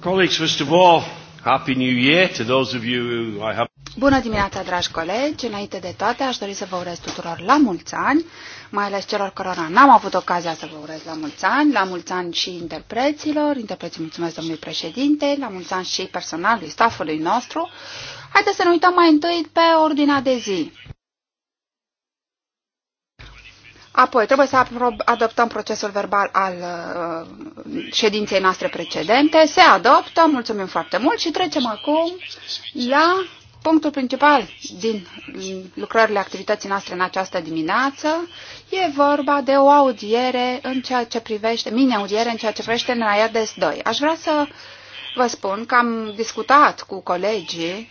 Colleagues, first of all, Happy New Year to those of you who I have... Bună dimineața, dragi colegi! Înainte de toate, aș dori să vă urez tuturor la mulți ani, mai ales celor cărora n-am avut ocazia să vă urez la mulți ani, la mulți ani și interpreților, interpreții mulțumesc domnului președinte, la mulți ani și personalului, staffului nostru. Haideți să ne uităm mai întâi pe ordinea de zi. Apoi, trebuie să adoptăm procesul verbal al uh, ședinței noastre precedente. Se adoptă, mulțumim foarte mult și trecem acum la punctul principal din lucrările activității noastre în această dimineață. E vorba de o audiere în ceea ce privește, mini-audiere în ceea ce privește Naiades 2. Aș vrea să vă spun că am discutat cu colegii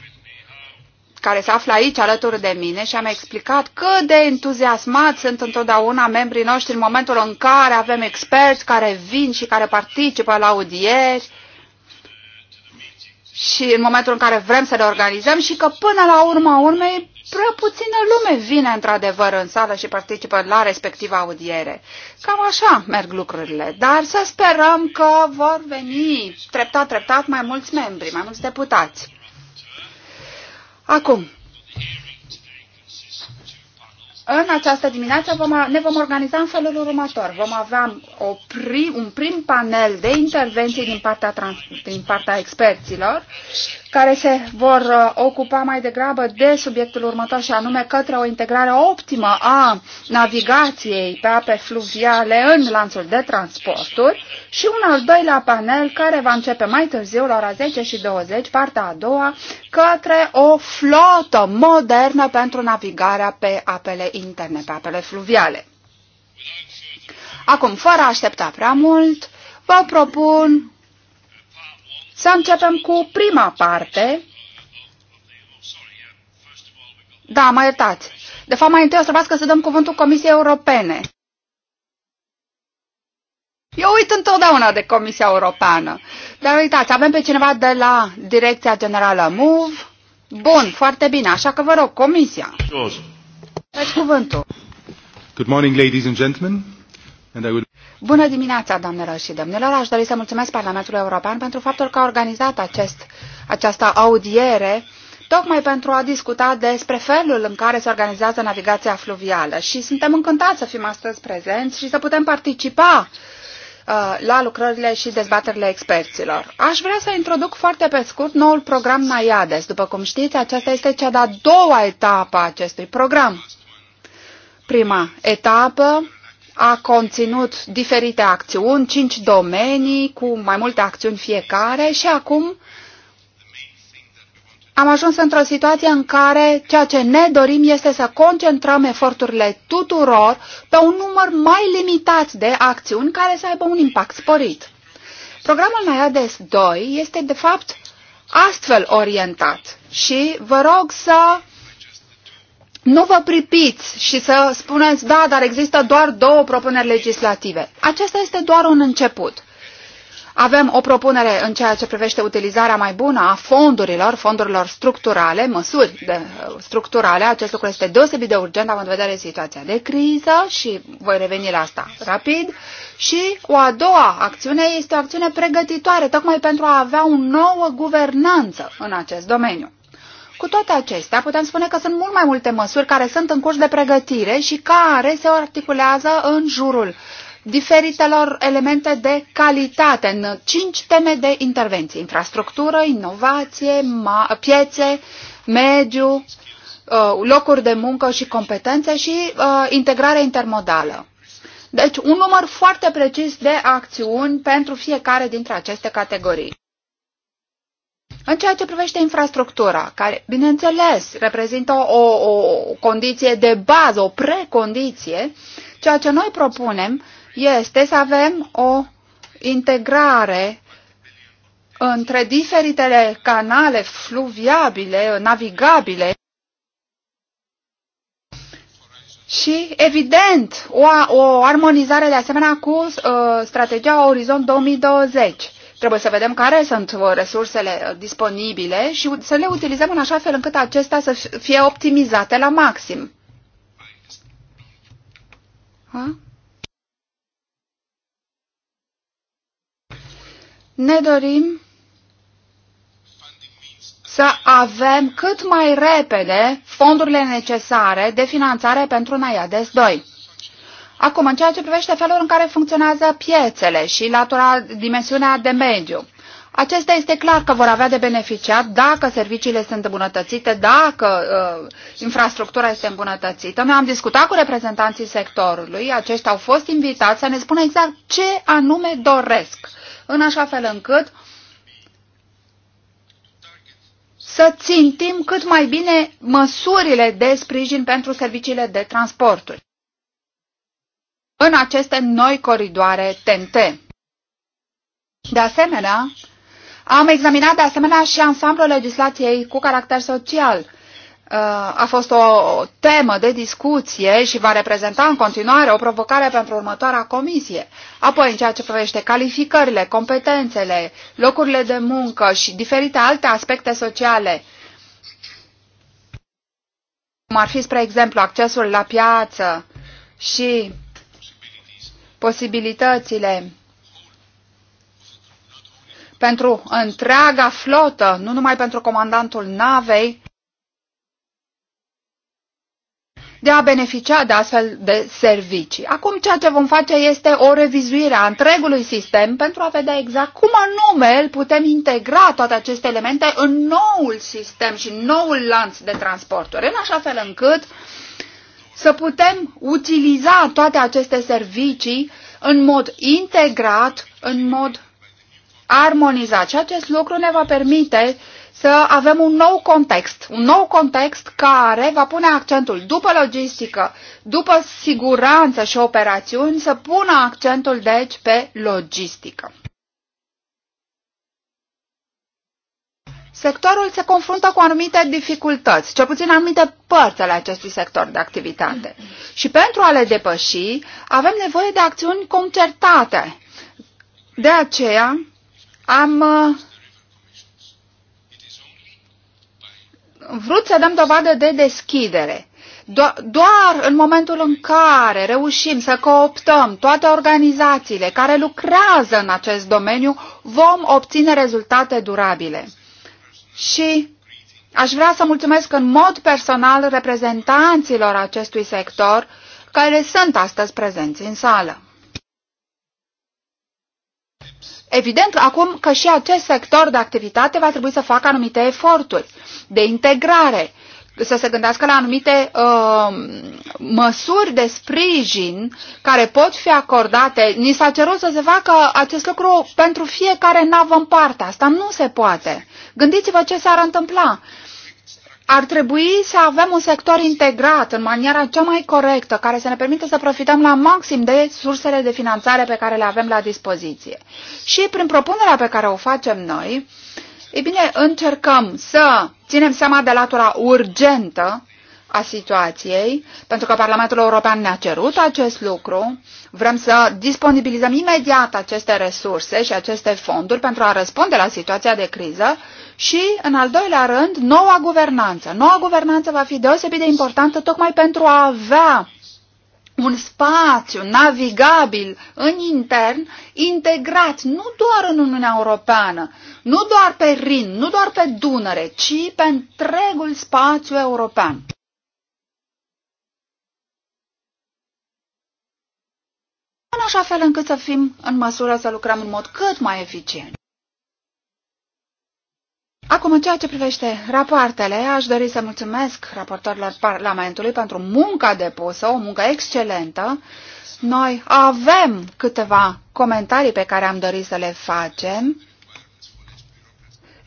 care se află aici alături de mine și am explicat cât de entuziasmați sunt întotdeauna membrii noștri în momentul în care avem experți care vin și care participă la audieri și în momentul în care vrem să le organizăm și că până la urma urmei prea puțină lume vine într-adevăr în sală și participă la respectiva audiere. Cam așa merg lucrurile, dar să sperăm că vor veni treptat, treptat mai mulți membri, mai mulți deputați. Acum, în această dimineață vom, ne vom organiza în felul următor. Vom avea o prim, un prim panel de intervenții din partea, trans, din partea experților care se vor uh, ocupa mai degrabă de subiectul următor și anume către o integrare optimă a navigației pe ape fluviale în lanțul de transporturi și un al doilea panel care va începe mai târziu la ora 10 și 20, partea a doua, către o flotă modernă pentru navigarea pe apele interne, pe apele fluviale. Acum, fără a aștepta prea mult, vă propun să începem cu prima parte. Da, mai iertați. De fapt, mai întâi o să că să dăm cuvântul Comisiei Europene. Eu uit întotdeauna de Comisia Europeană. Dar uitați, avem pe cineva de la Direcția Generală MOVE. Bun, foarte bine, așa că vă rog, Comisia. Deci cuvântul. Good morning, ladies and gentlemen. And I would... Bună dimineața, doamnelor și domnilor! Aș dori să mulțumesc Parlamentului European pentru faptul că a organizat acest, această audiere tocmai pentru a discuta despre felul în care se organizează navigația fluvială și suntem încântați să fim astăzi prezenți și să putem participa uh, la lucrările și dezbaterile experților. Aș vrea să introduc foarte pe scurt noul program Naiades. După cum știți, aceasta este cea de-a doua etapă a acestui program. Prima etapă a conținut diferite acțiuni, cinci domenii cu mai multe acțiuni fiecare și acum am ajuns într-o situație în care ceea ce ne dorim este să concentrăm eforturile tuturor pe un număr mai limitat de acțiuni care să aibă un impact sporit. Programul NAIADES 2 este, de fapt, astfel orientat și vă rog să nu vă pripiți și să spuneți, da, dar există doar două propuneri legislative. Acesta este doar un început. Avem o propunere în ceea ce privește utilizarea mai bună a fondurilor, fondurilor structurale, măsuri de, uh, structurale. Acest lucru este deosebit de urgent, având în vedere situația de criză și voi reveni la asta rapid. Și o a doua acțiune este o acțiune pregătitoare, tocmai pentru a avea o nouă guvernanță în acest domeniu. Cu toate acestea, putem spune că sunt mult mai multe măsuri care sunt în curs de pregătire și care se articulează în jurul diferitelor elemente de calitate în cinci teme de intervenție. Infrastructură, inovație, piețe, mediu, uh, locuri de muncă și competențe și uh, integrare intermodală. Deci un număr foarte precis de acțiuni pentru fiecare dintre aceste categorii. În ceea ce privește infrastructura, care, bineînțeles, reprezintă o, o condiție de bază, o precondiție, ceea ce noi propunem este să avem o integrare între diferitele canale fluviabile, navigabile și, evident, o, o armonizare de asemenea cu uh, strategia Orizont 2020. Trebuie să vedem care sunt uh, resursele uh, disponibile și să le utilizăm în așa fel încât acestea să fie optimizate la maxim. Ha? Ne dorim să avem cât mai repede fondurile necesare de finanțare pentru Naiades 2. Acum, în ceea ce privește felul în care funcționează piețele și latura, dimensiunea de mediu, acesta este clar că vor avea de beneficiat dacă serviciile sunt îmbunătățite, dacă uh, infrastructura este îmbunătățită. Noi am discutat cu reprezentanții sectorului, aceștia au fost invitați să ne spună exact ce anume doresc, în așa fel încât să țintim cât mai bine măsurile de sprijin pentru serviciile de transporturi în aceste noi coridoare TNT. De asemenea, am examinat de asemenea și ansamblul legislației cu caracter social. Uh, a fost o temă de discuție și va reprezenta în continuare o provocare pentru următoarea comisie. Apoi, în ceea ce privește calificările, competențele, locurile de muncă și diferite alte aspecte sociale, cum ar fi, spre exemplu, accesul la piață și posibilitățile pentru întreaga flotă, nu numai pentru comandantul navei, de a beneficia de astfel de servicii. Acum ceea ce vom face este o revizuire a întregului sistem pentru a vedea exact cum anume îl putem integra toate aceste elemente în noul sistem și noul lanț de transporturi, în așa fel încât uh, să putem utiliza toate aceste servicii în mod integrat, în mod armonizat. Și acest lucru ne va permite să avem un nou context, un nou context care va pune accentul după logistică, după siguranță și operațiuni, să pună accentul deci pe logistică. sectorul se confruntă cu anumite dificultăți, cel puțin anumite părți ale acestui sector de activitate. Și pentru a le depăși, avem nevoie de acțiuni concertate. De aceea am uh, vrut să dăm dovadă de deschidere. Do doar în momentul în care reușim să cooptăm toate organizațiile care lucrează în acest domeniu, vom obține rezultate durabile și aș vrea să mulțumesc în mod personal reprezentanților acestui sector care sunt astăzi prezenți în sală. Evident, acum că și acest sector de activitate va trebui să facă anumite eforturi de integrare să se gândească la anumite uh, măsuri de sprijin care pot fi acordate. Ni s-a cerut să se facă acest lucru pentru fiecare navă în parte. Asta nu se poate. Gândiți-vă ce s-ar întâmpla. Ar trebui să avem un sector integrat în maniera cea mai corectă, care să ne permită să profităm la maxim de sursele de finanțare pe care le avem la dispoziție. Și prin propunerea pe care o facem noi, uh, ei bine, încercăm să ținem seama de latura urgentă a situației, pentru că Parlamentul European ne-a cerut acest lucru. Vrem să disponibilizăm imediat aceste resurse și aceste fonduri pentru a răspunde la situația de criză și, în al doilea rând, noua guvernanță. Noua guvernanță va fi deosebit de importantă tocmai pentru a avea un spațiu navigabil în intern, integrat nu doar în Uniunea Europeană, nu doar pe Rin, nu doar pe Dunăre, ci pe întregul spațiu european. În așa fel încât să fim în măsură să lucrăm în mod cât mai eficient. Acum, în ceea ce privește rapoartele, aș dori să mulțumesc raportorilor Parlamentului pentru munca depusă, o muncă excelentă. Noi avem câteva comentarii pe care am dorit să le facem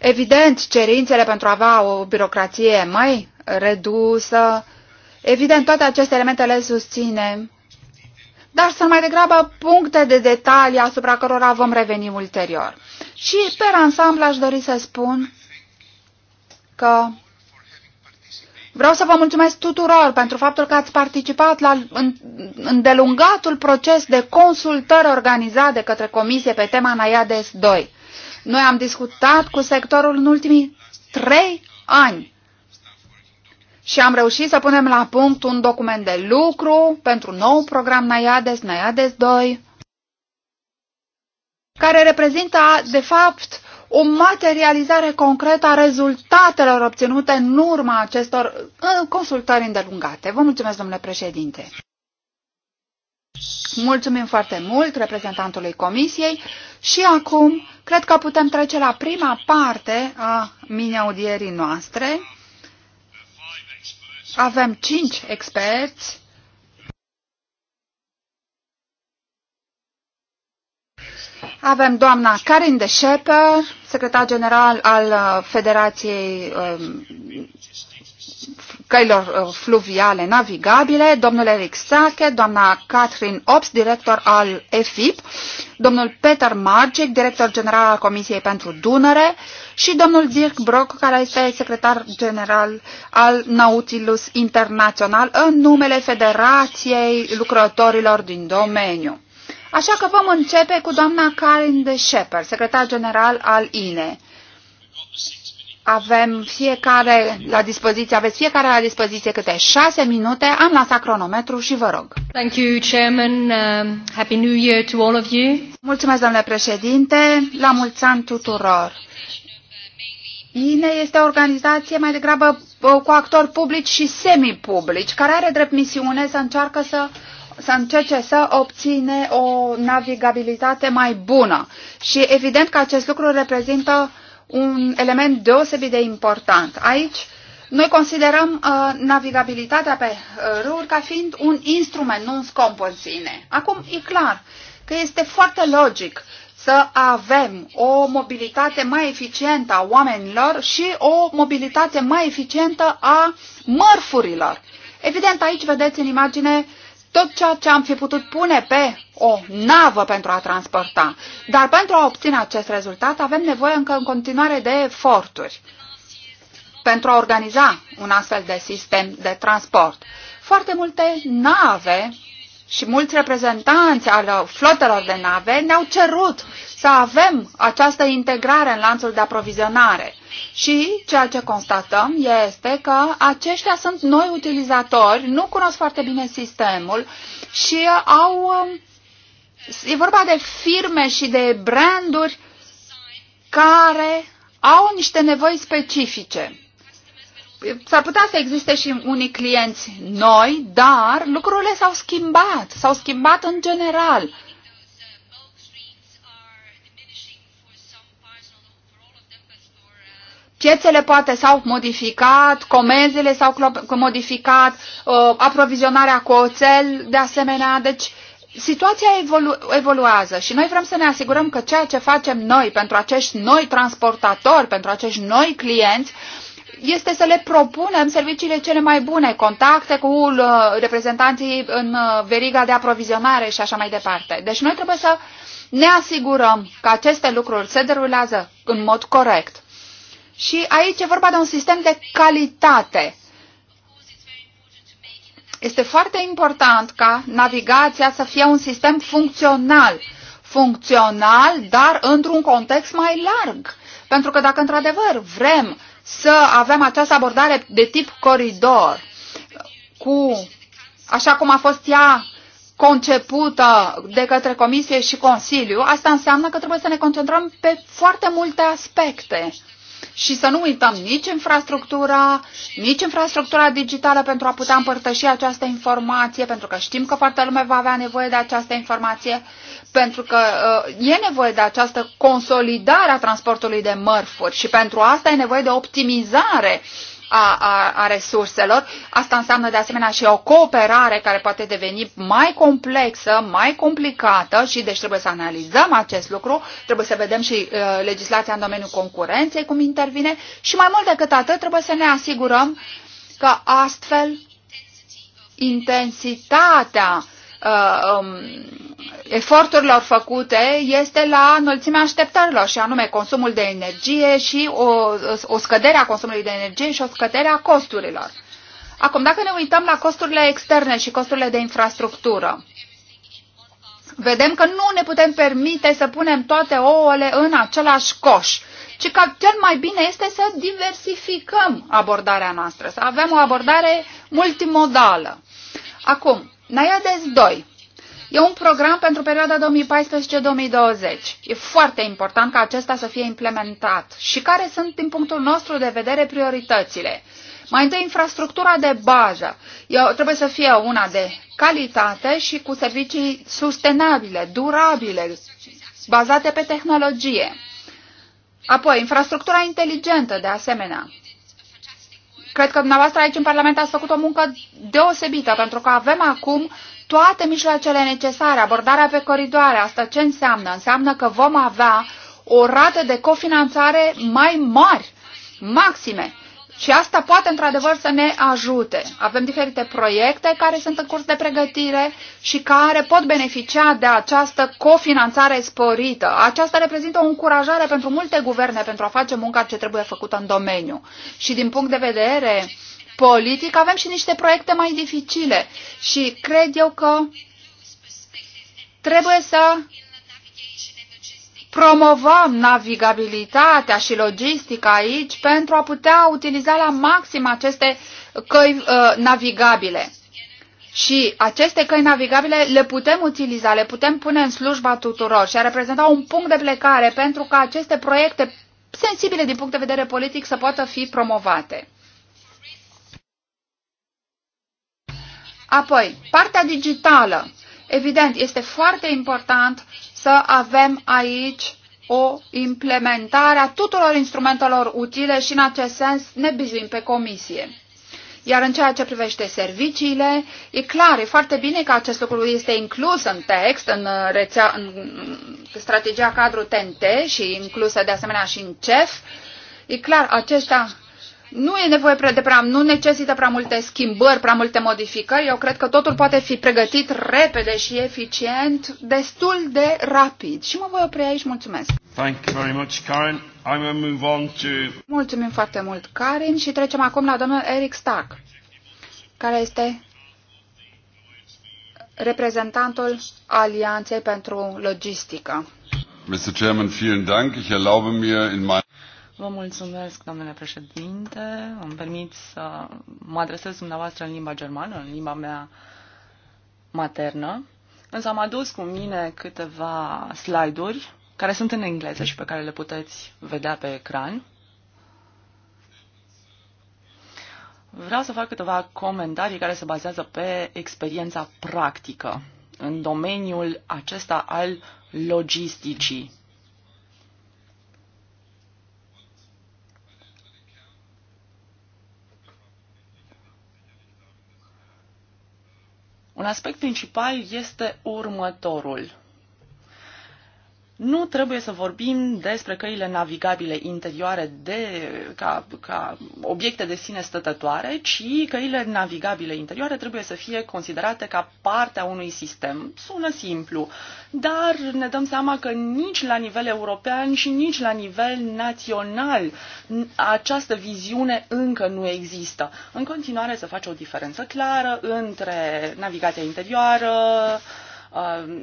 Evident, cerințele pentru a avea o birocrație mai redusă, evident, toate aceste elemente le susținem, dar sunt mai degrabă puncte de detalii asupra cărora vom reveni ulterior. Și, pe ansamblu, aș dori să spun că vreau să vă mulțumesc tuturor pentru faptul că ați participat la îndelungatul proces de consultări organizat de către Comisie pe tema Naiades 2. Noi am discutat cu sectorul în ultimii trei ani și am reușit să punem la punct un document de lucru pentru nou program Naiades, Naiades 2, care reprezintă, de fapt, o materializare concretă a rezultatelor obținute în urma acestor consultări îndelungate. Vă mulțumesc, domnule președinte. Mulțumim foarte mult reprezentantului Comisiei și acum cred că putem trece la prima parte a mini-audierii noastre. Avem cinci experți Avem doamna Karin de Schepper, secretar general al Federației um, căilor uh, fluviale navigabile, domnul Eric Sache, doamna Catherine Ops, director al EFIP, domnul Peter Margic, director general al Comisiei pentru Dunăre și domnul Dirk Brock, care este secretar general al Nautilus Internațional în numele Federației Lucrătorilor din domeniu. Așa că vom începe cu doamna Karin de Shepper, secretar general al INE avem fiecare la dispoziție, aveți fiecare la dispoziție câte șase minute. Am lansat cronometru și vă rog. Thank you, Chairman. Uh, Happy New Year to all of you. Mulțumesc, domnule președinte. La mulți ani tuturor. INE este o organizație mai degrabă uh, cu actori publici și semipublici, care are drept misiune să încearcă să să încerce să obține o navigabilitate mai bună. Și evident că acest lucru reprezintă un element deosebit de important. Aici noi considerăm uh, navigabilitatea pe uh, râuri ca fiind un instrument, nu un scop în sine. Acum e clar că este foarte logic să avem o mobilitate mai eficientă a oamenilor și o mobilitate mai eficientă a mărfurilor. Evident, aici vedeți în imagine uh, tot ceea ce am fi putut pune pe o navă pentru a transporta. Dar pentru a obține acest rezultat avem nevoie încă în continuare de eforturi pentru a organiza un astfel de sistem de transport. Foarte multe nave și mulți reprezentanți al uh, flotelor de nave ne-au cerut să avem această integrare în lanțul de aprovizionare. Și ceea ce constatăm este că aceștia sunt noi utilizatori, nu cunosc foarte bine sistemul și au... Um, e vorba de firme și de branduri care au niște nevoi specifice s-ar putea să existe și unii clienți noi, dar lucrurile s-au schimbat, s-au schimbat în general. Piețele poate s-au modificat, comenzile s-au modificat, uh, aprovizionarea cu oțel de asemenea, deci situația evolu- evoluează și noi vrem să ne asigurăm că ceea ce facem noi pentru acești noi transportatori, pentru acești noi clienți, este să le propunem serviciile cele mai bune, contacte cu uh, reprezentanții în uh, veriga de aprovizionare și așa mai departe. Deci noi trebuie să ne asigurăm că aceste lucruri se derulează în mod corect. Și aici e vorba de un sistem de calitate. Este foarte important ca navigația să fie un sistem funcțional. Funcțional, dar într-un context mai larg. Pentru că dacă într-adevăr vrem să avem această abordare de tip coridor, cu, așa cum a fost ea concepută de către Comisie și Consiliu, asta înseamnă că trebuie să ne concentrăm pe foarte multe aspecte și să nu uităm nici infrastructura, nici infrastructura digitală pentru a putea împărtăși această informație, pentru că știm că foarte lume va avea nevoie de această informație, pentru că uh, e nevoie de această consolidare a transportului de mărfuri și pentru asta e nevoie de optimizare uh, a, a, a resurselor. Asta înseamnă de asemenea și o cooperare care poate deveni mai complexă, mai complicată și deci trebuie să analizăm acest lucru, trebuie să vedem și uh, legislația în domeniul concurenței cum intervine și mai mult decât atât trebuie să ne asigurăm că astfel intensitatea uh, Uh, um, eforturilor făcute este la înălțimea așteptărilor și anume consumul de energie și o, o scădere a consumului de energie și o scădere a costurilor. Acum, dacă ne uităm la costurile externe și costurile de infrastructură, vedem că nu ne putem permite să punem toate ouăle în același coș, ci că cel mai bine este să diversificăm abordarea noastră, să avem o abordare multimodală. Acum, Naiades 2. E un program pentru perioada 2014-2020. E foarte important ca acesta să fie implementat. Și care sunt, din punctul nostru de vedere, prioritățile? Mai întâi, infrastructura de bază. Eu, trebuie să fie una de calitate și cu servicii sustenabile, durabile, bazate pe tehnologie. Apoi, infrastructura inteligentă, de asemenea. Cred că dumneavoastră aici în Parlament ați făcut o muncă deosebită, pentru că avem acum toate mijloacele necesare, abordarea pe coridoare. Asta ce înseamnă? Înseamnă că vom avea o rată de cofinanțare mai mari, maxime. Și asta poate într-adevăr să ne ajute. Avem diferite proiecte care sunt în curs de pregătire și care pot beneficia de această cofinanțare sporită. Aceasta reprezintă o încurajare pentru multe guverne pentru a face munca ce trebuie făcută în domeniu. Și din punct de vedere politic avem și niște proiecte mai dificile și cred eu că trebuie să promovăm navigabilitatea și logistica aici pentru a putea utiliza la maxim aceste căi uh, navigabile. Și aceste căi navigabile le putem utiliza, le putem pune în slujba tuturor și a reprezenta un punct de plecare pentru ca aceste proiecte sensibile din punct de vedere politic să poată fi promovate. Apoi, partea digitală. Evident, este foarte important să avem aici o implementare a tuturor instrumentelor utile și în acest sens ne bizuim pe comisie. Iar în ceea ce privește serviciile, e clar, e foarte bine că acest lucru este inclus în text, în, uh, rețea, în strategia cadru TNT și inclusă de asemenea și în CEF. E clar, aceștia nu e nevoie de prea, nu necesită prea multe schimbări, prea multe modificări. Eu cred că totul poate fi pregătit repede și eficient, destul de rapid. Și mă voi opri aici. Mulțumesc. Thank you very much, Karen. I'm going to move on to... Mulțumim foarte mult, Karin, și trecem acum la domnul Eric Stark, care este reprezentantul Alianței pentru Logistică. Mr. Chairman, vielen Dank. Ich erlaube mir in my... Vă mulțumesc, domnule președinte. Îmi permit să mă adresez dumneavoastră în limba germană, în limba mea maternă. Însă am adus cu mine câteva slide-uri care sunt în engleză și pe care le puteți vedea pe ecran. Vreau să fac câteva comentarii care se bazează pe experiența practică în domeniul acesta al logisticii. Un aspect principal este următorul. Nu trebuie să vorbim despre căile navigabile interioare de, ca, ca obiecte de sine stătătoare, ci căile navigabile interioare trebuie să fie considerate ca partea unui sistem. Sună simplu, dar ne dăm seama că nici la nivel european și nici la nivel național această viziune încă nu există. În continuare se face o diferență clară între navigația interioară, uh,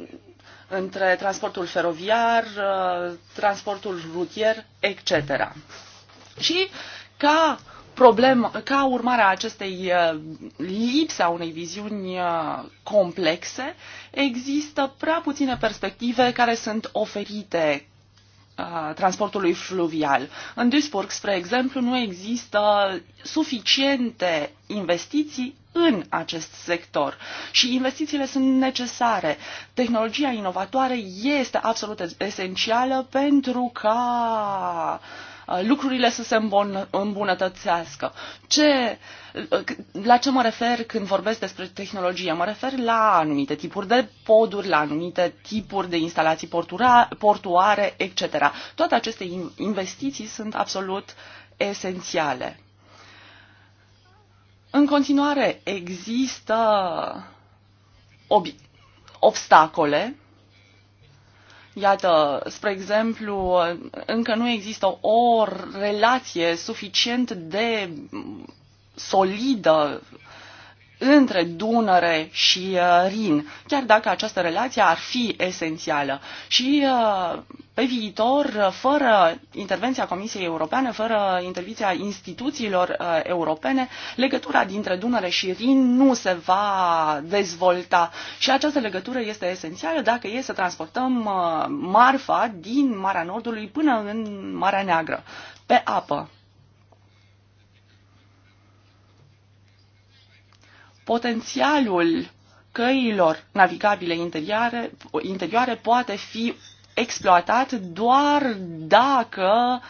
între transportul feroviar, uh, transportul rutier, etc. Și ca problemă, ca urmare a acestei uh, lipse a unei viziuni uh, complexe, există prea puține perspective care sunt oferite transportului fluvial. În Duisburg, spre exemplu, nu există suficiente investiții în acest sector și investițiile sunt necesare. Tehnologia inovatoare este absolut esențială pentru ca Uh, lucrurile să se îmbunătățească. Ce, uh, la ce mă refer când vorbesc despre tehnologie? Mă refer la anumite tipuri de poduri, la anumite tipuri de instalații portura, portuare, etc. Toate aceste investiții sunt absolut esențiale. În continuare există obi- obstacole Iată, spre exemplu, încă nu există o relație suficient de solidă între Dunăre și uh, Rin, chiar dacă această relație ar fi esențială. Și uh, pe viitor, uh, fără intervenția Comisiei Europene, fără intervenția instituțiilor europene, legătura dintre Dunăre și Rin nu se va dezvolta. Și această legătură este esențială dacă e să transportăm marfa din Marea Nordului până în Marea Neagră, pe apă. potențialul căilor navigabile interioare, interioare poate fi exploatat doar dacă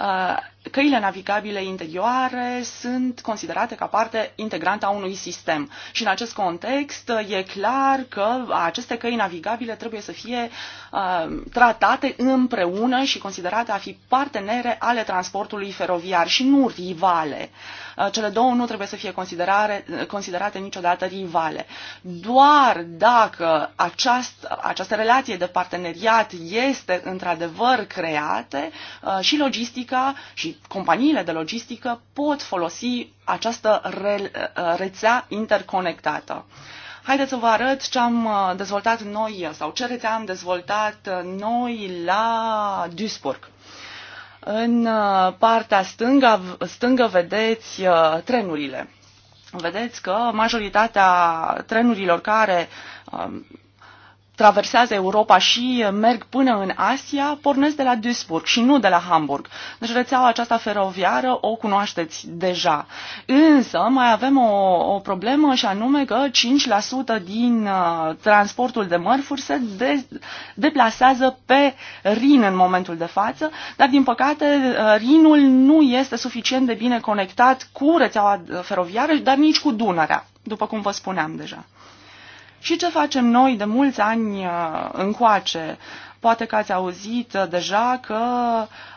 uh, căile navigabile interioare sunt considerate ca parte integrantă a unui sistem. Și în acest context e clar că aceste căi navigabile trebuie să fie uh, tratate împreună și considerate a fi partenere ale transportului feroviar și nu rivale. Uh, cele două nu trebuie să fie considerare, considerate niciodată rivale. Doar dacă aceast, această relație de parteneriat este într-adevăr create uh, și logistica și companiile de logistică pot folosi această re, uh, rețea interconectată. Haideți să vă arăt ce am uh, dezvoltat noi sau ce rețea am dezvoltat uh, noi la Duisburg. În partea stângă, stângă vedeți trenurile. Vedeți că majoritatea trenurilor care um, traversează Europa și merg până în Asia, pornesc de la Duisburg și nu de la Hamburg. Deci rețeaua aceasta feroviară o cunoașteți deja. Însă mai avem o, o problemă și anume că 5% din uh, transportul de mărfuri se de, deplasează pe Rin în momentul de față, dar din păcate uh, Rinul nu este suficient de bine conectat cu rețeaua feroviară, dar nici cu Dunărea, după cum vă spuneam deja. Și ce facem noi de mulți ani uh, încoace? Poate că ați auzit uh, deja că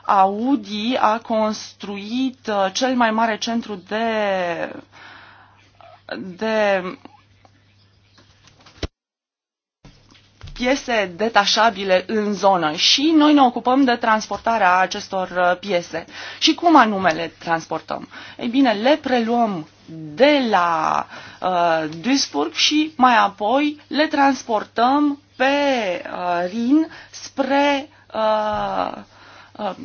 Audi a construit uh, cel mai mare centru de, de piese detașabile în zonă și noi ne ocupăm de transportarea acestor uh, piese. Și cum anume le transportăm? Ei bine, le preluăm de la uh, Duisburg și mai apoi le transportăm pe uh, Rin spre uh, uh,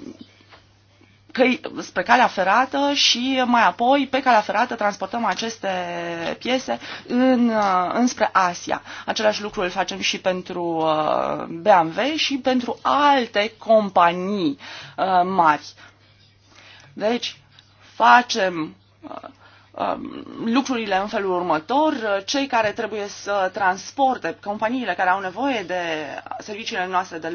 căi, spre calea ferată și mai apoi pe calea ferată transportăm aceste piese în, uh, înspre Asia. Același lucru îl facem și pentru uh, BMW și pentru alte companii uh, mari. Deci facem Um, lucrurile în felul următor. Uh, cei care trebuie să transporte, companiile care au nevoie de serviciile noastre de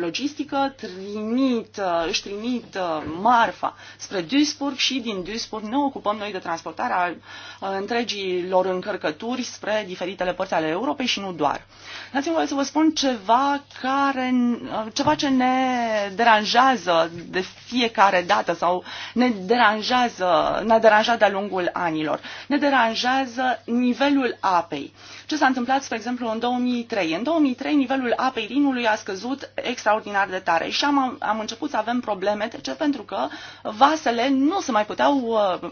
logistică, trimit, uh, își trimit uh, marfa spre Duisburg și din Duisburg ne ocupăm noi de transportarea întregilor încărcături spre diferitele părți ale Europei și nu doar. Dați-mi voie să vă spun ceva, care, ceva ce ne deranjează de fiecare dată sau ne deranjează, ne-a deranjat de-a lungul anilor. Ne deranjează nivelul apei. Ce s-a întâmplat, spre exemplu, în 2003? În 2003 nivelul apei Rinului a scăzut extraordinar de tare și am, am început să avem probleme. De ce? Pentru că vasele nu se mai puteau uh,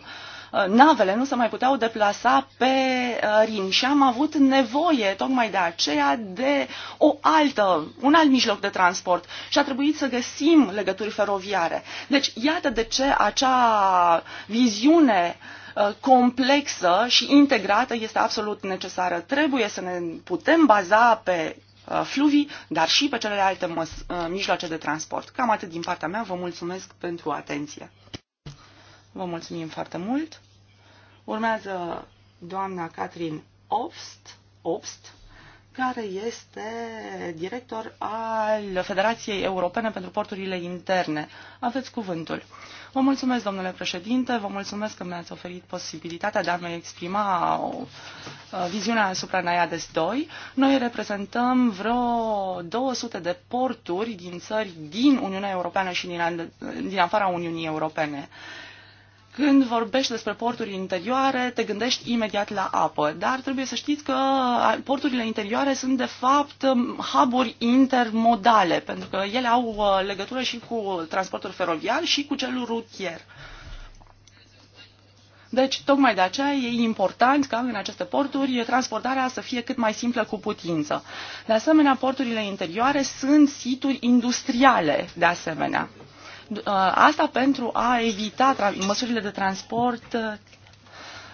Uh, navele nu se mai puteau deplasa pe uh, Rin și am avut nevoie tocmai de aceea de o altă, un alt mijloc de transport și a trebuit să găsim legături feroviare. Deci iată de ce acea viziune uh, complexă și integrată este absolut necesară. Trebuie să ne putem baza pe fluvii, dar și pe celelalte mijloace de transport. Cam atât din partea mea. Vă mulțumesc pentru atenție. Vă mulțumim foarte mult. Urmează doamna Catherine Obst, Obst care este director al Federației Europene pentru Porturile Interne. Aveți cuvântul. Vă mulțumesc, domnule președinte, vă mulțumesc că mi-ați oferit posibilitatea de a mi exprima o, viziunea asupra Naiades 2. Noi reprezentăm vreo 200 de porturi din țări din Uniunea Europeană și din, din afara Uniunii Europene. Când vorbești despre porturi interioare, te gândești imediat la apă, dar trebuie să știți că porturile interioare sunt de fapt um, huburi intermodale, pentru că ele au uh, legătură și cu transportul feroviar și cu cel rutier. Deci, tocmai de aceea e important ca în aceste porturi transportarea să fie cât mai simplă cu putință. De asemenea, porturile interioare sunt situri industriale, de asemenea. Uh, asta pentru a evita măsurile de transport uh,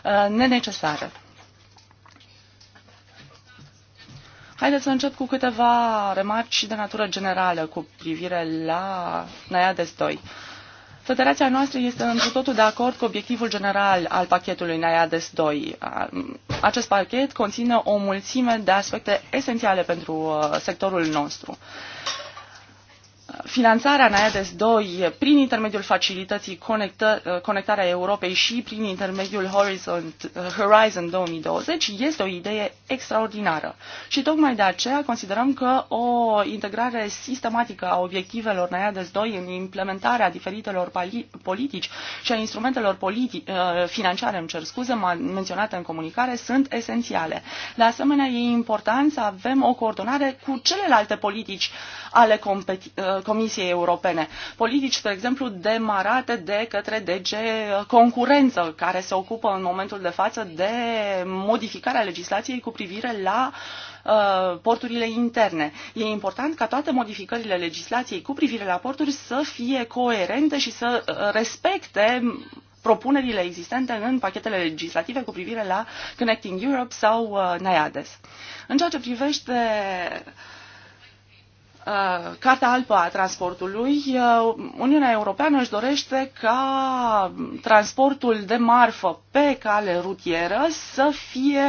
uh, nenecesare. Haideți să încep cu câteva remarci de natură generală cu privire la Naia de Stoi. Federația noastră este într totul de acord cu obiectivul general al pachetului Naiades 2. Acest pachet conține o mulțime de aspecte esențiale pentru sectorul nostru finanțarea NAEDES 2 prin intermediul facilității Conectă, Conectarea Europei și prin intermediul Horizon, Horizon 2020 este o idee extraordinară. Și tocmai de aceea considerăm că o integrare sistematică a obiectivelor NAEDES 2 în implementarea diferitelor politici și a instrumentelor politi, uh, financiare, îmi cer scuze, menționate în comunicare, sunt esențiale. De asemenea, e important să avem o coordonare cu celelalte politici ale competenței uh, Comisiei Europene. Politici, spre exemplu, demarate de către DG Concurență, care se ocupă în momentul de față de modificarea legislației cu privire la uh, porturile interne. E important ca toate modificările legislației cu privire la porturi să fie coerente și să uh, respecte propunerile existente în pachetele legislative cu privire la Connecting Europe sau uh, NIADES. În ceea ce privește uh, Uh, Carta Alpă a Transportului, uh, Uniunea Europeană își dorește ca transportul de marfă pe cale rutieră să fie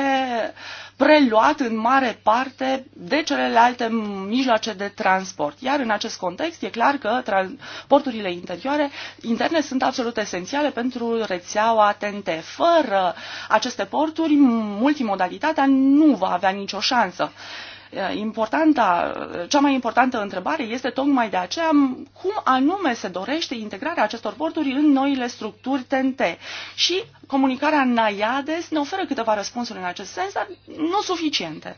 preluat în mare parte de celelalte mijloace de transport. Iar în acest context e clar că transporturile interioare, interne sunt absolut esențiale pentru rețeaua TNT. Fără aceste porturi, multimodalitatea nu va avea nicio șansă. Eh, importanta, cea mai importantă întrebare este tocmai de aceea cum anume se dorește integrarea acestor porturi în noile structuri TNT. Și comunicarea NAIADES ne oferă câteva răspunsuri în acest sens, dar nu suficiente.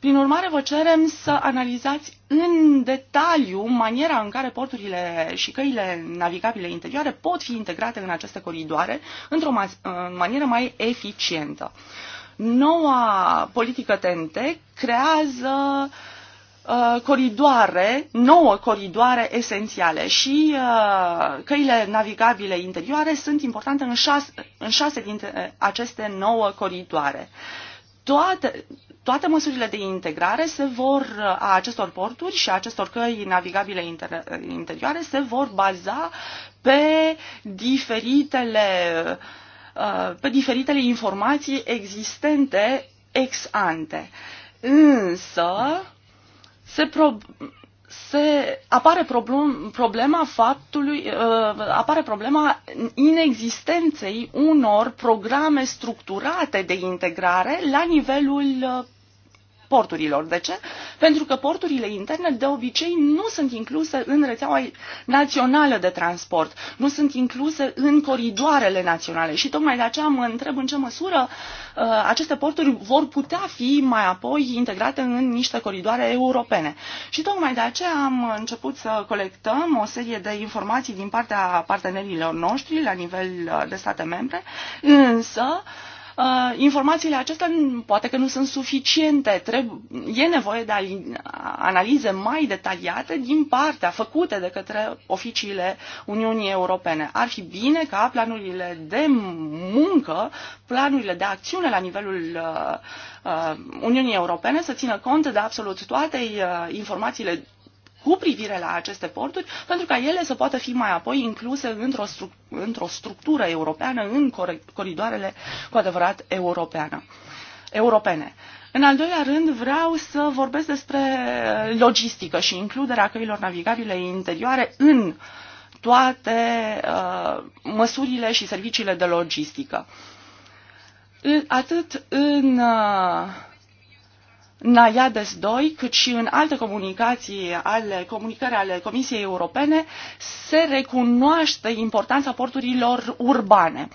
Prin urmare, vă cerem să analizați în detaliu maniera în care porturile și căile navigabile interioare pot fi integrate în aceste coridoare într-o eh, manieră mai eficientă. Noua politică TNT creează uh, coridoare, nouă coridoare esențiale și uh, căile navigabile interioare sunt importante în șase, în șase dintre aceste nouă coridoare. Toate, toate măsurile de integrare se vor, a acestor porturi și a acestor căi navigabile inter, interioare se vor baza pe diferitele uh, Uh, pe diferitele informații existente ex ante. Însă se, pro- se apare problem, problema faptului, uh, apare problema inexistenței unor programe structurate de integrare la nivelul uh, porturilor. De ce? Pentru că porturile interne de obicei nu sunt incluse în rețeaua națională de transport, nu sunt incluse în coridoarele naționale și tocmai de aceea mă întreb în ce măsură uh, aceste porturi vor putea fi mai apoi integrate în niște coridoare europene. Și tocmai de aceea am început să colectăm o serie de informații din partea partenerilor noștri la nivel uh, de state membre, însă Uh, informațiile acestea poate că nu sunt suficiente. e nevoie de analize mai detaliate din partea făcute de către oficiile Uniunii Europene. Ar fi bine ca planurile de muncă, planurile de acțiune la nivelul uh, uh, Uniunii Europene să țină cont de absolut toate informațiile cu privire la aceste porturi, pentru ca ele să poată fi mai apoi incluse într-o, într structură europeană, în coridoarele cu adevărat europeană, europene. În al doilea rând, vreau să vorbesc despre logistică și includerea căilor navigabile interioare în toate uh, măsurile și serviciile de logistică. Atât în uh, Naiades 2, cât și în alte comunicații ale, comunicări ale Comisiei Europene, se recunoaște importanța porturilor urbane.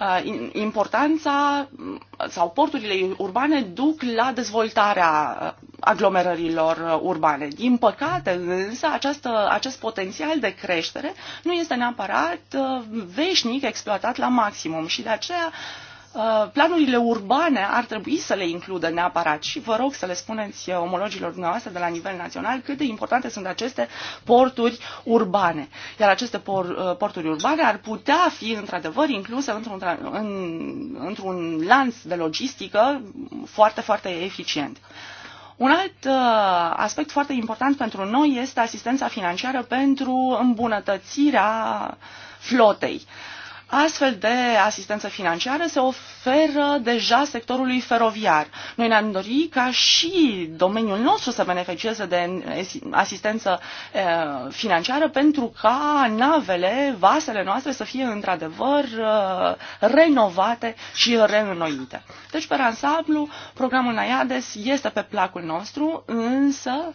Uh, importanța mm, sau porturile urbane duc la dezvoltarea uh, aglomerărilor uh, urbane. Din păcate, însă, această, acest potențial de creștere nu este neapărat veșnic exploatat la maximum și de aceea uh, Uh, planurile urbane ar trebui să le includă neapărat și vă rog să le spuneți omologilor dumneavoastră de la nivel național cât de importante sunt aceste porturi urbane. Iar aceste por, uh, porturi urbane ar putea fi într-adevăr incluse într-un, în, într-un lanț de logistică foarte, foarte eficient. Un alt uh, aspect foarte important pentru noi este asistența financiară pentru îmbunătățirea flotei. Uh, Astfel de asistență financiară se oferă deja sectorului feroviar. Noi ne-am dorit ca și domeniul nostru să beneficieze de asistență eh, financiară pentru ca navele, vasele noastre să fie într-adevăr eh, renovate și reînnoite. Deci, pe ansamblu, programul Naiades este pe placul nostru, însă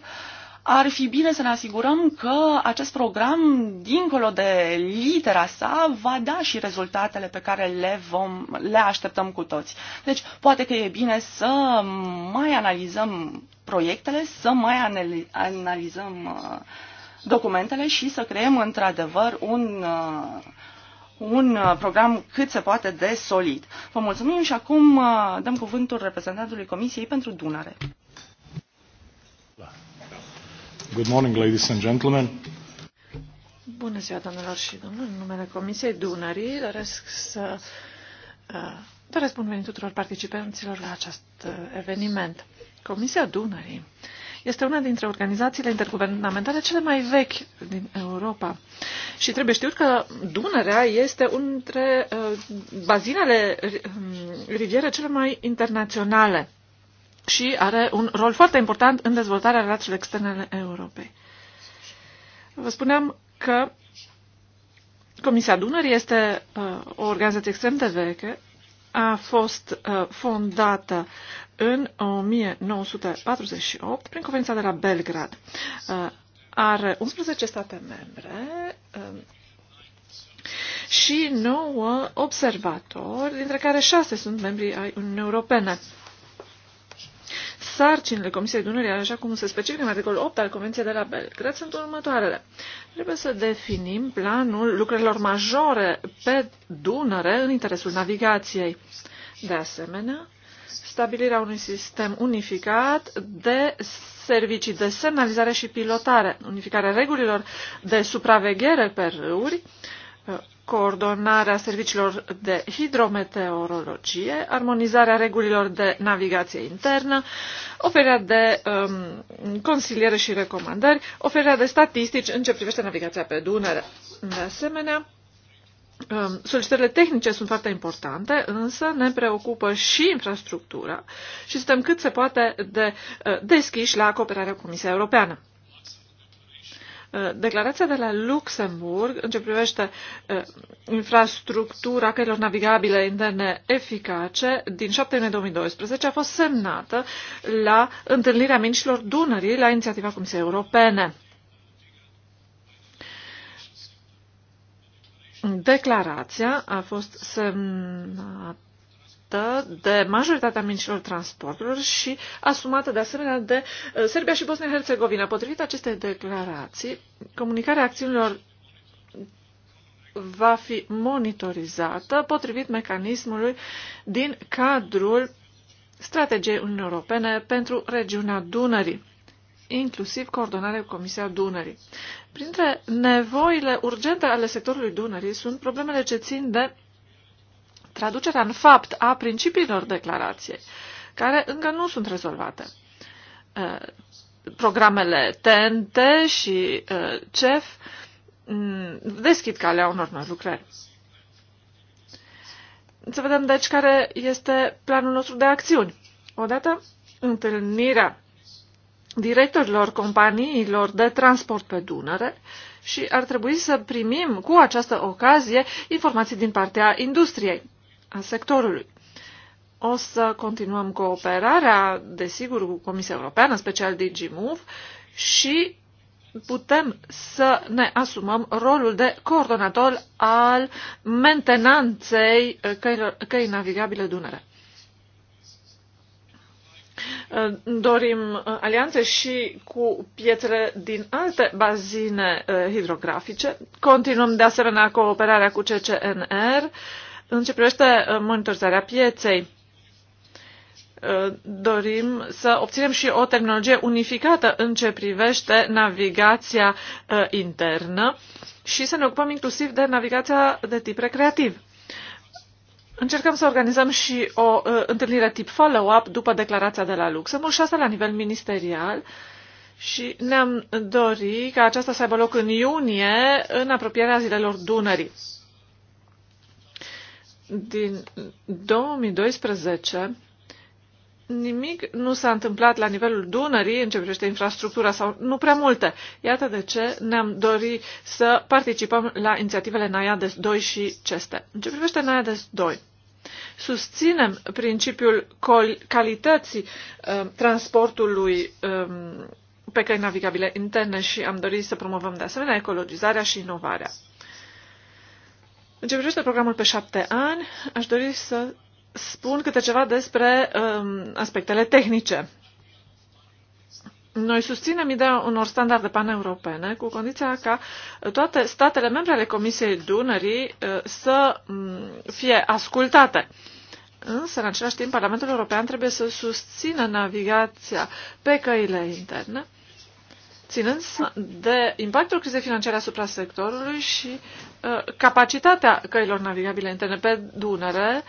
ar fi bine să ne asigurăm că acest program, dincolo de litera sa, va da și rezultatele pe care le, vom, le așteptăm cu toți. Deci, poate că e bine să mai analizăm proiectele, să mai analizăm uh, documentele și să creăm într-adevăr un uh, un uh, program cât se poate de solid. Vă mulțumim și acum dăm cuvântul reprezentantului Comisiei pentru Dunăre. Good morning, ladies and gentlemen. Bună ziua, doamnelor și domnilor. În numele Comisiei Dunării doresc să uh, doresc bun venit tuturor participanților la acest uh, eveniment. Comisia Dunării este una dintre organizațiile interguvernamentale cele mai vechi din Europa. Și trebuie știut că Dunărea este unul dintre uh, bazinele um, riviere cele mai internaționale și are un rol foarte important în dezvoltarea relațiilor externe ale Europei. Vă spuneam că Comisia Dunării este uh, o organizație extrem de veche, a fost uh, fondată în 1948 prin Convenția de la Belgrad. Uh, are 11 state membre uh, și 9 observatori, dintre care 6 sunt membri ai Uniunii Europene. Uh, sarcinile Comisiei Dunării, așa cum se specifică în articolul 8 al Convenției de la Belgrad, sunt următoarele. Trebuie să definim planul lucrărilor majore pe Dunăre în interesul navigației. De asemenea, stabilirea unui sistem unificat de servicii de semnalizare și pilotare, unificarea regulilor de supraveghere pe râuri, coordonarea serviciilor de hidrometeorologie, armonizarea regulilor de navigație internă, oferirea de um, consiliere și recomandări, oferirea de statistici în ce privește navigația pe Dunăre. De asemenea, um, solicitările tehnice sunt foarte importante, însă ne preocupă și infrastructura și suntem cât se poate de uh, deschiși la cooperarea Comisiei Europeană. Uh, declarația de la Luxemburg, în ce privește uh, infrastructura căilor navigabile interne eficace, din 7 iunie 2012, a fost semnată la întâlnirea minșilor Dunării la inițiativa Comisiei Europene. Declarația a fost semnată asumată de majoritatea mincilor transporturilor și asumată de asemenea de uh, Serbia și Bosnia-Herzegovina. Potrivit acestei declarații, comunicarea acțiunilor va fi monitorizată potrivit mecanismului din cadrul strategiei Uniunii Europene pentru regiunea Dunării inclusiv coordonarea cu Comisia Dunării. Printre nevoile urgente ale sectorului Dunării sunt problemele ce țin de traducerea în fapt a principiilor declarației, care încă nu sunt rezolvate. Uh, programele TNT și uh, CEF mm, deschid calea unor noi lucrări. Să vedem, deci, care este planul nostru de acțiuni. Odată, întâlnirea directorilor companiilor de transport pe Dunăre și ar trebui să primim cu această ocazie informații din partea industriei a sectorului. O să continuăm cooperarea, desigur, cu Comisia Europeană, special DigiMove, și putem să ne asumăm rolul de coordonator al mentenanței căii căi navigabile Dunăre. Dorim alianțe și cu piețele din alte bazine eh, hidrografice. Continuăm de asemenea cooperarea cu CCNR în ce privește uh, monitorizarea pieței, uh, dorim să obținem și o tehnologie unificată în ce privește navigația uh, internă și să ne ocupăm inclusiv de navigația de tip recreativ. Încercăm să organizăm și o întâlnire tip follow-up după declarația de la Luxemburg și asta la nivel ministerial și ne-am dorit ca aceasta să aibă loc în iunie, în apropierea zilelor Dunării din 2012 nimic nu s-a întâmplat la nivelul Dunării în ce privește infrastructura sau nu prea multe. Iată de ce ne-am dorit să participăm la inițiativele Naiades 2 și CESTE. În ce privește Naiades 2, susținem principiul calității uh, transportului um, pe căi navigabile interne și am dorit să promovăm de asemenea ecologizarea și inovarea. În ce privește programul pe șapte ani, aș dori să spun câte ceva despre um, aspectele tehnice. Noi susținem ideea unor standarde paneuropene cu condiția ca toate statele membre ale Comisiei Dunării uh, să mm, fie ascultate. Însă, în același timp, Parlamentul European trebuie să susțină navigația pe căile interne ținând de impactul crizei financiare asupra sectorului și uh, capacitatea căilor navigabile interne pe Dunăre,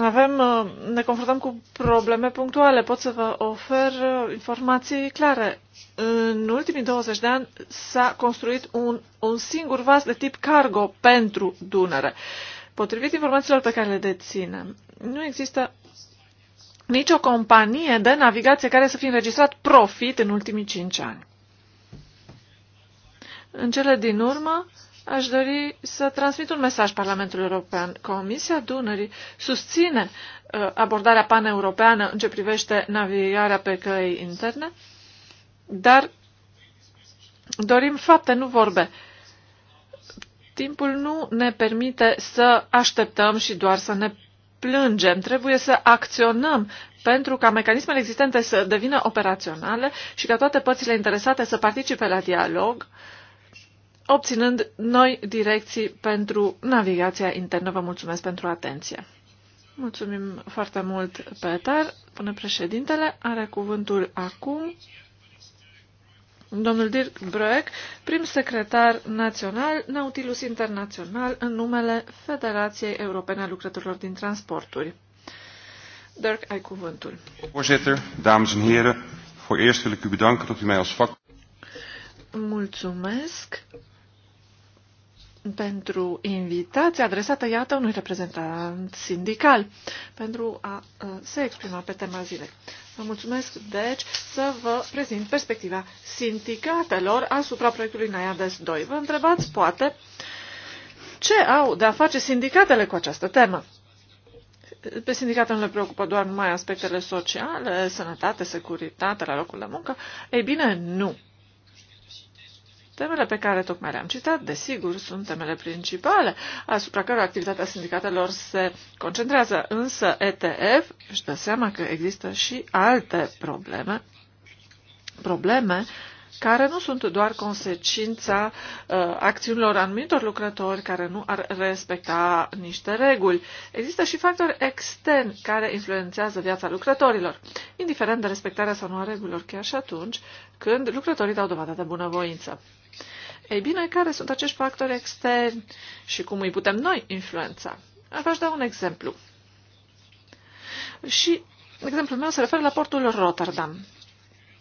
avem, uh, ne confruntăm cu probleme punctuale. Pot să vă ofer uh, informații clare. În ultimii 20 de ani s-a construit un, un singur vas de tip cargo pentru Dunăre. Potrivit informațiilor pe care le deținem, nu există nicio companie de navigație care să fi înregistrat profit în ultimii 5 ani. În cele din urmă, aș dori să transmit un mesaj Parlamentului European. Comisia Dunării susține uh, abordarea paneuropeană în ce privește navigarea pe căi interne, dar dorim fapte, nu vorbe. Timpul nu ne permite să așteptăm și doar să ne plângem, trebuie să acționăm pentru ca mecanismele existente să devină operaționale și ca toate părțile interesate să participe la dialog, obținând noi direcții pentru navigația internă. Vă mulțumesc pentru atenție. Mulțumim foarte mult, Peter. Până președintele are cuvântul acum domnul Dirk Broek, prim secretar național Nautilus Internațional în numele Federației Europene a Lucrătorilor din Transporturi. Dirk, ai cuvântul. Voorzitter, dames en heren, voor eerst wil ik u bedanken dat u mij als vak... Mulțumesc pentru invitația adresată, iată, unui reprezentant sindical pentru a uh, se exprima pe tema zilei. Vă mulțumesc, deci, să vă prezint perspectiva sindicatelor asupra proiectului NAIADES 2. Vă întrebați, poate, ce au de a face sindicatele cu această temă? Pe sindicate nu le preocupă doar numai aspectele sociale, sănătate, securitate la locul de muncă? Ei bine, nu. Temele pe care tocmai le-am citat, desigur, sunt temele principale asupra cărora activitatea sindicatelor se concentrează, însă ETF își dă seama că există și alte probleme, probleme care nu sunt doar consecința uh, acțiunilor anumitor lucrători care nu ar respecta niște reguli. Există și factori externi care influențează viața lucrătorilor, indiferent de respectarea sau nu a regulilor, chiar și atunci când lucrătorii dau dovadă de bunăvoință. Ei bine, care sunt acești factori externi și cum îi putem noi influența? V-aș da un exemplu. Și exemplul meu se referă la portul Rotterdam.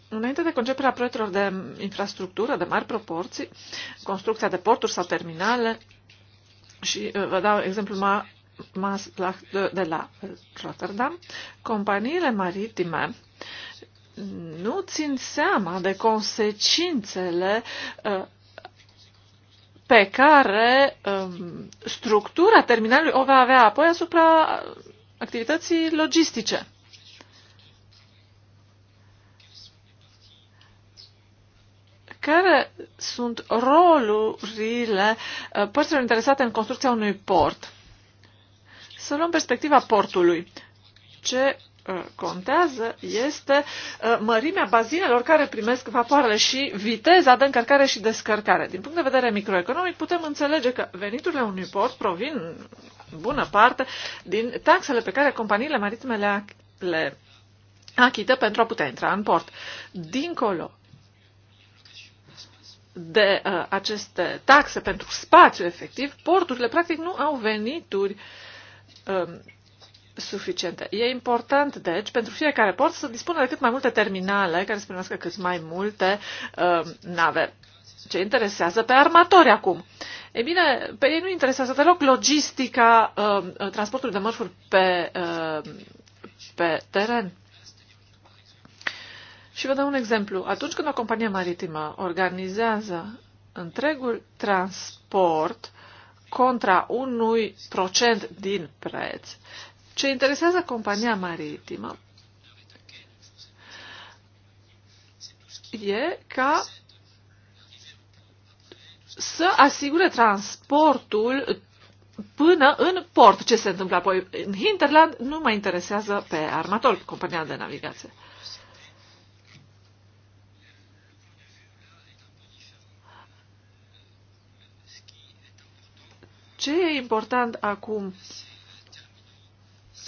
Înainte de conceperea proiectelor de infrastructură de mari proporții, construcția de porturi sau terminale, și uh, vă dau exemplul ma, Maslach de, de la Rotterdam, companiile maritime nu țin seama de consecințele uh, pe care um, structura terminalului o va avea apoi asupra activității logistice. Care sunt rolurile uh, părților interesate în construcția unui port? Să luăm perspectiva portului. Ce contează este uh, mărimea bazinelor care primesc vapoarele și viteza de încărcare și descărcare. Din punct de vedere microeconomic, putem înțelege că veniturile unui port provin în bună parte din taxele pe care companiile maritime le achită pentru a putea intra în port. Dincolo de uh, aceste taxe pentru spațiu efectiv, porturile practic nu au venituri uh, suficiente. E important, deci, pentru fiecare port să dispună de cât mai multe terminale care să primească cât mai multe uh, nave. Ce interesează pe armatori acum? E bine, pe ei nu interesează deloc logistica uh, transportului de mărfuri pe, uh, pe teren. Și vă dau un exemplu. Atunci când o companie maritimă organizează întregul transport contra unui procent din preț, ce interesează compania maritimă e ca să asigure transportul până în port. Ce se întâmplă apoi în hinterland nu mă interesează pe armator, compania de navigație. Ce e important acum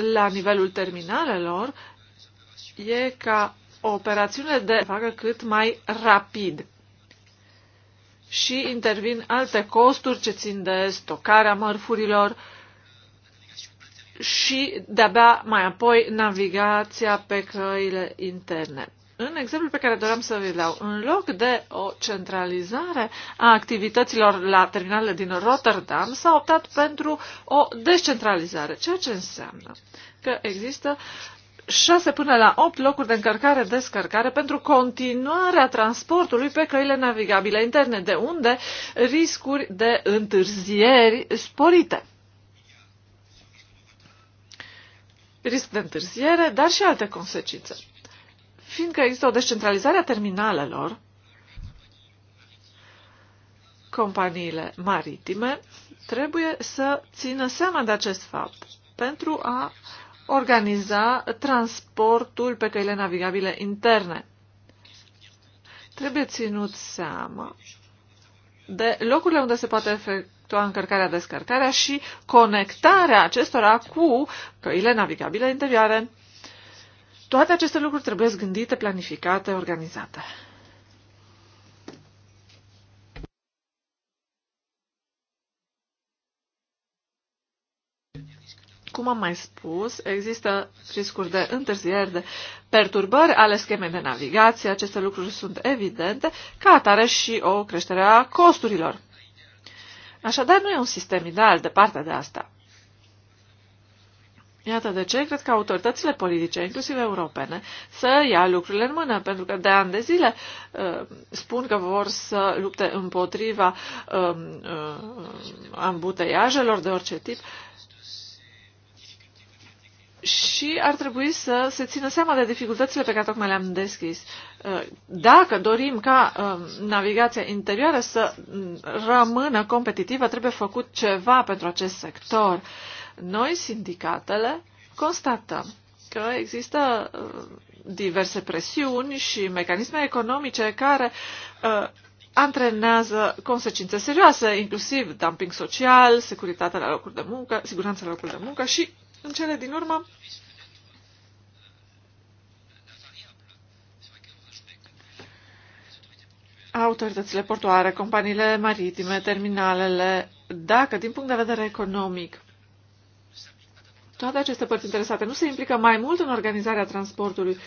la nivelul terminalelor e ca operațiunile de facă cât mai rapid. Și intervin alte costuri ce țin de stocarea mărfurilor și de-abia mai apoi navigația pe căile internet în exemplul pe care doream să vi dau, în loc de o centralizare a activităților la terminalele din Rotterdam, s-a optat pentru o descentralizare, ceea ce înseamnă că există 6 până la 8 locuri de încărcare-descărcare pentru continuarea transportului pe căile navigabile interne, de unde riscuri de întârzieri sporite. Risc de întârziere, dar și alte consecințe fiindcă există o descentralizare a terminalelor, companiile maritime trebuie să țină seama de acest fapt pentru a organiza transportul pe căile navigabile interne. Trebuie ținut seama de locurile unde se poate efectua încărcarea, descărcarea și conectarea acestora cu căile navigabile interioare. Toate aceste lucruri trebuie gândite, planificate, organizate. cum am mai spus, există riscuri de întârzieri, de perturbări ale schemei de navigație. Aceste lucruri sunt evidente, ca atare și o creștere a costurilor. Așadar, nu e un sistem ideal, de partea de asta. Iată de ce cred că autoritățile politice, inclusiv europene, să ia lucrurile în mână, pentru că de ani de zile uh, spun că vor să lupte împotriva uh, uh, ambuteiajelor de orice tip și ar trebui să se țină seama de dificultățile pe care tocmai le-am deschis. Uh, dacă dorim ca um, navigația interioară să mm, rămână competitivă, trebuie făcut ceva pentru acest sector. Noi, sindicatele, constatăm că există uh, diverse presiuni și mecanisme economice care uh, antrenează consecințe serioase, inclusiv dumping social, securitatea la locuri de muncă, siguranța la locuri de muncă și, în cele din urmă, autoritățile portoare, companiile maritime, terminalele, dacă din punct de vedere economic toate aceste părți interesate nu se implică mai mult în organizarea transportului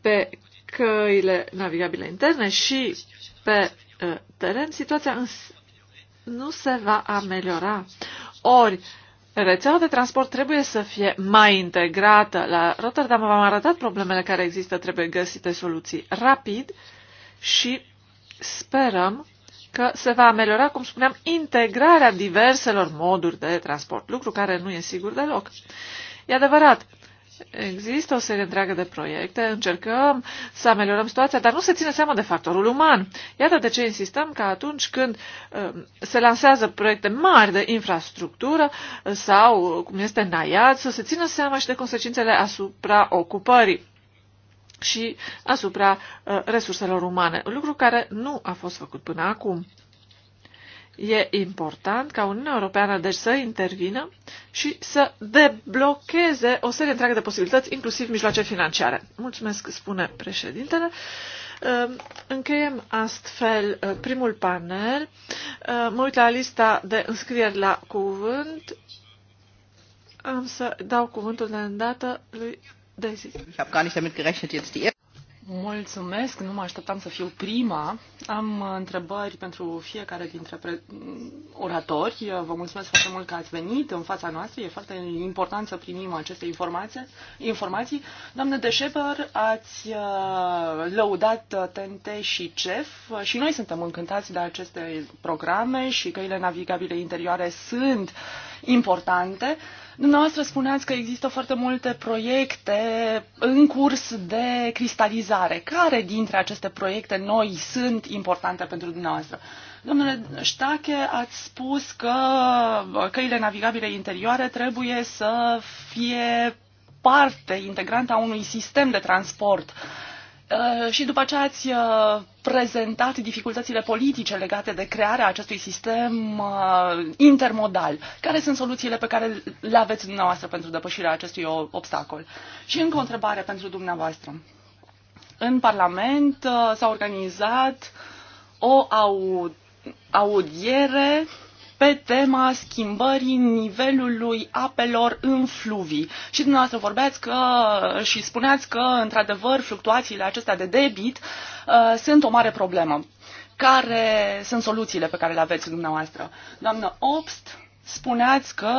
pe căile navigabile interne și pe uh, teren, situația nu se va ameliora. Ori, rețeaua de transport trebuie să fie mai integrată. La Rotterdam v-am arătat problemele care există, trebuie găsite soluții rapid și sperăm că se va ameliora, cum spuneam, integrarea diverselor moduri de transport, lucru care nu e sigur deloc. E adevărat, Există o serie întreagă de proiecte, încercăm să ameliorăm situația, dar nu se ține seama de factorul uman. Iată de ce insistăm că atunci când um, se lansează proiecte mari de infrastructură uh, sau, cum este Naiad, să se țină seama și de consecințele asupra ocupării și asupra uh, resurselor umane, lucru care nu a fost făcut până acum. E important ca Uniunea Europeană deci să intervină și să deblocheze o serie întreagă de posibilități, inclusiv mijloace financiare. Mulțumesc, spune președintele. Uh, încheiem astfel uh, primul panel. Mă uit la lista de înscrieri la cuvânt. Am să dau cuvântul de îndată lui da, ich habe gar nicht damit gerechnet, jetzt die Mulțumesc, nu mă așteptam să fiu prima. Am uh, întrebări pentru fiecare dintre oratori. Vă mulțumesc foarte mult că ați venit în fața noastră. E foarte important să primim aceste informații. informații. Doamnă de Șeper, ați uh, lăudat TNT uh, și CEF și noi suntem încântați de aceste programe și căile navigabile interioare sunt importante. Uh, Dumneavoastră spuneați că există foarte multe proiecte în curs de cristalizare. Care dintre aceste proiecte noi sunt importante pentru dumneavoastră? Domnule Ștache, ați spus că căile navigabile interioare trebuie să fie parte integrantă a unui sistem de transport uh, Uh, și după aceea ați uh, prezentat dificultățile politice legate de crearea acestui sistem uh, intermodal. Care sunt soluțiile pe care le aveți dumneavoastră pentru depășirea acestui obstacol? Și încă o întrebare pentru dumneavoastră. În Parlament s-a organizat o audiere pe tema schimbării nivelului apelor în fluvii. Și dumneavoastră vorbeați că și spuneați că, într-adevăr, fluctuațiile acestea de debit uh, sunt o mare problemă. Care sunt soluțiile pe care le aveți dumneavoastră? Doamnă Obst, spuneați că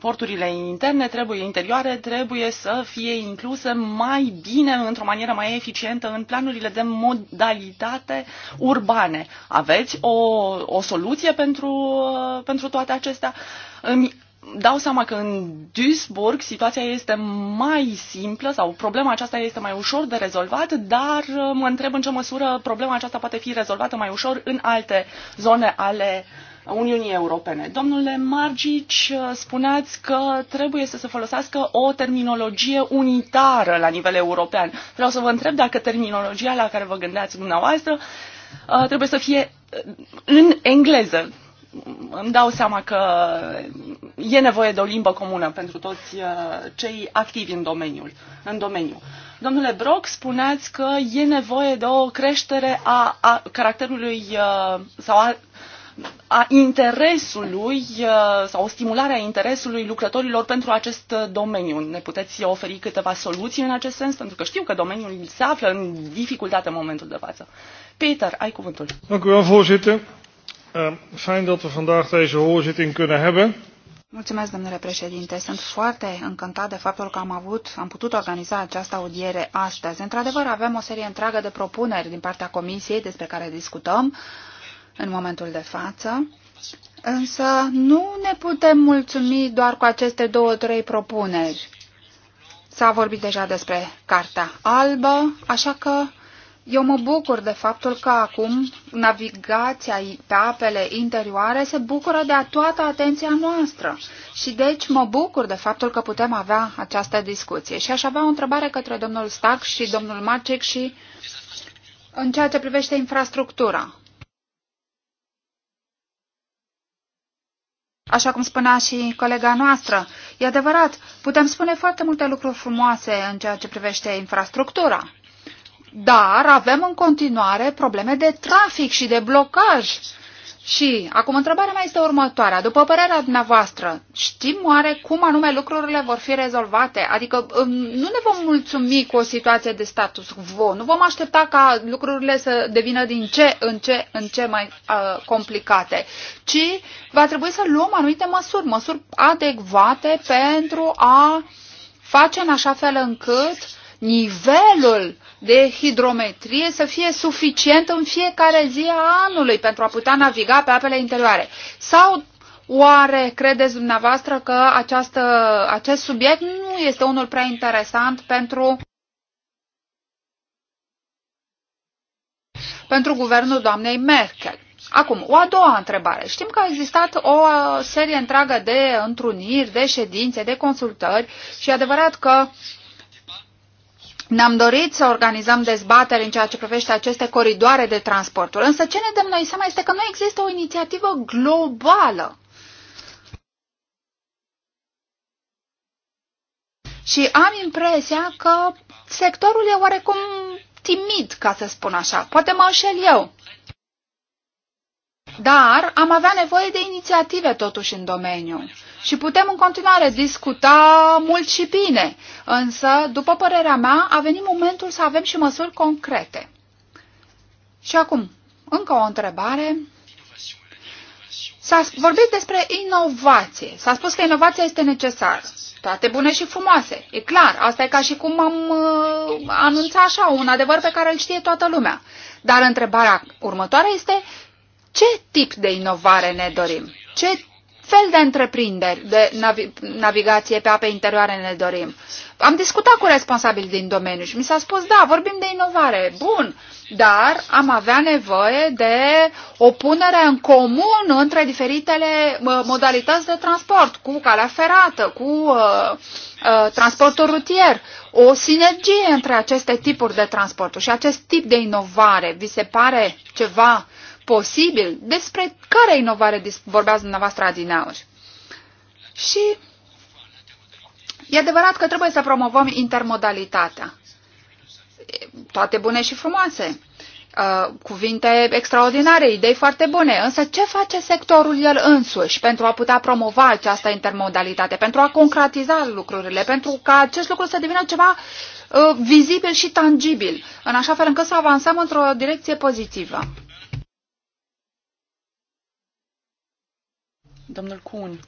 porturile interne trebuie, interioare, trebuie să fie incluse mai bine, într-o manieră mai eficientă, în planurile de modalitate urbane. Aveți o, o soluție pentru, pentru toate acestea? Îmi dau seama că în Duisburg situația este mai simplă sau problema aceasta este mai ușor de rezolvat, dar mă întreb în ce măsură problema aceasta poate fi rezolvată mai ușor în alte zone ale uh, Uniunii Europene. Domnule Margici, uh, spuneați că trebuie să se folosească o terminologie unitară la nivel european. Vreau să vă întreb dacă terminologia la care vă gândeați dumneavoastră uh, trebuie să fie uh, în engleză. Îmi dau seama că e nevoie de o limbă comună pentru toți cei activi în domeniul. În domeniu. Domnule Brock, spuneați că e nevoie de o creștere a, a caracterului sau a a interesului uh, sau stimularea interesului lucrătorilor pentru acest uh, domeniu. Ne puteți oferi câteva soluții în acest sens? Pentru că știu că domeniul se află în dificultate în momentul de față. Peter, ai cuvântul. Dank u wel, voorzitter. Ehm, fijn dat we vandaag deze hoorzitting kunnen hebben. Mulțumesc, domnule președinte. Sunt foarte încântat de faptul că am avut, am putut organiza această audiere astăzi. Într-adevăr, avem o serie întreagă de propuneri din partea Comisiei despre care discutăm. Uh, în momentul de față, însă nu ne putem mulțumi doar cu aceste două, trei propuneri. S-a vorbit deja despre Cartea Albă, așa că eu mă bucur de faptul că acum navigația pe apele interioare se bucură de toată atenția noastră și deci mă bucur de faptul că putem avea această discuție. Și aș avea o întrebare către domnul Stark și domnul Macic și în ceea ce privește infrastructura. Așa cum spunea și colega noastră, e adevărat, putem spune foarte multe lucruri frumoase în ceea ce privește infrastructura. Dar avem în continuare probleme de trafic și de blocaj și acum întrebarea mea este următoarea. După părerea dumneavoastră, știm oare cum anume lucrurile vor fi rezolvate? Adică nu ne vom mulțumi cu o situație de status quo, nu vom aștepta ca lucrurile să devină din ce în ce în ce mai uh, complicate, ci va trebui să luăm anumite măsuri, măsuri adecvate pentru a face în așa fel încât uh, nivelul de hidrometrie să fie suficient în fiecare zi a anului pentru a putea naviga pe apele interioare? Sau Oare credeți dumneavoastră că această, acest subiect nu este unul prea interesant pentru, pentru guvernul doamnei Merkel? Acum, o a doua întrebare. Știm că a existat o serie întreagă de întruniri, de ședințe, de consultări și e adevărat că uh, ne-am dorit să organizăm dezbateri în ceea ce privește aceste coridoare de transporturi, însă ce ne dăm noi seama este că nu există o inițiativă globală. Și am impresia că sectorul e oarecum timid, ca să spun așa. Poate mă înșel eu. Dar am avea nevoie de inițiative totuși în domeniu. Și putem în continuare discuta mult și bine, însă, după părerea mea, a venit momentul să avem și măsuri concrete. Și acum, încă o întrebare. S-a vorbit despre inovație. S-a spus că inovația este necesară. Toate bune și frumoase. E clar, asta e ca și cum am uh, anunțat așa un adevăr pe care îl știe toată lumea. Dar întrebarea următoare este ce tip de inovare ne dorim? Ce fel de întreprinderi de navi navigație pe ape interioare ne dorim? Am discutat cu responsabili din domeniu și mi s-a spus, da, vorbim de inovare, bun, dar am avea nevoie de o punere în comun între diferitele modalități de transport, cu calea ferată, cu uh, uh, transportul rutier, o sinergie între aceste tipuri de transport și acest tip de inovare. Vi se pare ceva posibil. Despre care inovare vorbeați dumneavoastră adineauri? Și e adevărat că trebuie să promovăm intermodalitatea. Toate bune și frumoase. Uh, cuvinte extraordinare, idei foarte bune, însă ce face sectorul el însuși pentru a putea promova această intermodalitate, pentru a concretiza lucrurile, pentru ca acest lucru să devină ceva uh, vizibil și tangibil, în așa fel încât să avansăm într-o direcție pozitivă? Domnul Cun,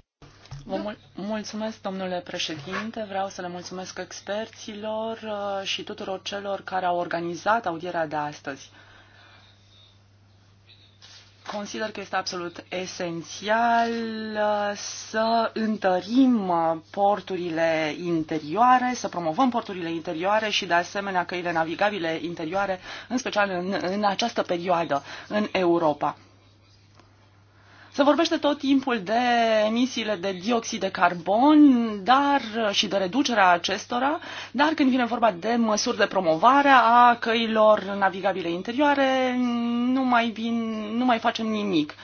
Vă mulțumesc, domnule președinte. Vreau să le mulțumesc experților uh, și tuturor celor care au organizat audierea de astăzi. Consider că este absolut esențial uh, să întărim porturile interioare, să promovăm porturile interioare și, de asemenea, căile navigabile interioare, în special în, în această perioadă în Europa. Se vorbește tot timpul de emisiile de dioxid de carbon dar, și de reducerea acestora, dar când vine vorba de măsuri de promovare a căilor navigabile interioare, nu mai, vin, nu mai facem nimic. Uh,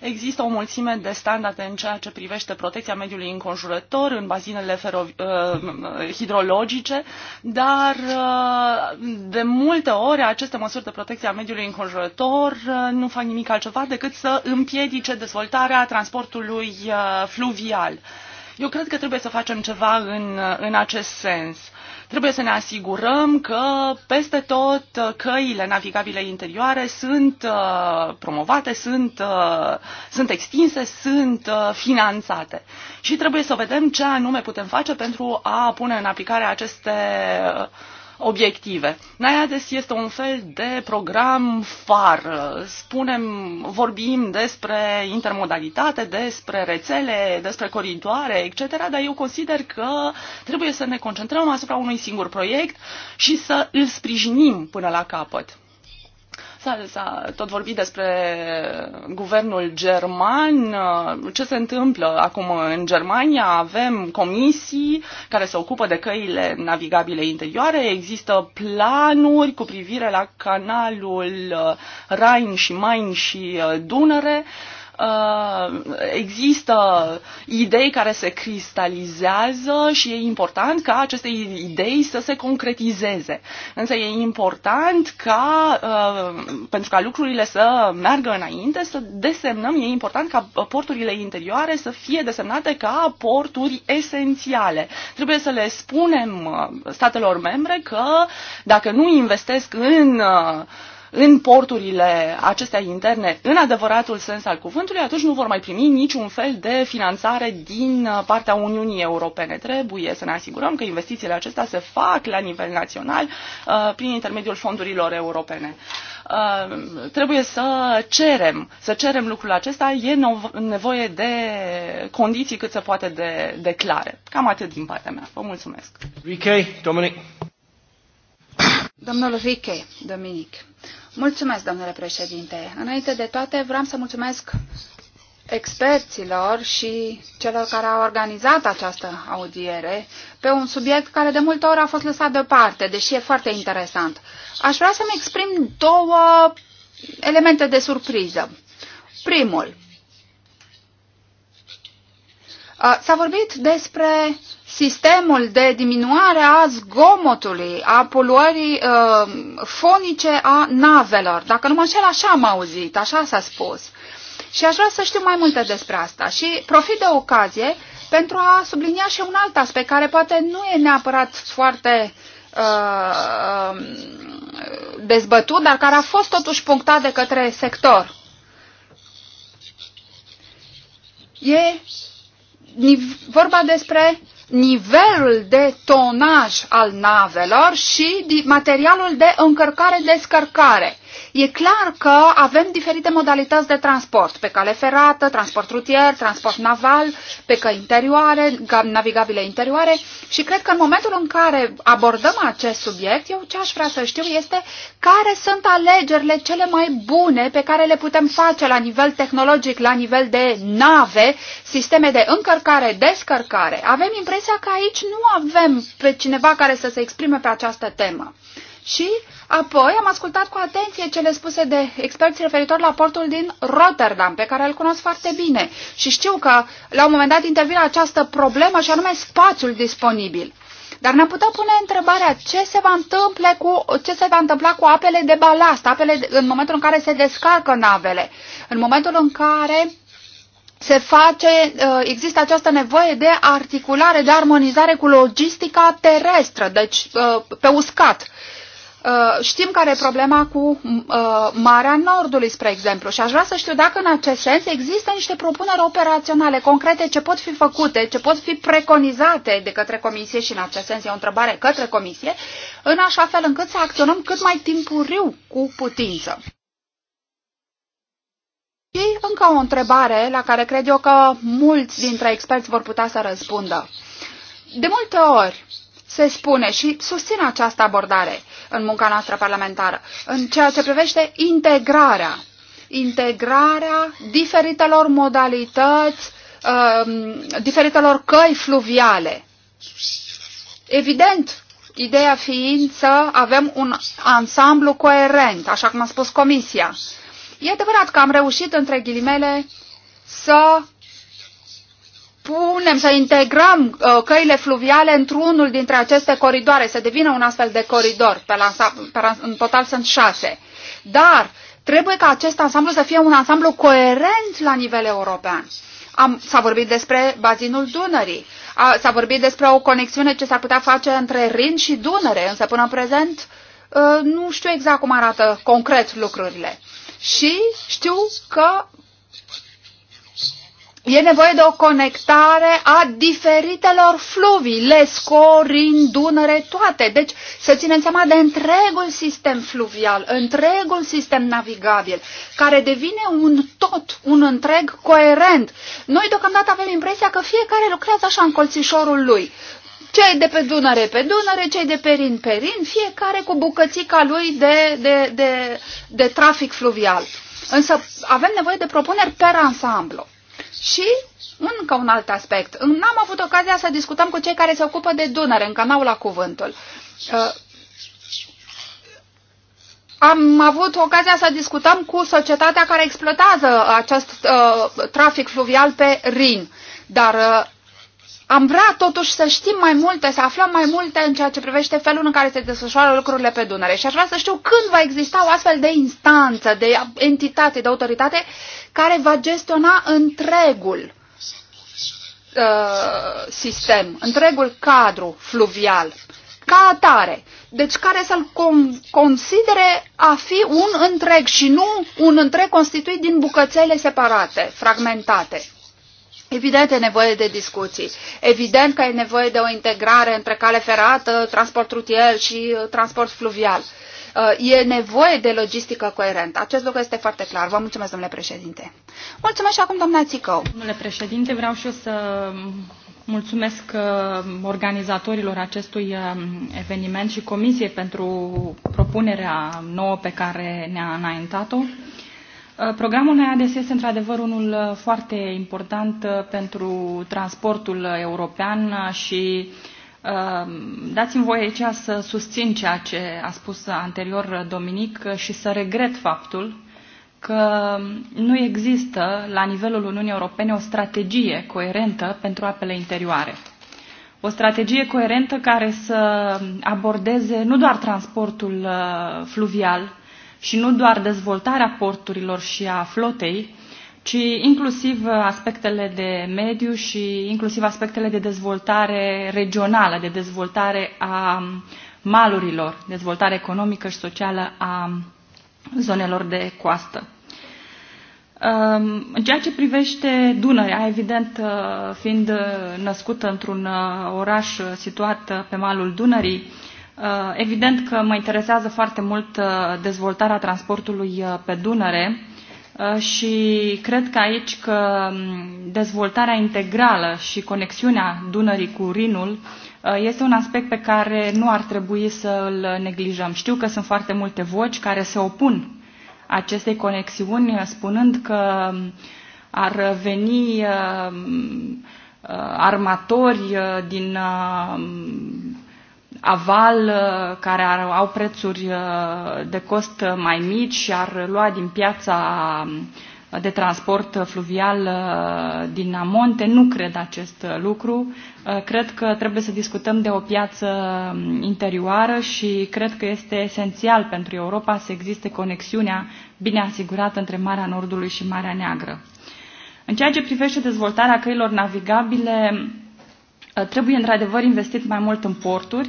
Există o mulțime de standarde în ceea ce privește protecția mediului înconjurător în bazinele uh, hidrologice, dar uh, de multe ori aceste măsuri de protecție a mediului înconjurător uh, nu fac nimic altceva decât să împiedice dezvoltarea transportului fluvial. Eu cred că trebuie să facem ceva în, în acest sens. Trebuie să ne asigurăm că peste tot uh, căile navigabile interioare sunt uh, promovate, sunt, uh, sunt extinse, sunt finanțate. Și trebuie să vedem ce anume putem face pentru a pune în aplicare aceste uh, obiective. NIADES este un fel de program far. Spunem, vorbim despre intermodalitate, despre rețele, despre coridoare, etc., dar eu consider că trebuie să ne concentrăm asupra unui singur proiect și să îl sprijinim până la capăt. S-a tot vorbit despre guvernul german. Ce se întâmplă acum în Germania? Avem comisii care se ocupă de căile navigabile interioare, există planuri cu privire la canalul Rhein și Main și uh, Dunăre. Uh, Uh, există idei care se cristalizează și e important ca aceste idei să se concretizeze. Însă e important ca, uh, pentru ca lucrurile să meargă înainte, să desemnăm, e important ca porturile interioare să fie desemnate ca porturi esențiale. Trebuie să le spunem uh, statelor membre că dacă nu investesc în uh, în porturile acestea interne în adevăratul sens al cuvântului, atunci nu vor mai primi niciun fel de finanțare din uh, partea Uniunii Europene. Trebuie să ne asigurăm că investițiile acestea se fac la nivel național uh, prin intermediul fondurilor europene. Uh, trebuie să cerem, să cerem lucrul acesta, e nevoie de condiții cât se poate de, de clare. Cam atât din partea mea. Vă mulțumesc. Rike, Dominic. Domnul Rike, Dominic. Mulțumesc, domnule președinte. Înainte de toate, vreau să mulțumesc experților și celor care au organizat această audiere pe un subiect care de multe ori a fost lăsat deoparte, deși e foarte interesant. Aș vrea să-mi exprim două elemente de surpriză. Primul, s-a vorbit despre sistemul de diminuare a zgomotului, a poluării uh, fonice a navelor. Dacă nu mă înșel, așa am auzit, așa s-a spus. Și aș vrea să știu mai multe despre asta. Și profit de ocazie pentru a sublinia și un alt aspect care poate nu e neapărat foarte uh, um, dezbătut, dar care a fost totuși punctat de către sector. E vorba despre nivelul de tonaj al navelor și materialul de încărcare-descărcare. E clar că avem diferite modalități de transport, pe cale ferată, transport rutier, transport naval, pe căi interioare, navigabile interioare și cred că în momentul în care abordăm acest subiect, eu ce aș vrea să știu este care sunt alegerile cele mai bune pe care le putem face la nivel tehnologic, la nivel de nave, sisteme de încărcare, descărcare. Avem impresia că aici nu avem pe cineva care să se exprime pe această temă. Și Apoi am ascultat cu atenție cele spuse de experți referitor la portul din Rotterdam, pe care îl cunosc foarte bine și știu că la un moment dat intervine această problemă și anume spațiul disponibil. Dar ne-am putea pune întrebarea ce se va întâmpla cu, ce se va întâmpla cu apele de balast, apele în momentul în care se descarcă navele, în momentul în care se face, uh, există această nevoie de articulare, de armonizare cu logistica terestră, deci uh, pe uscat. Uh, știm care e problema cu uh, Marea Nordului, spre exemplu, și aș vrea să știu dacă în acest sens există niște propuneri operaționale concrete ce pot fi făcute, ce pot fi preconizate de către Comisie și în acest sens e o întrebare către Comisie, în așa fel încât să acționăm cât mai timpuriu cu putință. Și încă o întrebare la care cred eu că mulți dintre experți vor putea să răspundă. De multe ori, se spune și susțin această abordare în munca noastră parlamentară, în ceea ce privește integrarea, integrarea diferitelor modalități, uh, diferitelor căi fluviale. Evident, ideea fiind să avem un ansamblu coerent, așa cum a spus Comisia. E adevărat că am reușit, între ghilimele, să punem, să integrăm uh, căile fluviale într-unul dintre aceste coridoare, să devină un astfel de coridor, pe la, pe la, în total sunt șase. Dar trebuie ca acest ansamblu să fie un ansamblu coerent la nivel european. S-a vorbit despre bazinul Dunării, s-a vorbit despre o conexiune ce s-ar putea face între Rin și Dunăre, însă până în prezent uh, nu știu exact cum arată concret lucrurile. Și știu că e nevoie de o conectare a diferitelor fluvii, Lesco, Rin, Dunăre, toate. Deci să ținem seama de întregul sistem fluvial, întregul sistem navigabil, care devine un tot, un întreg coerent. Noi deocamdată avem impresia că fiecare lucrează așa în colțișorul lui. Cei de pe Dunăre pe Dunăre, cei de pe Rin pe Rin, fiecare cu bucățica lui de, de, de, de trafic fluvial. Însă avem nevoie de propuneri per ansamblu. Și încă un alt aspect. N-am avut ocazia să discutăm cu cei care se ocupă de Dunăre, încă n-au la cuvântul. Uh, am avut ocazia să discutăm cu societatea care exploatează acest uh, trafic fluvial pe Rin, dar uh, am vrea totuși să știm mai multe, să aflăm mai multe în ceea ce privește felul în care se desfășoară lucrurile pe Dunăre. Și aș vrea să știu când va exista o astfel de instanță, de entitate, de autoritate care va gestiona întregul uh, sistem, întregul cadru fluvial, ca atare. Deci care să-l con- considere a fi un întreg și nu un întreg constituit din bucățele separate, fragmentate. Evident, e nevoie de discuții. Evident că e nevoie de o integrare între cale ferată, transport rutier și uh, transport fluvial. Uh, e nevoie de logistică coerentă. Acest lucru este foarte clar. Vă mulțumesc, domnule președinte. Mulțumesc și acum, doamna Țicău. Domnule președinte, vreau și eu să um, mulțumesc uh, organizatorilor acestui um, eveniment și comisiei pentru propunerea nouă pe care ne-a înaintat-o. Uh, programul NADS este într-adevăr unul uh, foarte important uh, pentru transportul european și dați-mi voie aici să susțin ceea ce a spus anterior Dominic și să regret faptul că nu există la nivelul Uniunii Europene o strategie coerentă pentru apele interioare. O strategie coerentă care să abordeze nu doar transportul fluvial, și nu doar dezvoltarea porturilor și a flotei, ci inclusiv aspectele de mediu și inclusiv aspectele de dezvoltare regională, de dezvoltare a malurilor, dezvoltare economică și socială a zonelor de coastă. În ceea ce privește Dunărea, evident, fiind născută într-un oraș situat pe malul Dunării, Uh, evident că mă interesează foarte mult uh, dezvoltarea transportului uh, pe Dunăre și cred că aici că um, dezvoltarea integrală și conexiunea Dunării cu Rinul este un aspect pe care nu ar trebui să îl neglijăm. Știu că sunt foarte multe voci care se opun acestei conexiuni, spunând că um, ar veni armatori din aval uh, care ar, au prețuri uh, de cost mai mici și ar lua din piața um, de transport fluvial uh, din Amonte. Nu cred acest lucru. Cred că trebuie să discutăm de o piață um, interioară și cred că este esențial pentru Europa să existe conexiunea bine asigurată între Marea Nordului și Marea Neagră. În ceea ce privește dezvoltarea căilor navigabile, trebuie într-adevăr investit mai mult în porturi,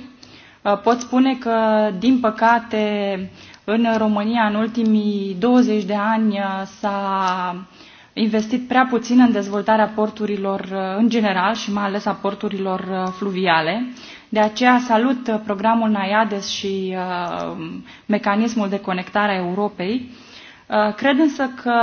Uh, pot spune că, din păcate, în România în ultimii 20 de ani uh, s-a investit prea puțin în dezvoltarea porturilor uh, în general și mai ales a porturilor fluviale. De aceea salut programul NAIADES și mecanismul de conectare a Europei. Cred însă că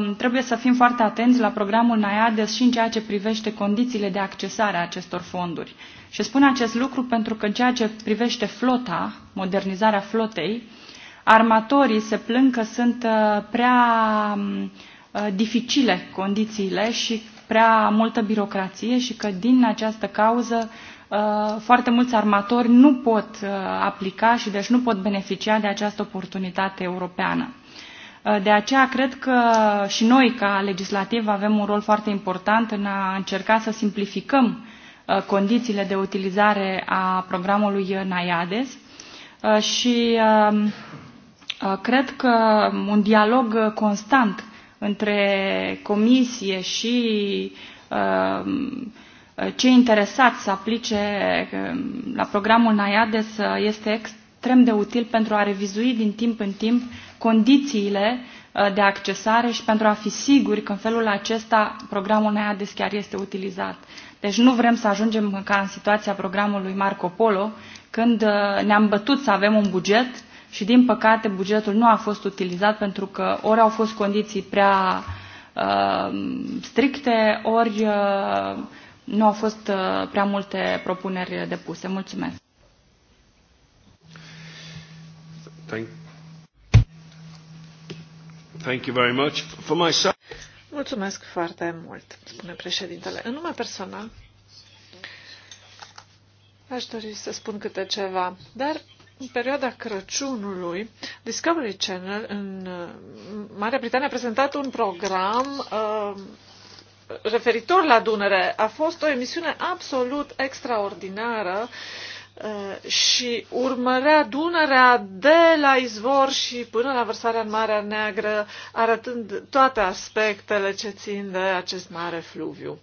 um, trebuie să fim foarte atenți la programul NAIADES și în ceea ce privește condițiile de accesare a acestor fonduri și spun acest lucru pentru că în ceea ce privește flota, modernizarea flotei, armatorii se plâng că sunt uh, prea mm, uh, dificile condițiile și prea multă birocrație și că din această cauză uh, foarte mulți armatori nu pot aplica și deci nu pot beneficia de această oportunitate europeană. De aceea cred că și noi ca legislativ avem un rol foarte important în a încerca să simplificăm Uh, condițiile de utilizare a programului NAIADES uh, și um, uh, cred că un dialog constant între comisie și um, cei interesați să aplice um, la programul NAIADES este extrem de util pentru a revizui din timp în timp condițiile de accesare și pentru a fi siguri că în felul acesta programul NAIADES chiar este utilizat. Deci nu vrem să ajungem ca în situația programului Marco Polo, când uh, ne-am bătut să avem un buget și, din păcate, bugetul nu a fost utilizat pentru că ori au fost condiții prea uh, stricte, ori uh, nu au fost uh, prea multe propuneri depuse. Mulțumesc. Thank, you very much. For myself... Mulțumesc foarte mult, spune președintele. În nume personal, aș dori să spun câte ceva, dar în perioada Crăciunului, Discovery Channel în uh, Marea Britanie a prezentat un program uh, referitor la Dunăre. A fost o emisiune absolut extraordinară Uh, și urmărea Dunărea de la izvor și până la vărsarea în Marea Neagră, arătând toate aspectele ce țin de acest mare fluviu.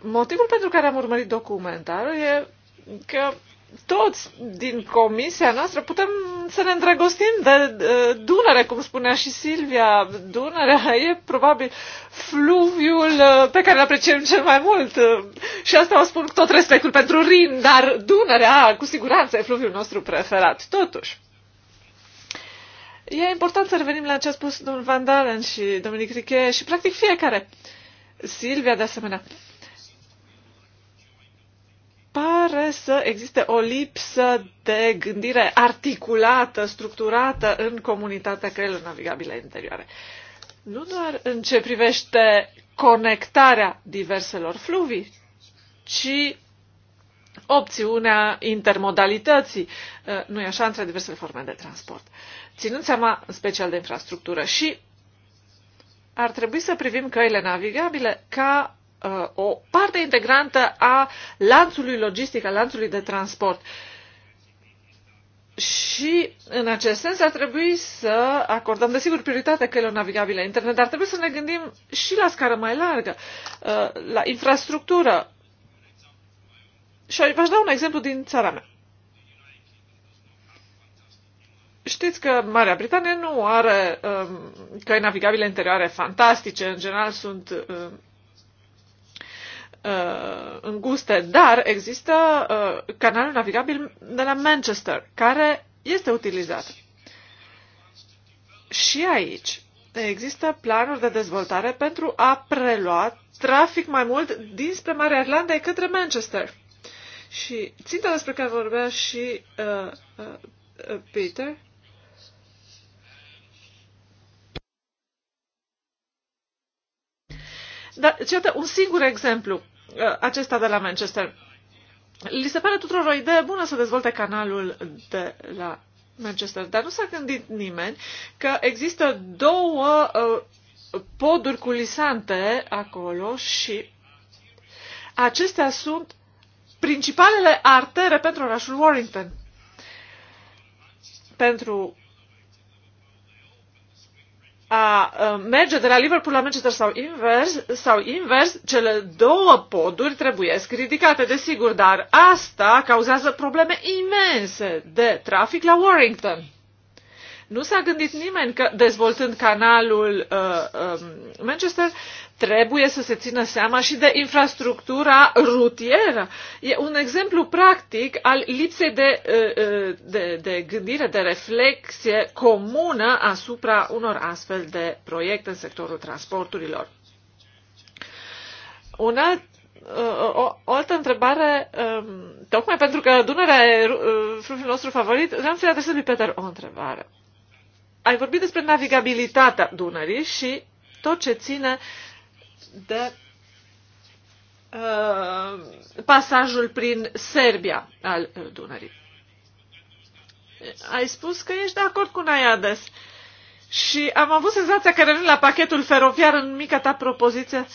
Motivul pentru care am urmărit documentarul e că toți din comisia noastră putem să ne îndrăgostim de Dunăre, cum spunea și Silvia. Dunărea e probabil fluviul uh, pe care îl apreciem cel mai mult. Uh, și asta o spun cu tot respectul pentru Rin, dar Dunărea cu siguranță e fluviul nostru preferat. Totuși, e important să revenim la ce a spus domnul Van Dalen și Dominic Riche și practic fiecare. Silvia, de asemenea. Uh, pare să existe o lipsă de gândire articulată, structurată în comunitatea creierilor navigabile interioare. Nu doar în ce privește conectarea diverselor fluvii, ci opțiunea intermodalității, uh, nu e așa, între diversele forme de transport. Ținând seama în special de infrastructură și ar trebui să privim căile navigabile ca uh, o parte integrantă a lanțului logistic, a lanțului de transport. Și, în acest sens, ar trebui să acordăm, desigur, prioritate căilor navigabile internet, dar trebuie să ne gândim și la scară mai largă, uh, la infrastructură. Și v-aș da un exemplu din țara mea. Știți că Marea Britanie nu are um, căi navigabile interioare fantastice, în general sunt um, uh, înguste, dar există uh, canalul navigabil de la Manchester, care este utilizat. Și aici există planuri de dezvoltare pentru a prelua trafic mai mult dinspre Marea Irlandei către Manchester. Și ținta despre care vorbea și uh, uh, Peter, Dar, ceată, un singur exemplu. Uh, acesta de la Manchester. Li se pare tuturor o idee bună să dezvolte canalul de la Manchester, dar nu s-a gândit nimeni că există două uh, poduri culisante acolo și acestea sunt principalele artere pentru orașul Warrington. Pentru a merge de la Liverpool la Manchester sau invers, sau invers, cele două poduri trebuie ridicate, desigur, dar asta cauzează probleme imense de trafic la Warrington. Nu s-a gândit nimeni că dezvoltând canalul uh, uh, Manchester trebuie să se țină seama și de infrastructura rutieră. E un exemplu practic al lipsei de, uh, uh de, de gândire, de reflexie comună asupra unor astfel de proiecte în sectorul transporturilor. Un alt uh, o, o altă întrebare, um, tocmai pentru că Dunărea e uh, nostru favorit, vreau să-i adresez lui Peter o întrebare ai vorbit despre navigabilitatea Dunării și tot ce ține de uh, pasajul prin Serbia al uh, Dunării. Ai spus că ești de acord cu Naiades și am avut senzația că revin la pachetul feroviar în mica ta propoziție uh,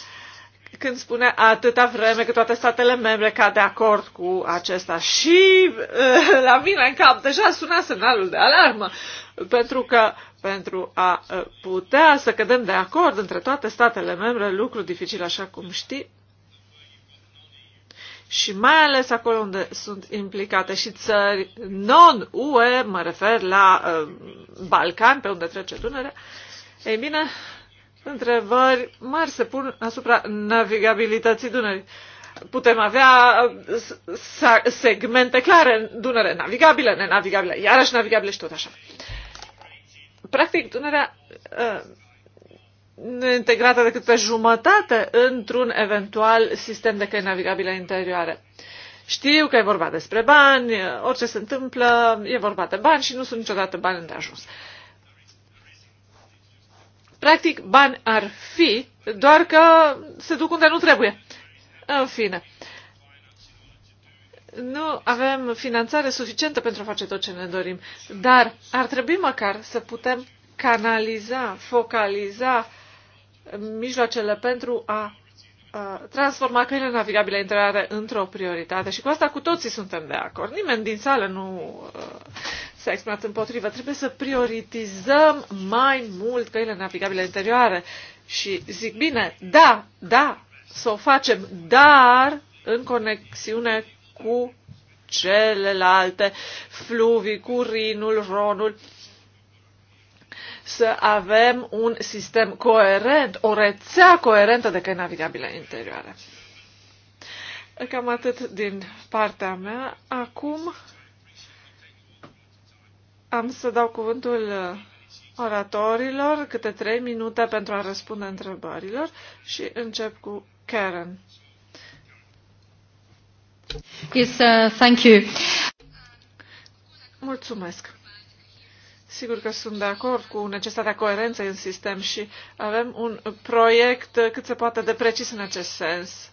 când spune atâta vreme că toate statele membre cad de acord cu acesta. Și eh, la mine în cap deja suna semnalul de alarmă, pentru că pentru a eh, putea să cădem de acord între toate statele membre, lucru dificil, așa cum știi, și mai ales acolo unde sunt implicate și țări non-UE, mă refer la uh, eh, Balcan, pe unde trece Dunărea, ei bine, întrebări mari se pun asupra navigabilității Dunării. Putem avea segmente clare, Dunăre navigabile, nenavigabile, iarăși navigabile și tot așa. Practic, Dunărea uh, nu e integrată decât pe jumătate într-un eventual sistem de căi navigabile interioare. Știu că e vorba despre bani, orice se întâmplă, e vorba de bani și nu sunt niciodată bani de ajuns. Uh, Practic, bani ar fi, doar că se duc unde nu trebuie. În fine. Nu avem finanțare suficientă pentru a face tot ce ne dorim, dar ar trebui măcar să putem canaliza, focaliza mijloacele pentru a transforma căile navigabile interioare într-o prioritate și cu asta cu toții suntem de acord. Nimeni din sală nu s-a exprimat împotrivă. Trebuie să prioritizăm mai mult căile navigabile interioare și zic bine, da, da, să o facem, dar în conexiune cu celelalte fluvii, cu Rinul, Ronul, să avem un sistem coerent, o rețea coerentă de căi navigabile interioare. Cam atât din partea mea. Acum am să dau cuvântul oratorilor, câte trei minute pentru a răspunde întrebărilor și încep cu Karen. Yes, uh, thank you. Mulțumesc. Sigur că sunt de acord cu necesitatea coerenței în sistem și avem un proiect cât se poate de precis în acest sens.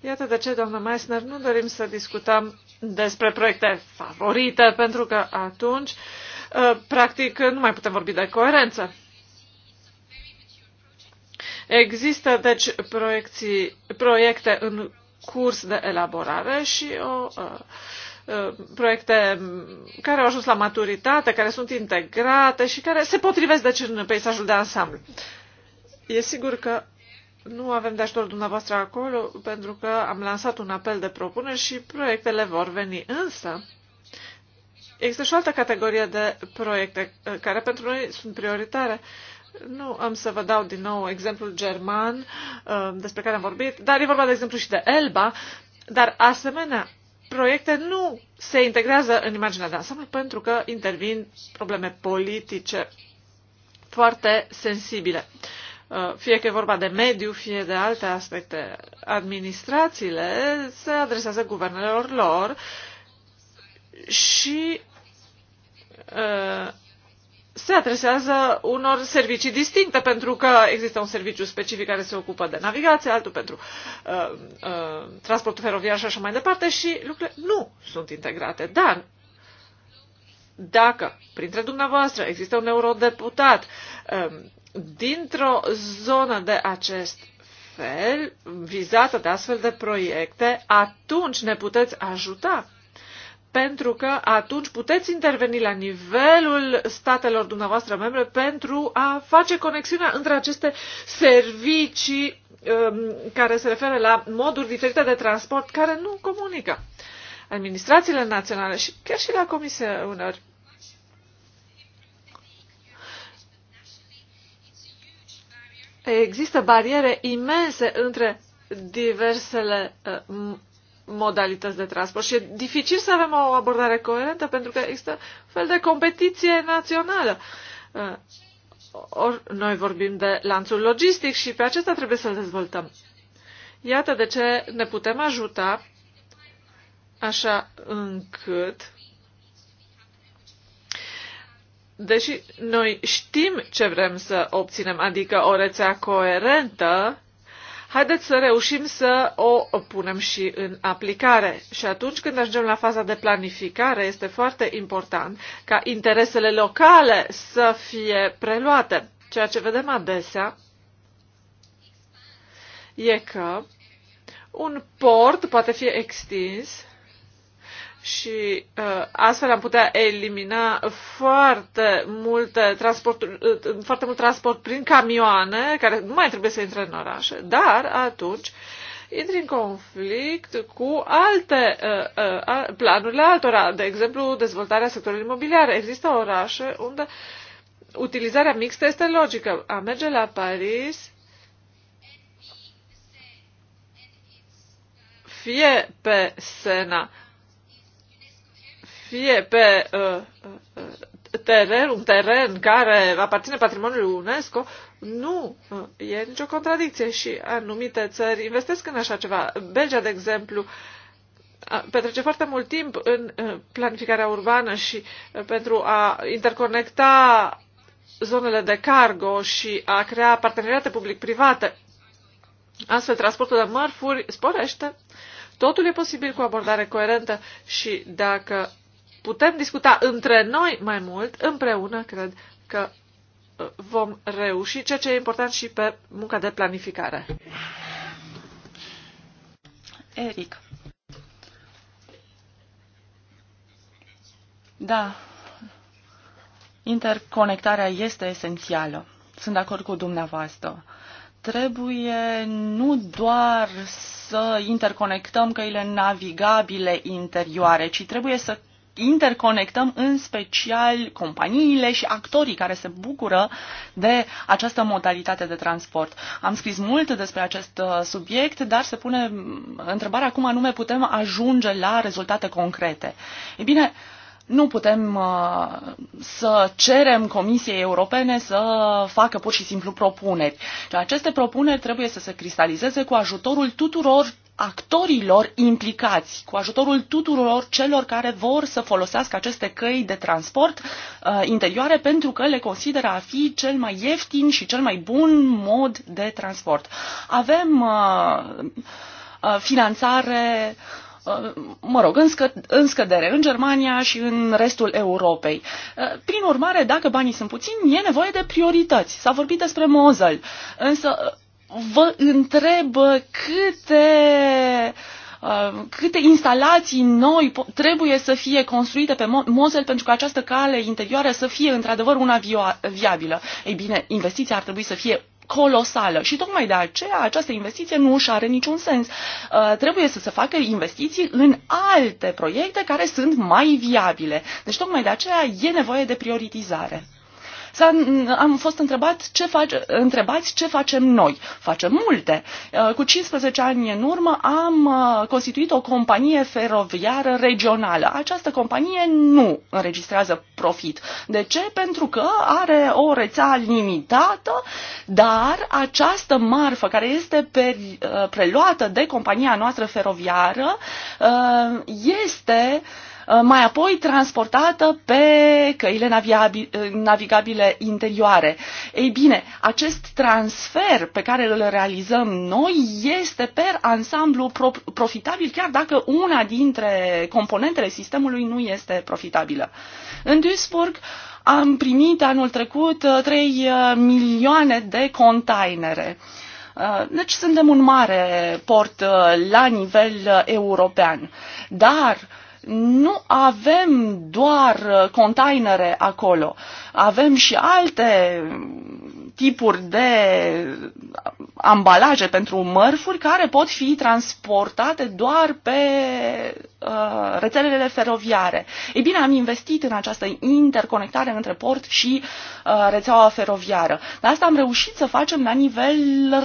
Iată de ce, doamnă Meissner, nu dorim să discutăm despre proiecte favorite, pentru că atunci, uh, practic, nu mai putem vorbi de coerență. Există, deci, proiecții, proiecte în curs de elaborare și o uh, proiecte care au ajuns la maturitate, care sunt integrate și care se potrivesc deci în peisajul de ansamblu. E sigur că nu avem de ajutor dumneavoastră acolo pentru că am lansat un apel de propuneri și proiectele vor veni. Însă, există și o altă categorie de proiecte uh, care pentru noi sunt prioritare. Nu am să vă dau din nou exemplul german uh, despre care am vorbit, dar e vorba de exemplu și de Elba, dar asemenea proiecte nu se integrează în imaginea de ansamblu pentru că intervin probleme politice foarte sensibile. Uh, fie că e vorba de mediu, fie de alte aspecte, administrațiile se adresează guvernelor lor și uh, se adresează unor servicii distincte, pentru că există un serviciu specific care se ocupă de navigație, altul pentru uh, uh, transportul feroviar și așa mai departe și lucrurile nu sunt integrate. Dar dacă printre dumneavoastră există un eurodeputat uh, dintr-o zonă de acest fel, vizată de astfel de proiecte, atunci ne puteți ajuta pentru că atunci puteți interveni la nivelul statelor dumneavoastră membre pentru a face conexiunea între aceste servicii um, care se referă la moduri diferite de transport care nu comunică. Administrațiile naționale și chiar și la Comisie uneori Există bariere imense între diversele uh, modalități de transport și e dificil să avem o abordare coerentă pentru că există un fel de competiție națională. Uh, or, noi vorbim de lanțul logistic și pe acesta trebuie să-l dezvoltăm. Iată de ce ne putem ajuta așa încât deși noi știm ce vrem să obținem, adică o rețea coerentă haideți să reușim să o punem și în aplicare. Și atunci când ajungem la faza de planificare, este foarte important ca interesele locale să fie preluate. Ceea ce vedem adesea e că un port poate fi extins și uh, astfel am putea elimina foarte, multe transport uh, foarte mult transport prin camioane, care nu mai trebuie să intre în orașe, dar atunci intri în conflict cu alte uh, uh, planurile altora, de exemplu dezvoltarea sectorului imobiliar. Există orașe unde utilizarea mixtă este logică. A merge la Paris fie pe Sena fie pe uh, uh, teren, un teren care aparține patrimoniului UNESCO, nu uh, e nicio contradicție și anumite țări investesc în așa ceva. Belgia, de exemplu, petrece foarte mult timp în uh, planificarea urbană și pentru a interconecta zonele de cargo și a crea parteneriate public-private. Astfel, transportul de mărfuri sporește. Totul e posibil cu abordare coerentă și dacă putem discuta între noi mai mult, împreună cred că uh, vom reuși, ceea ce e important și pe munca de planificare. Eric. Da, interconectarea este esențială. Sunt de acord cu dumneavoastră. Trebuie nu doar să interconectăm căile navigabile interioare, ci trebuie să interconectăm în special companiile și actorii care se bucură de această modalitate de transport. Am scris mult despre acest uh, subiect, dar se pune mm, întrebarea cum anume putem ajunge la rezultate concrete. E bine, nu putem uh, să cerem Comisiei Europene să facă pur și simplu propuneri. Deci aceste propuneri trebuie să se cristalizeze cu ajutorul tuturor actorilor implicați, cu ajutorul tuturor celor care vor să folosească aceste căi de transport uh, interioare pentru că le consideră a fi cel mai ieftin și cel mai bun mod de transport. Avem uh, uh, finanțare uh, mă rog, în, scă, în scădere în Germania și în restul Europei. Uh, prin urmare, dacă banii sunt puțini, e nevoie de priorități. S-a vorbit despre Mosel, însă vă întreb câte uh, câte instalații noi trebuie să fie construite pe Mosel pentru că această cale interioară să fie într-adevăr una viabilă. Ei bine, investiția ar trebui să fie colosală și tocmai de aceea această investiție nu își are niciun sens. Uh, trebuie să se facă investiții în alte proiecte care sunt mai viabile. Deci tocmai de aceea e nevoie de prioritizare am fost întrebat ce face, întrebați ce facem noi. Facem multe. Uh, cu 15 ani în urmă am uh, constituit o companie feroviară regională. Această companie nu înregistrează profit. De ce? Pentru că are o rețea limitată, dar această marfă care este pe, uh, preluată de compania noastră feroviară este Uh, mai apoi transportată pe căile uh, navigabile interioare. Ei bine, acest transfer pe care îl realizăm noi este per ansamblu profitabil, chiar dacă una dintre componentele sistemului nu este profitabilă. În Duisburg, am primit anul trecut 3 uh, milioane de containere. Deci suntem un mare port la nivel european. Dar uh, nu avem doar uh, containere acolo, avem și alte tipuri de ambalaje pentru mărfuri care pot fi transportate doar pe Uh, rețelele feroviare. Ei bine, am investit în această interconectare între port și uh, rețeaua feroviară. Dar asta am reușit să facem la nivel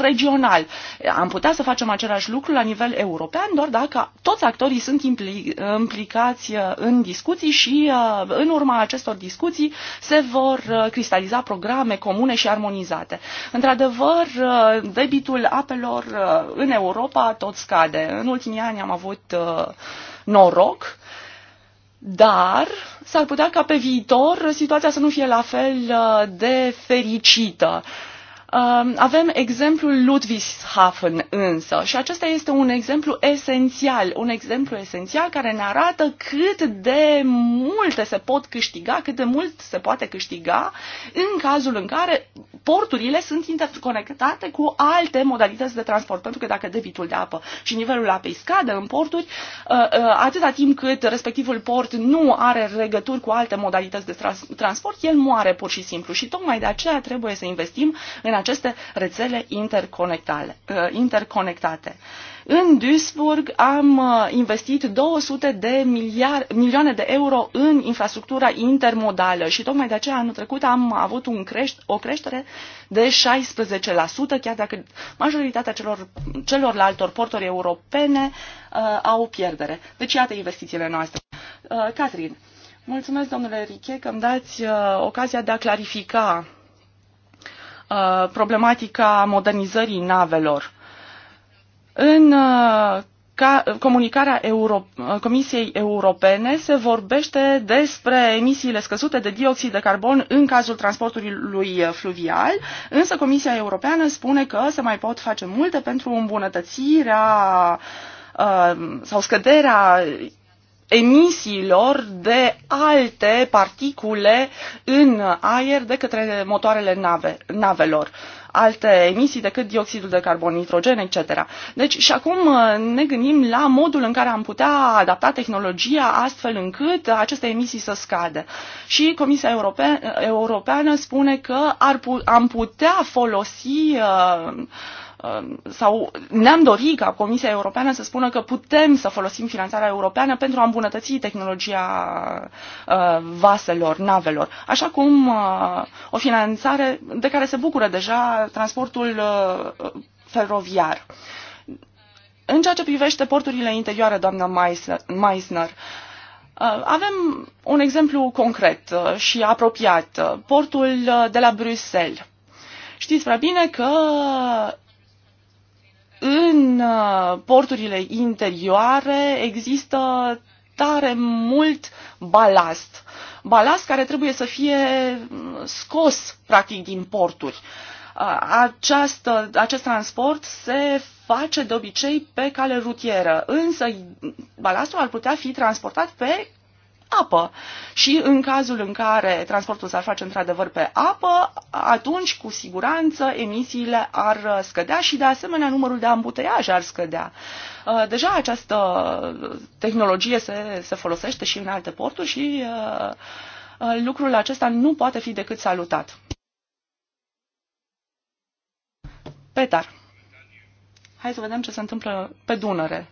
regional. Am putea să facem același lucru la nivel european, doar dacă toți actorii sunt implicați uh, în discuții și în urma acestor discuții se vor cristaliza programe comune și armonizate. Într-adevăr, debitul apelor în Europa tot scade. În ultimii ani am avut uh, noroc, dar s-ar putea ca pe viitor situația să nu fie la fel uh, de fericită. Um, avem exemplul Ludwigshafen însă și acesta este un exemplu esențial, un exemplu esențial care ne arată cât de multe se pot câștiga, cât de mult se poate câștiga în cazul în care porturile sunt interconectate cu alte modalități de transport, pentru că dacă debitul de apă și nivelul apei scade în porturi, uh, uh, atâta timp cât respectivul port nu are legături cu alte modalități de transport, el moare pur și simplu și tocmai de aceea trebuie să investim în aceste rețele uh, interconectate. În Duisburg am uh, investit 200 de miliard, milioane de euro în infrastructura intermodală și tocmai de aceea anul trecut am avut un creșt, o creștere de 16%, chiar dacă majoritatea celor, celorlaltor porturi europene uh, au pierdere. Deci iată investițiile noastre. Uh, Catherine, mulțumesc domnule Riche că îmi dați uh, ocazia de a clarifica uh, Uh, problematica modernizării navelor. În uh, comunicarea Euro, uh, Comisiei Europene se vorbește despre emisiile scăzute de dioxid de carbon în cazul transportului fluvial, însă Comisia Europeană spune că se mai pot face multe pentru îmbunătățirea sau scăderea emisiilor de alte particule în aer de către motoarele nave, navelor alte emisii decât dioxidul de carbon, nitrogen, etc. Deci și acum uh, ne gândim la modul în care am putea adapta tehnologia astfel încât aceste emisii să scadă. Și Comisia Europeană spune că ar pu- am putea folosi uh, Um, sau ne-am dorit ca Comisia Europeană să spună că putem să folosim finanțarea europeană pentru a îmbunătăți tehnologia uh, vaselor, navelor, așa cum uh, o finanțare de care se bucură deja transportul uh, feroviar. În ceea ce privește porturile interioare, doamna Meissner, avem un exemplu concret și apropiat, portul de la Bruxelles. Știți prea bine că în uh, porturile interioare există tare mult balast. Balast care trebuie să fie mm, scos, practic, din porturi. Uh, această, acest transport se face de obicei pe cale rutieră, însă balastul ar putea fi transportat pe apă. Și în cazul în care transportul s-ar face într-adevăr pe apă, atunci cu siguranță emisiile ar scădea și de asemenea numărul de ambuteiaje ar scădea. Uh, deja această tehnologie se, se folosește și în alte porturi și uh, uh, lucrul acesta nu poate fi decât salutat. Petar. Hai să vedem ce se întâmplă pe Dunăre.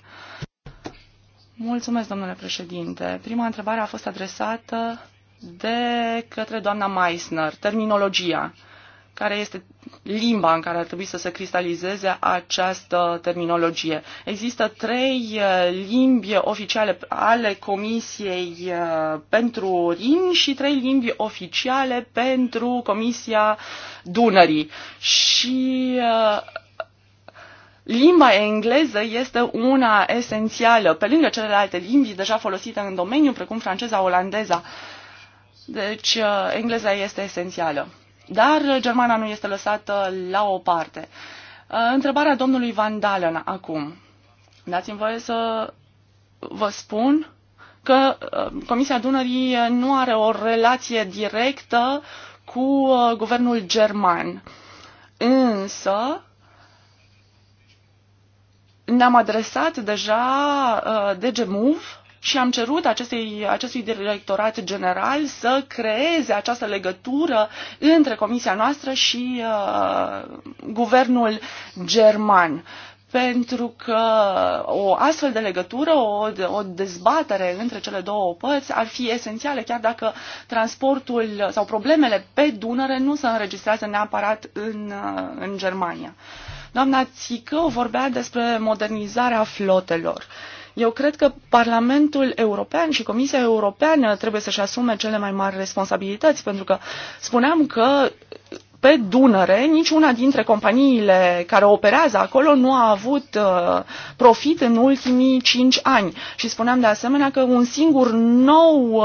Mulțumesc, domnule președinte. Prima întrebare a fost adresată de către doamna Meissner, terminologia, care este limba în care ar trebui să se cristalizeze această terminologie. Există trei eh, limbi oficiale ale Comisiei eh, pentru Rin și trei limbi oficiale pentru Comisia Dunării. Și eh, Limba engleză este una esențială, pe lângă celelalte limbi deja folosite în domeniu, precum franceza, olandeza. Deci, uh, engleza este esențială. Dar germana nu este lăsată la o parte. Uh, întrebarea domnului Van Dalen acum. Dați-mi voie să vă spun că uh, Comisia Dunării nu are o relație directă cu guvernul german. Însă, ne-am adresat deja uh, DG Move și am cerut acestei, acestui directorat general să creeze această legătură între comisia noastră și uh, guvernul german. Pentru că o astfel de legătură, o, o dezbatere între cele două părți ar fi esențială, chiar dacă transportul sau problemele pe Dunăre nu se înregistrează neapărat în, uh, în Germania. Uh, Doamna Țică vorbea despre modernizarea flotelor. Eu cred că Parlamentul European și Comisia Europeană trebuie să-și asume cele mai mari responsabilități, pentru că spuneam că pe Dunăre, niciuna dintre companiile care operează acolo nu a avut uh, profit în ultimii cinci ani. Și spuneam de asemenea că un singur nou uh,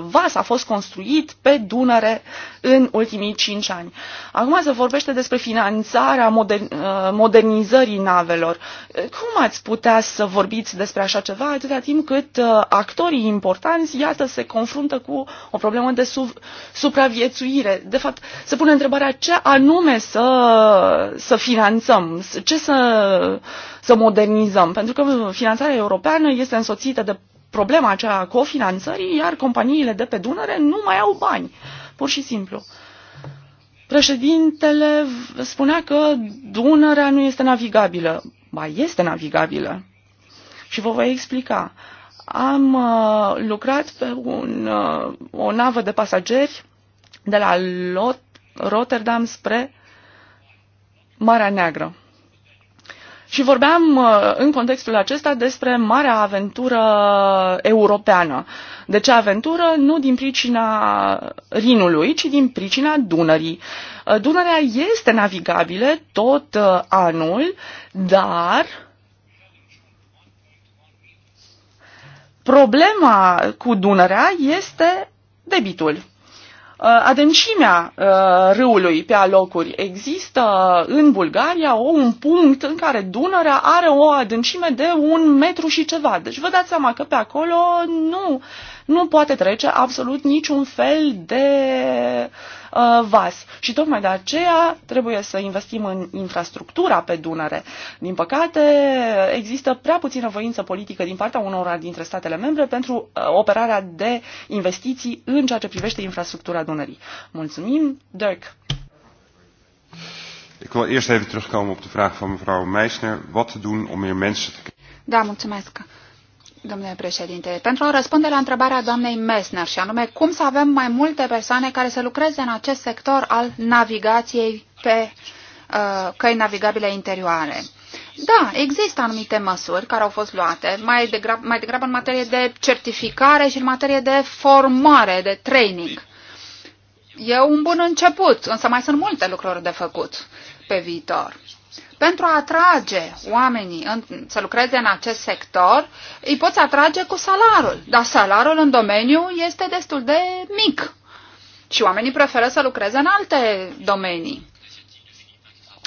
vas a fost construit pe Dunăre în ultimii cinci ani. Acum se vorbește despre finanțarea moder- uh, modernizării navelor. Cum ați putea să vorbiți despre așa ceva atâta timp cât uh, actorii importanți, iată, se confruntă cu o problemă de sub, supraviețuire? De fapt, se pune întrebarea întrebarea ce anume să, să finanțăm, ce să, să modernizăm, pentru că finanțarea europeană este însoțită de problema aceea a cofinanțării, iar companiile de pe Dunăre nu mai au bani, pur și simplu. Președintele spunea că Dunărea nu este navigabilă. Ba, este navigabilă. Și vă voi explica. Am uh, lucrat pe un, uh, o navă de pasageri de la Lot Rotterdam spre Marea Neagră. Și vorbeam uh, în contextul acesta despre marea aventură europeană. De ce aventură? Nu din pricina Rinului, ci din pricina Dunării. Uh, Dunărea este navigabilă tot uh, anul, dar problema cu Dunărea este debitul. Uh, adâncimea uh, râului pe alocuri. Există uh, în Bulgaria o, un punct în care Dunărea are o adâncime de un metru și ceva. Deci vă dați seama că pe acolo nu, nu poate trece absolut niciun fel de uh, Uh, vas. Și tocmai de aceea trebuie să investim în infrastructura pe Dunăre. Din păcate, există prea puțină voință politică din partea unora dintre statele membre pentru uh, operarea de investiții în ceea ce privește infrastructura Dunării. Mulțumim, Dirk! Ik wil eerst even terugkomen op de vraag van mevrouw Meisner. Wat te doen om meer mensen te... Da, mulțumesc domnule președinte, pentru a răspunde la întrebarea doamnei Messner și anume cum să avem mai multe persoane care să lucreze în acest sector al navigației pe uh, căi navigabile interioare. Da, există anumite măsuri care au fost luate, mai degrabă, mai degrabă în materie de certificare și în materie de formare, de training. E un bun început, însă mai sunt multe lucruri de făcut pe viitor pentru a atrage oamenii în, să lucreze în acest sector, îi poți atrage cu salariul, dar salariul în domeniu este destul de mic și oamenii preferă să lucreze în alte domenii.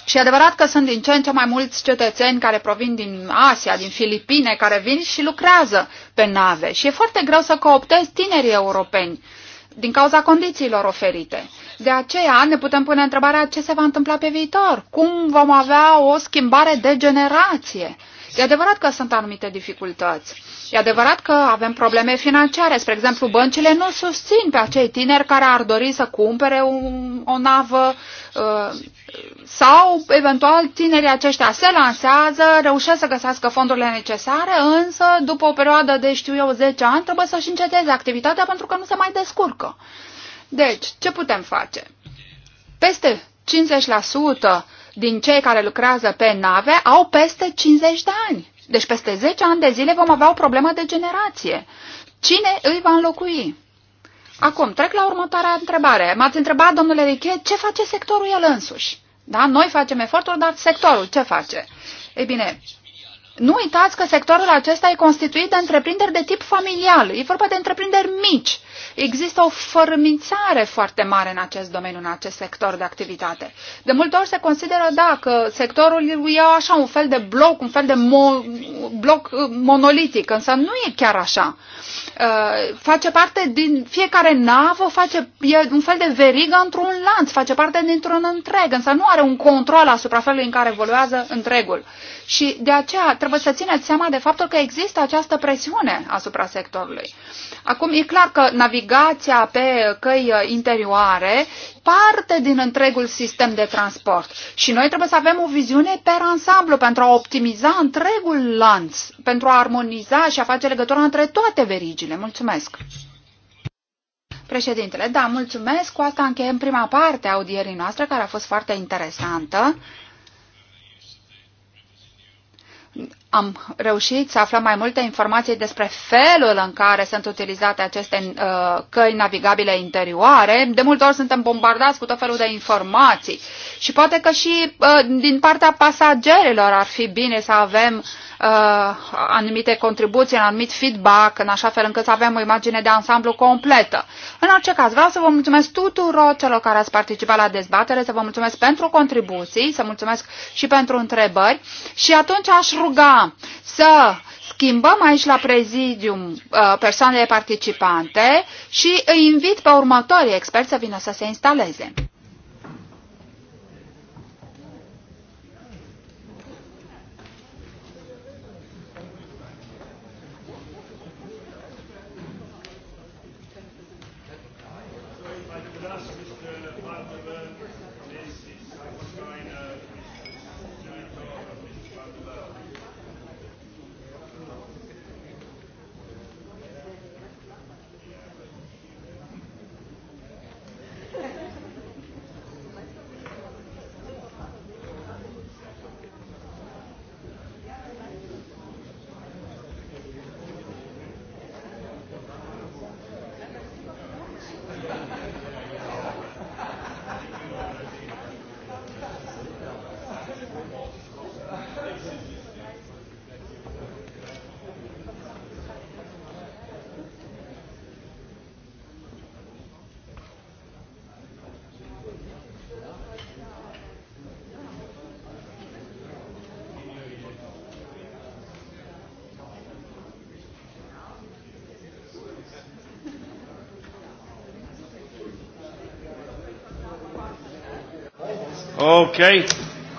Și e adevărat că sunt din ce în ce mai mulți cetățeni care provin din Asia, din Filipine, care vin și lucrează pe nave. Și e foarte greu să cooptezi tinerii europeni din cauza condițiilor oferite. De aceea ne putem pune întrebarea ce se va întâmpla pe viitor, cum vom avea o schimbare de generație. E adevărat că sunt anumite dificultăți. E adevărat că avem probleme financiare. Spre exemplu, băncile nu susțin pe acei tineri care ar dori să cumpere un, o navă uh, sau, eventual, tinerii aceștia se lansează, reușesc să găsească fondurile necesare, însă, după o perioadă de, știu eu, 10 ani, trebuie să-și înceteze activitatea pentru că nu se mai descurcă. Deci, ce putem face? Peste 50% din cei care lucrează pe nave au peste 50 de ani. Deci peste 10 ani de zile vom avea o problemă de generație. Cine îi va înlocui? Acum, trec la următoarea întrebare. M-ați întrebat, domnule Riche, ce face sectorul el însuși? Da? Noi facem eforturi, dar sectorul ce face? Ei bine, nu uitați că sectorul acesta e constituit de întreprinderi de tip familial. E vorba de întreprinderi mici. Există o fărâmițare foarte mare în acest domeniu, în acest sector de activitate. De multe ori se consideră, da, că sectorul e așa un fel de bloc, un fel de mo- bloc uh, monolitic, însă nu e chiar așa. Uh, face parte din fiecare navă, face, e un fel de verigă într-un lanț, face parte dintr-un întreg, însă nu are un control asupra felului în care evoluează întregul. Și de aceea trebuie să țineți seama de faptul că există această presiune asupra sectorului. Acum, e clar că navigația pe căi uh, interioare parte din întregul sistem de transport și noi trebuie să avem o viziune per ansamblu pentru a optimiza întregul lanț, pentru a armoniza și a face legătura între toate verigile. Mulțumesc! Președintele, da, mulțumesc. Cu asta încheiem prima parte a audierii noastre, care a fost foarte interesantă. am reușit să aflăm mai multe informații despre felul în care sunt utilizate aceste uh, căi navigabile interioare. De multe ori suntem bombardați cu tot felul de informații și poate că și uh, din partea pasagerilor ar fi bine să avem uh, Uh, anumite contribuții, un anumit feedback, în așa fel încât să avem o imagine de ansamblu completă. În orice caz, vreau să vă mulțumesc tuturor celor care ați participat la dezbatere, să vă mulțumesc pentru contribuții, să mulțumesc și pentru întrebări și atunci aș ruga să schimbăm aici la prezidium uh, persoanele participante și îi invit pe următorii experți să vină să se instaleze. Okay.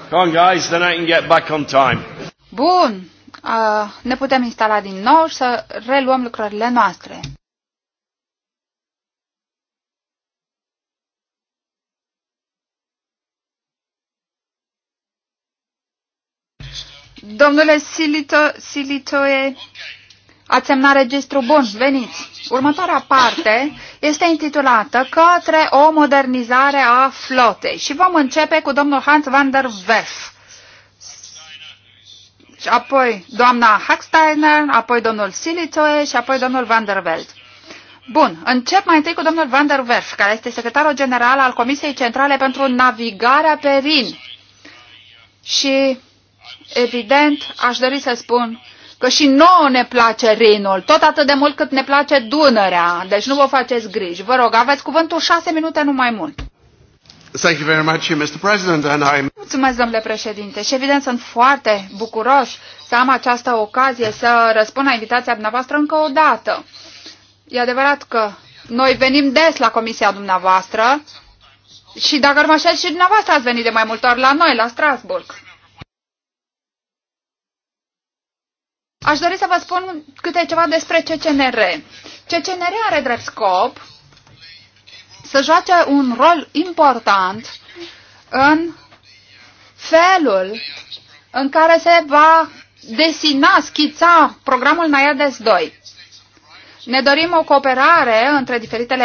Come on, guys, then I can get back on time. Bun. Uh, ne putem instala din nou și să reluăm lucrările noastre. Domnule Silito, Silitoe, Ați semnat registru bun, veniți. Următoarea parte este intitulată Către o modernizare a flotei și vom începe cu domnul Hans van der Weff. Și apoi doamna Hacksteiner, apoi domnul Silitoe și apoi domnul van der Welt. Bun, încep mai întâi cu domnul van der Werf, care este secretarul general al Comisiei Centrale pentru Navigarea pe Rin. Și, evident, aș dori să spun că și nouă ne place Rinul, tot atât de mult cât ne place Dunărea, deci nu vă faceți griji. Vă rog, aveți cuvântul șase minute, nu mai mult. Thank you very much, Mr. President, and I'm... Mulțumesc, domnule președinte, și evident sunt foarte bucuros să am această ocazie să răspund la invitația dumneavoastră încă o dată. E adevărat că noi venim des la comisia dumneavoastră și dacă mă și dumneavoastră ați venit de mai multe ori la noi, la Strasburg. Aș dori să vă spun câte ceva despre CCNR. CCNR are drept scop să joace un rol important în felul în care se va desina, schița programul Naiades 2. Ne dorim o cooperare între diferitele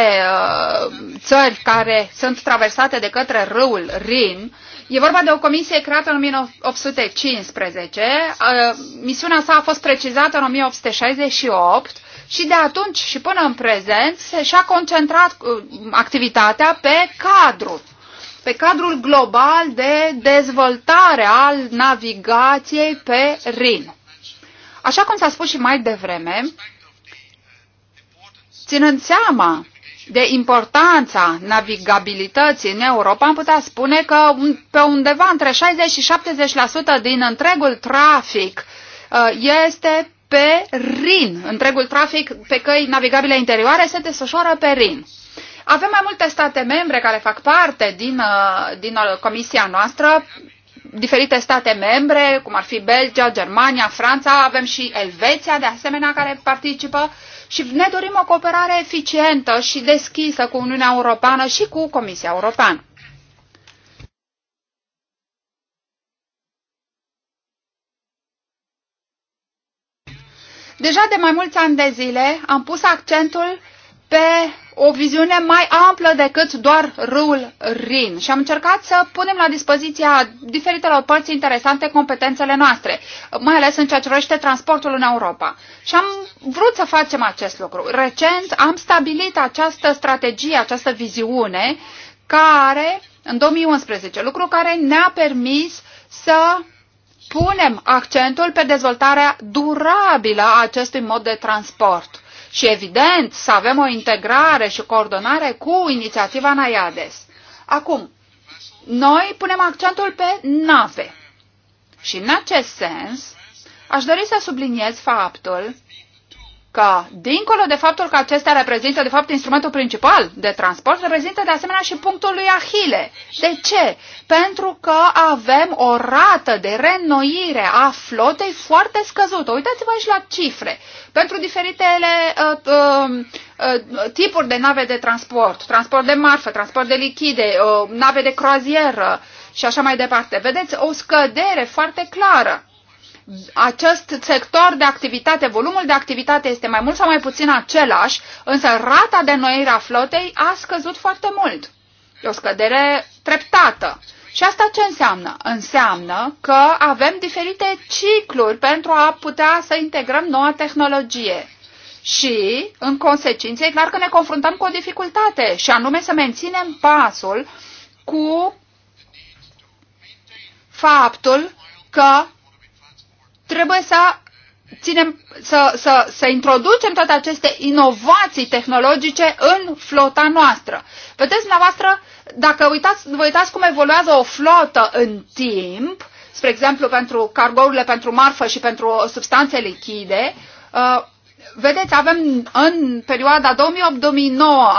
uh, țări care sunt traversate de către râul Rin. E vorba de o comisie creată în 1815. Uh, misiunea sa a fost precizată în 1868 și de atunci și până în prezent și-a concentrat uh, activitatea pe cadru, pe cadrul global de dezvoltare al navigației pe Rin. Așa cum s-a spus și mai devreme, Ținând seama de importanța navigabilității în Europa, am putea spune că pe undeva între 60 și 70% din întregul trafic uh, este pe Rin. Întregul trafic pe căi navigabile interioare se desfășoară pe Rin. Avem mai multe state membre care fac parte din, uh, din uh, comisia noastră diferite state membre, cum ar fi Belgia, Germania, Franța, avem și Elveția, de asemenea, care participă și ne dorim o cooperare eficientă și deschisă cu Uniunea Europeană și cu Comisia Europeană. Deja de mai mulți ani de zile am pus accentul pe o viziune mai amplă decât doar râul Rin și am încercat să punem la dispoziția diferitelor părți interesante competențele noastre, mai ales în ceea ce privește transportul în Europa. Și am vrut să facem acest lucru. Recent am stabilit această strategie, această viziune care, în 2011, lucru care ne-a permis să punem accentul pe dezvoltarea durabilă a acestui mod de transport și evident să avem o integrare și coordonare cu inițiativa Naiades. Acum, noi punem accentul pe nave. Și în acest sens, aș dori să subliniez faptul că, dincolo de faptul că acestea reprezintă, de fapt, instrumentul principal de transport, reprezintă, de asemenea, și punctul lui Ahile. De ce? Pentru că avem o rată de reînnoire a flotei foarte scăzută. Uitați-vă și la cifre. Pentru diferitele uh, uh, uh, tipuri de nave de transport, transport de marfă, transport de lichide, uh, nave de croazieră și așa mai departe. Vedeți o scădere foarte clară acest sector de activitate, volumul de activitate este mai mult sau mai puțin același, însă rata de noire a flotei a scăzut foarte mult. E o scădere treptată. Și asta ce înseamnă? Înseamnă că avem diferite cicluri pentru a putea să integrăm noua tehnologie. Și, în consecință, e clar că ne confruntăm cu o dificultate, și anume să menținem pasul cu faptul că trebuie să ținem, să, să, să introducem toate aceste inovații tehnologice în flota noastră. Vedeți, dumneavoastră, dacă uitați, vă uitați cum evoluează o flotă în timp, spre exemplu pentru cargourile pentru marfă și pentru substanțe lichide, uh, vedeți, avem în perioada 2008-2009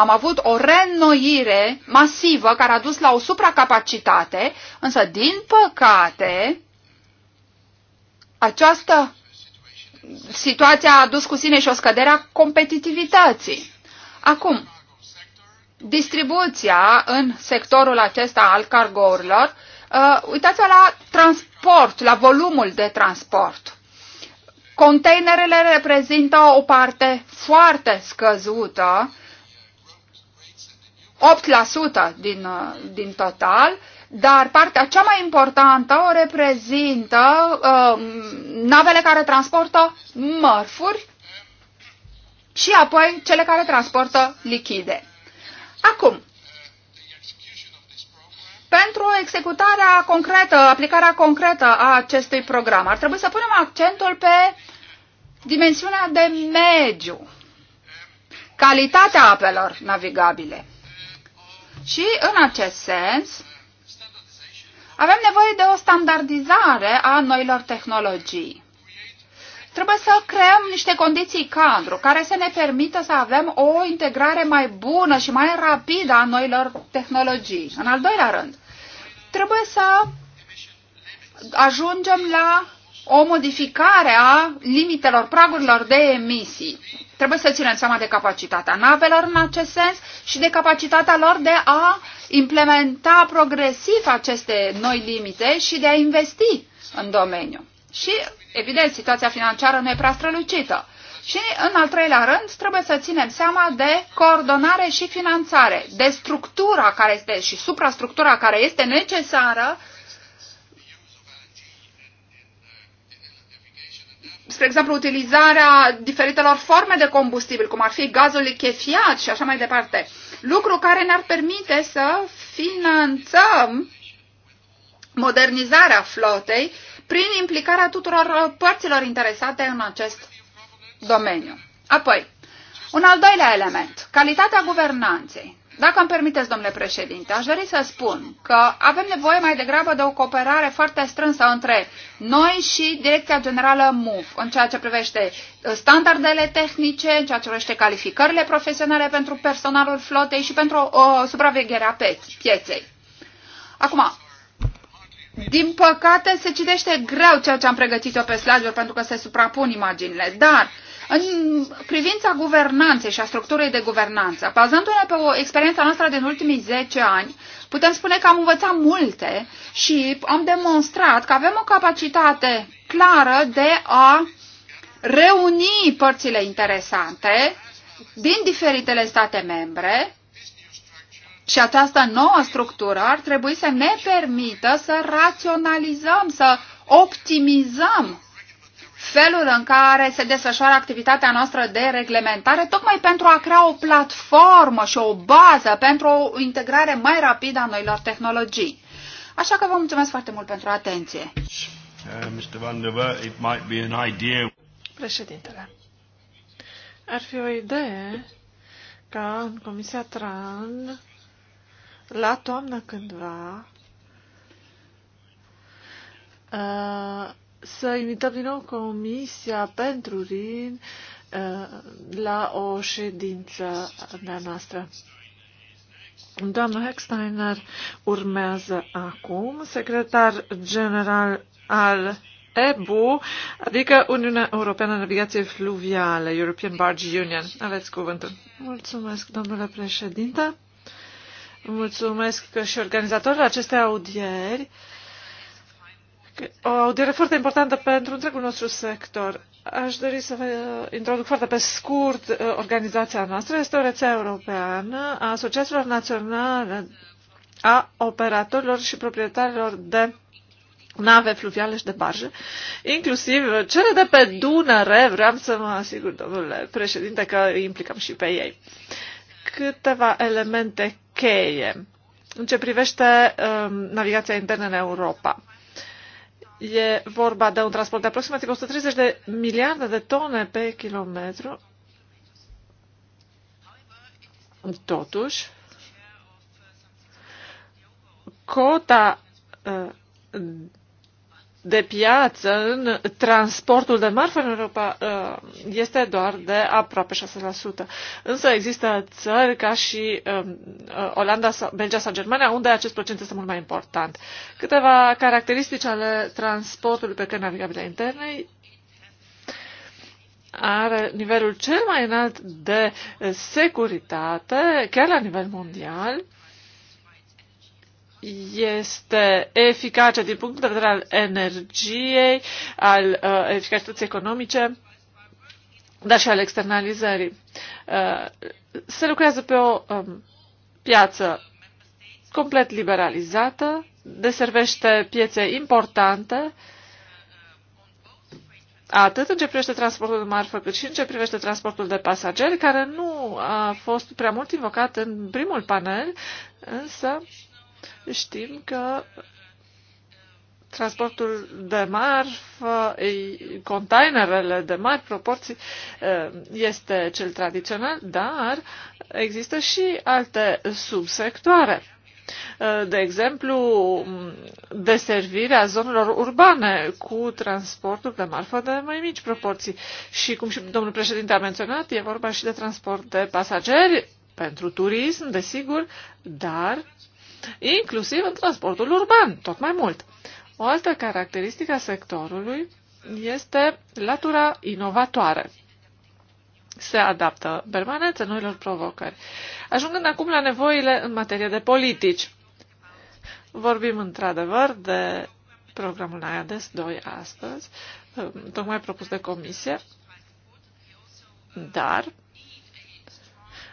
am avut o reînnoire masivă care a dus la o supracapacitate, însă din păcate această situație a adus cu sine și o scădere a competitivității. Acum, distribuția în sectorul acesta al cargourilor, uh, uitați-vă la transport, la volumul de transport. Containerele reprezintă o parte foarte scăzută, 8% din, uh, din total dar partea cea mai importantă o reprezintă uh, navele care transportă mărfuri și apoi cele care transportă lichide. Acum, pentru executarea concretă, aplicarea concretă a acestui program, ar trebui să punem accentul pe dimensiunea de mediu, calitatea apelor navigabile. Și în acest sens, avem nevoie de o standardizare a noilor tehnologii. Trebuie să creăm niște condiții cadru care să ne permită să avem o integrare mai bună și mai rapidă a noilor tehnologii. În al doilea rând, trebuie să ajungem la o modificare a limitelor, pragurilor de emisii. Trebuie să ținem seama de capacitatea navelor în acest sens și de capacitatea lor de a implementa progresiv aceste noi limite și de a investi în domeniu. Și, evident, situația financiară nu e prea strălucită. Și, în al treilea rând, trebuie să ținem seama de coordonare și finanțare, de structura care este și suprastructura care este necesară spre exemplu, utilizarea diferitelor forme de combustibil, cum ar fi gazul chefiat și așa mai departe. Lucru care ne-ar permite să finanțăm modernizarea flotei prin implicarea tuturor părților interesate în acest domeniu. Apoi, un al doilea element, calitatea guvernanței. Dacă îmi permiteți, domnule președinte, aș dori să spun că avem nevoie mai degrabă de o cooperare foarte strânsă între noi și Direcția Generală MUF în ceea ce privește uh, standardele tehnice, în ceea ce privește calificările profesionale pentru personalul flotei și pentru o uh, supravegherea pieței. Acum, din păcate se citește greu ceea ce am pregătit o pe slide pentru că se suprapun imaginile, dar uh, în privința guvernanței și a structurii de guvernanță, bazându-ne pe o experiența noastră din ultimii 10 ani, putem spune că am învățat multe și am demonstrat că avem o capacitate clară de a reuni părțile interesante din diferitele state membre și această nouă structură ar trebui să ne permită să raționalizăm, să optimizăm felul în care se desfășoară activitatea noastră de reglementare, tocmai pentru a crea o platformă și o bază pentru o integrare mai rapidă a noilor tehnologii. Așa că vă mulțumesc foarte mult pentru atenție. Uh, Președintele, ar fi o idee ca în Comisia Tran la toamnă cândva uh, să invităm din nou Comisia pentru RIN uh, la o ședință de-a noastră. Doamna Hecksteiner urmează acum secretar general al EBU, adică Uniunea Europeană a Navigației Fluviale, European Barge Union. Aveți cuvântul. Mulțumesc, domnule președinte. Mulțumesc că și organizatorul acestei audieri o audiere foarte importantă pentru întregul nostru sector. Aș dori să vă introduc foarte pe scurt uh, organizația noastră. Este o rețea europeană a asociațiilor naționale a operatorilor și proprietarilor de nave fluviale și de barje, inclusiv cele de pe Dunăre, vreau să mă asigur, domnule președinte, că îi implicăm și pe ei. Câteva elemente cheie în ce privește um, navigația internă în Europa. E vorba de un transport de aproximativ 130 de miliarde de tone pe kilometru. Totuși, cota uh, de piață în transportul de marfă în Europa uh, este doar de aproape 6%. Însă există țări ca și um, uh, Olanda, Belgia sau Germania, unde acest procent este mult mai important. Câteva caracteristici ale transportului pe care navigabile interne are nivelul cel mai înalt de securitate, chiar la nivel mondial, este eficace din punct de vedere al energiei, al uh, eficacității economice, dar și al externalizării. Uh, se lucrează pe o um, piață complet liberalizată, deservește piețe importante, atât în ce privește transportul de marfă, cât și în ce privește transportul de pasageri, care nu a fost prea mult invocat în primul panel, însă Știm că transportul de marfă, containerele de mari proporții este cel tradițional, dar există și alte subsectoare. De exemplu, deservirea zonelor urbane cu transportul de marfă de mai mici proporții. Și, cum și domnul președinte a menționat, e vorba și de transport de pasageri pentru turism, desigur, dar inclusiv în transportul urban, tot mai mult. O altă caracteristică a sectorului este latura inovatoare. Se adaptă permanent noilor provocări. Ajungând acum la nevoile în materie de politici. Vorbim într-adevăr de programul NAIADES 2 astăzi, ă, tocmai propus de comisie, dar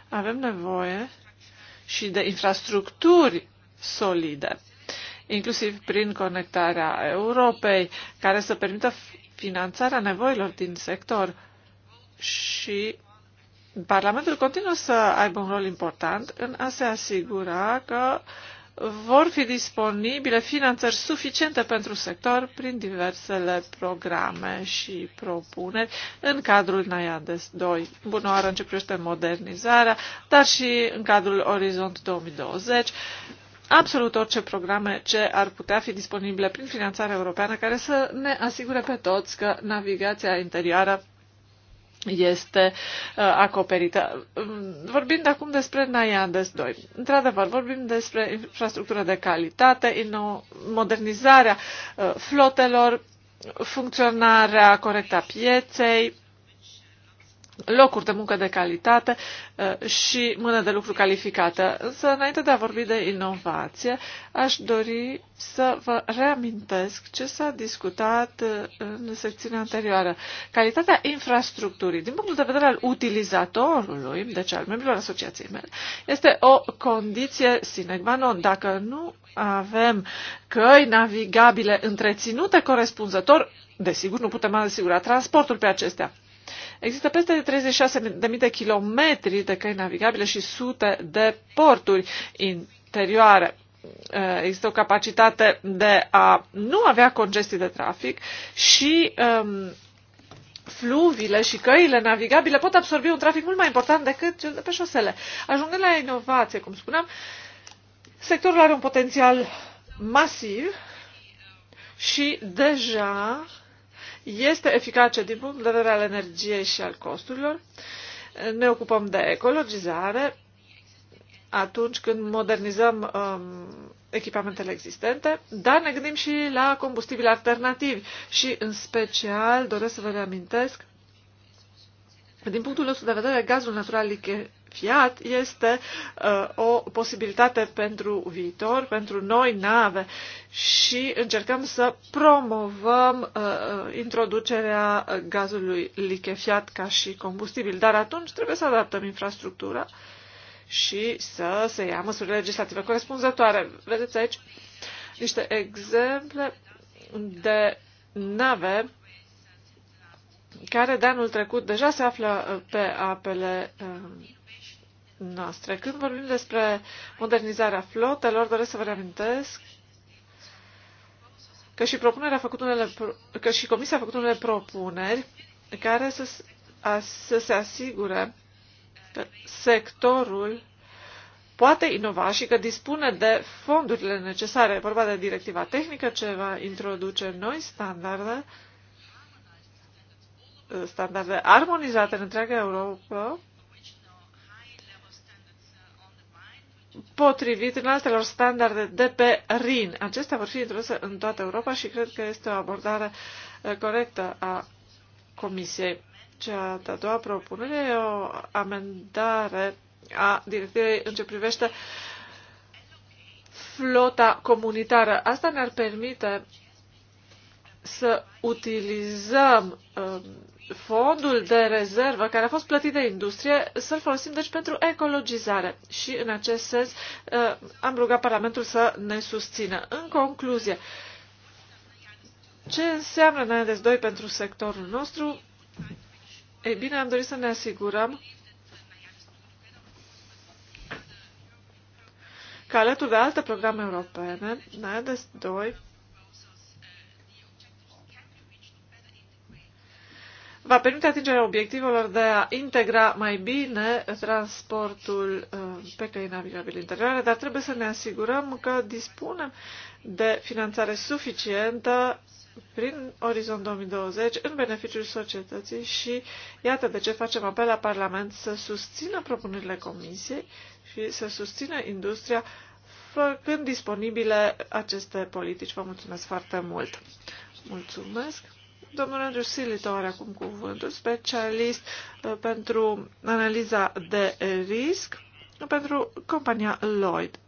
avem nevoie și de infrastructuri solide, inclusiv prin conectarea Europei, care să permită finanțarea nevoilor din sector și Parlamentul continuă să aibă un rol important în a se asigura că vor fi disponibile finanțări suficiente pentru sector prin diversele programe și propuneri în cadrul NAIADES 2. Bună oară, în modernizarea, dar și în cadrul Orizont 2020, absolut orice programe ce ar putea fi disponibile prin finanțarea europeană care să ne asigure pe toți că navigația interioară este uh, acoperită. Mm, de acum despre Naiades 2. Într-adevăr, vorbim despre infrastructură de calitate, modernizarea uh, flotelor, funcționarea corectă a pieței, locuri de muncă de calitate uh, și mână de lucru calificată. Însă, înainte de a vorbi de inovație, aș dori să vă reamintesc ce s-a discutat uh, în secțiunea anterioară. Calitatea infrastructurii, din punctul de vedere al utilizatorului, deci al membrilor asociației mele, este o condiție sine qua non. Dacă nu avem căi navigabile întreținute corespunzător, desigur nu putem asigura transportul pe acestea. Există peste 36.000 de kilometri de căi navigabile și sute de porturi interioare. Există o capacitate de a nu avea congestii de trafic și um, fluviile și căile navigabile pot absorbi un trafic mult mai important decât cel de pe șosele. Ajungând la inovație, cum spuneam, sectorul are un potențial masiv și deja este eficace din punct de vedere al energiei și al costurilor. Ne ocupăm de ecologizare atunci când modernizăm um, echipamentele existente, dar ne gândim și la combustibili alternativi și, în special, doresc să vă reamintesc, din punctul nostru de vedere, gazul natural lichefiat fiat este uh, o posibilitate pentru viitor, pentru noi nave și încercăm să promovăm uh, uh, introducerea gazului lichefiat ca și combustibil. Dar atunci trebuie să adaptăm infrastructura și să se ia măsurile legislative corespunzătoare. Vedeți aici niște exemple de nave care de anul trecut deja se află pe apele uh, noastre. Când vorbim despre modernizarea flotelor, doresc să vă reamintesc că și, propunerea a făcut unele, că și Comisia a făcut unele propuneri care să, a, să se asigure că sectorul poate inova și că dispune de fondurile necesare. vorba de directiva tehnică ce va introduce noi standarde, standarde armonizate în întreaga Europa potrivit înaltelor standarde de pe RIN. Acestea vor fi introduse în toată Europa și cred că este o abordare uh, corectă a Comisiei. Cea de-a doua propunere e o amendare a directivei în ce privește flota comunitară. Asta ne-ar permite să utilizăm uh, fondul de rezervă care a fost plătit de industrie să-l folosim deci pentru ecologizare și în acest sens uh, am rugat Parlamentul să ne susțină. În concluzie, ce înseamnă NADES 2 pentru sectorul nostru? Ei bine, am dorit să ne asigurăm că alături de alte programe europene, NADES 2 va permite atingerea obiectivelor de a integra mai bine transportul uh, pe căi navigabile interioare, dar trebuie să ne asigurăm că dispunem de finanțare suficientă prin Orizont 2020 în beneficiul societății și iată de ce facem apel la Parlament să susțină propunerile Comisiei și să susțină industria făcând disponibile aceste politici. Vă mulțumesc foarte mult! Mulțumesc! Domnul Andrew Silito are acum cuvântul, specialist uh, pentru analiza de risc pentru compania Lloyd.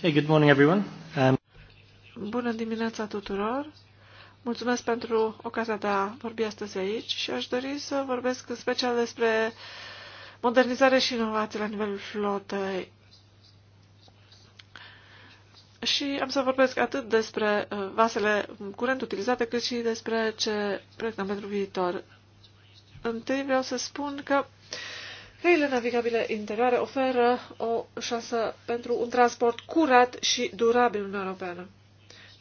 Hey, good morning everyone. Um... Bună dimineața tuturor! Mulțumesc pentru ocazia de a vorbi astăzi aici și aș dori să vorbesc în special despre modernizare și inovație la nivelul flotei și am să vorbesc atât despre uh, vasele curent utilizate, cât și despre ce proiectăm pentru viitor. Întâi vreau să spun că căile navigabile interioare oferă o șansă pentru un transport curat și durabil în Europeană,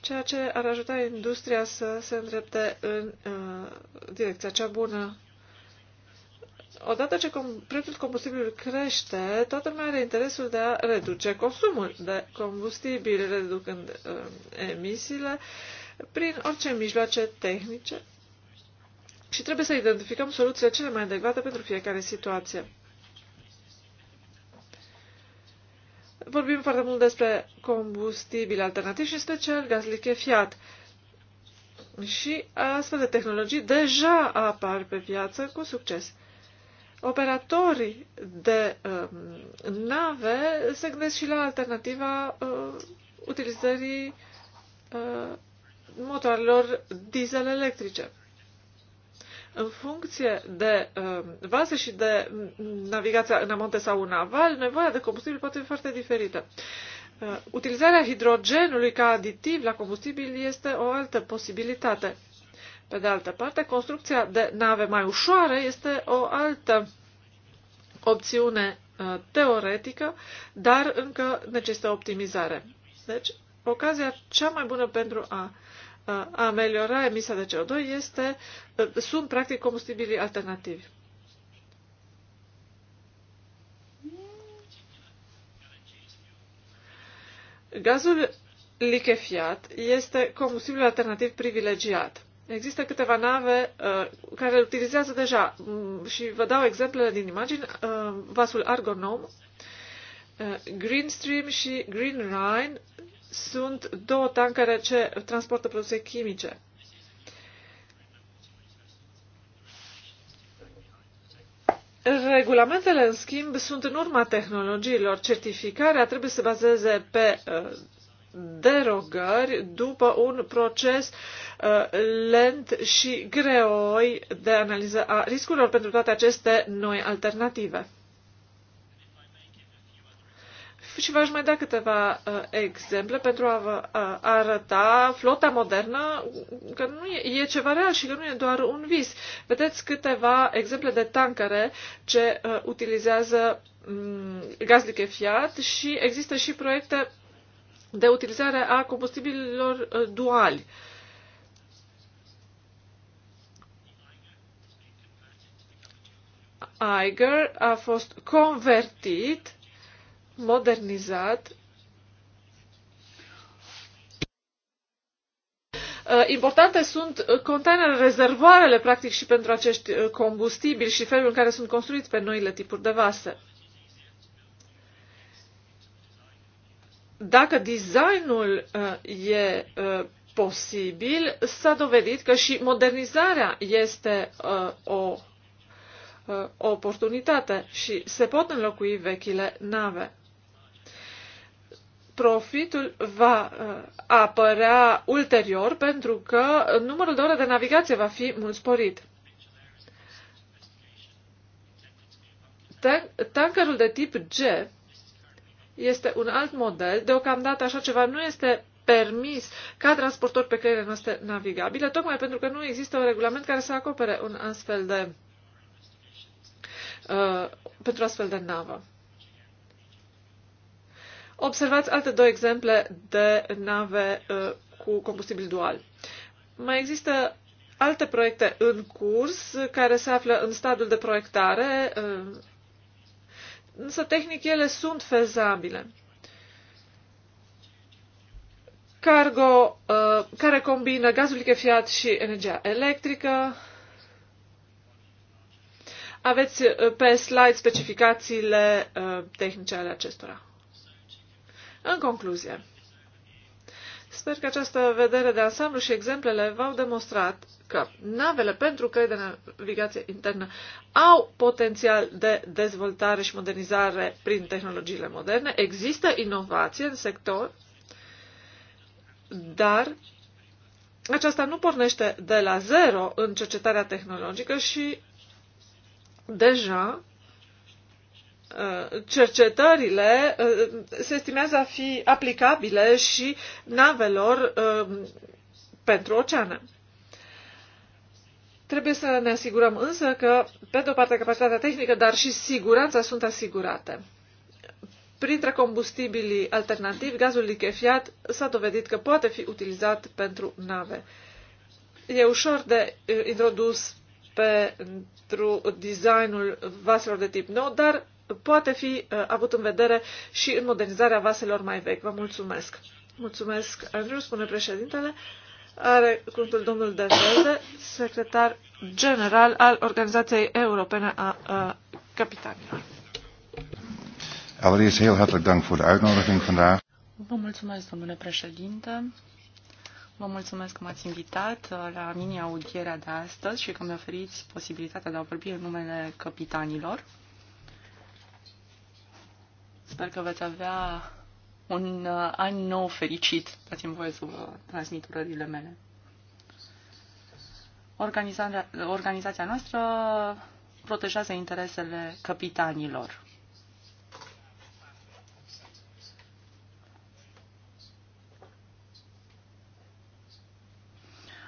ceea ce ar ajuta industria să se îndrepte în uh, direcția cea bună Odată ce prețul combustibilului crește, toată lumea are interesul de a reduce consumul de combustibil, reducând uh, emisiile prin orice mijloace tehnice și trebuie să identificăm soluțiile cele mai adecvate pentru fiecare situație. Vorbim foarte mult despre combustibili alternativi și în special gaz lichefiat. Și astfel de tehnologii deja apar pe piață cu succes operatorii de uh, nave se gândesc și la alternativa uh, utilizării uh, motoarelor diesel electrice. În funcție de uh, vase și de mm, navigația în amonte sau în aval, nevoia de combustibil poate fi foarte diferită. Uh, utilizarea hidrogenului ca aditiv la combustibil este o altă posibilitate. Pe de altă parte, construcția de nave mai ușoare este o altă opțiune uh, teoretică, dar încă necesită optimizare. Deci, ocazia cea mai bună pentru a uh, ameliora emisia de CO2 este, uh, sunt practic combustibilii alternativi. Gazul lichefiat este combustibil alternativ privilegiat. Există câteva nave uh, care utilizează deja, mm, și vă dau exemplele din imagini, uh, vasul Argonom, uh, Greenstream și Green Rhine sunt două tancare ce transportă produse chimice. Regulamentele, în schimb, sunt în urma tehnologiilor. Certificarea trebuie să se bazeze pe uh, derogări după un proces uh, lent și greoi de analiză a riscurilor pentru toate aceste noi alternative. Și v-aș mai da câteva uh, exemple pentru a vă uh, arăta flota modernă că nu e, e ceva real și că nu e doar un vis. Vedeți câteva exemple de tancăre ce uh, utilizează um, gaz lichefiat și există și proiecte de utilizare a combustibililor uh, duali. Aiger a fost convertit, modernizat, uh, Importante sunt uh, containerele, rezervoarele, practic, și pentru acești combustibili și felul în care sunt construiți pe noile tipuri de vase. dacă designul uh, e uh, posibil, s-a dovedit că și modernizarea este uh, o oportunitate și se pot înlocui vechile nave profitul va apărea ulterior pentru că numărul de ore de navigație va fi mult sporit. Tankerul de tip G este un alt model. Deocamdată așa ceva nu este permis ca transportor pe căile noastre navigabile, tocmai pentru că nu există un regulament care să acopere un astfel de uh, pentru astfel de navă. Observați alte două exemple de nave uh, cu combustibil dual. Mai există alte proiecte în curs care se află în stadiul de proiectare, uh, însă tehnic ele sunt fezabile. Cargo uh, care combină gazul lichefiat și energia electrică. Aveți uh, pe slide specificațiile uh, tehnice ale acestora. În concluzie, sper că această vedere de ansamblu și exemplele v-au demonstrat că navele pentru căi de navigație internă au potențial de dezvoltare și modernizare prin tehnologiile moderne. Există inovație în sector, dar aceasta nu pornește de la zero în cercetarea tehnologică și deja uh, cercetările uh, se estimează a fi aplicabile și navelor uh, pentru oceane. Trebuie să ne asigurăm însă că, pe de o parte, capacitatea tehnică, dar și siguranța sunt asigurate. Printre combustibilii alternativi, gazul lichefiat s-a dovedit că poate fi utilizat pentru nave. E ușor de introdus pentru designul vaselor de tip nou, dar poate fi avut în vedere și în modernizarea vaselor mai vechi. Vă mulțumesc! Mulțumesc, Andrew, spune președintele. Are cuvântul domnul Dezeze, secretar general al Organizației Europene a, a Capitanilor. Allereerst heel hartelijk dank voor de uitnodiging vandaag. Vă mulțumesc, domnule președinte. Vă mulțumesc că m-ați invitat uh, la mini-audierea de astăzi și că mi oferiți posibilitatea de a vorbi în numele capitanilor. Sper că veți avea un uh, an nou fericit. Dați-mi voie să vă transmit urările mele. Organiza organizația noastră protejează interesele capitanilor.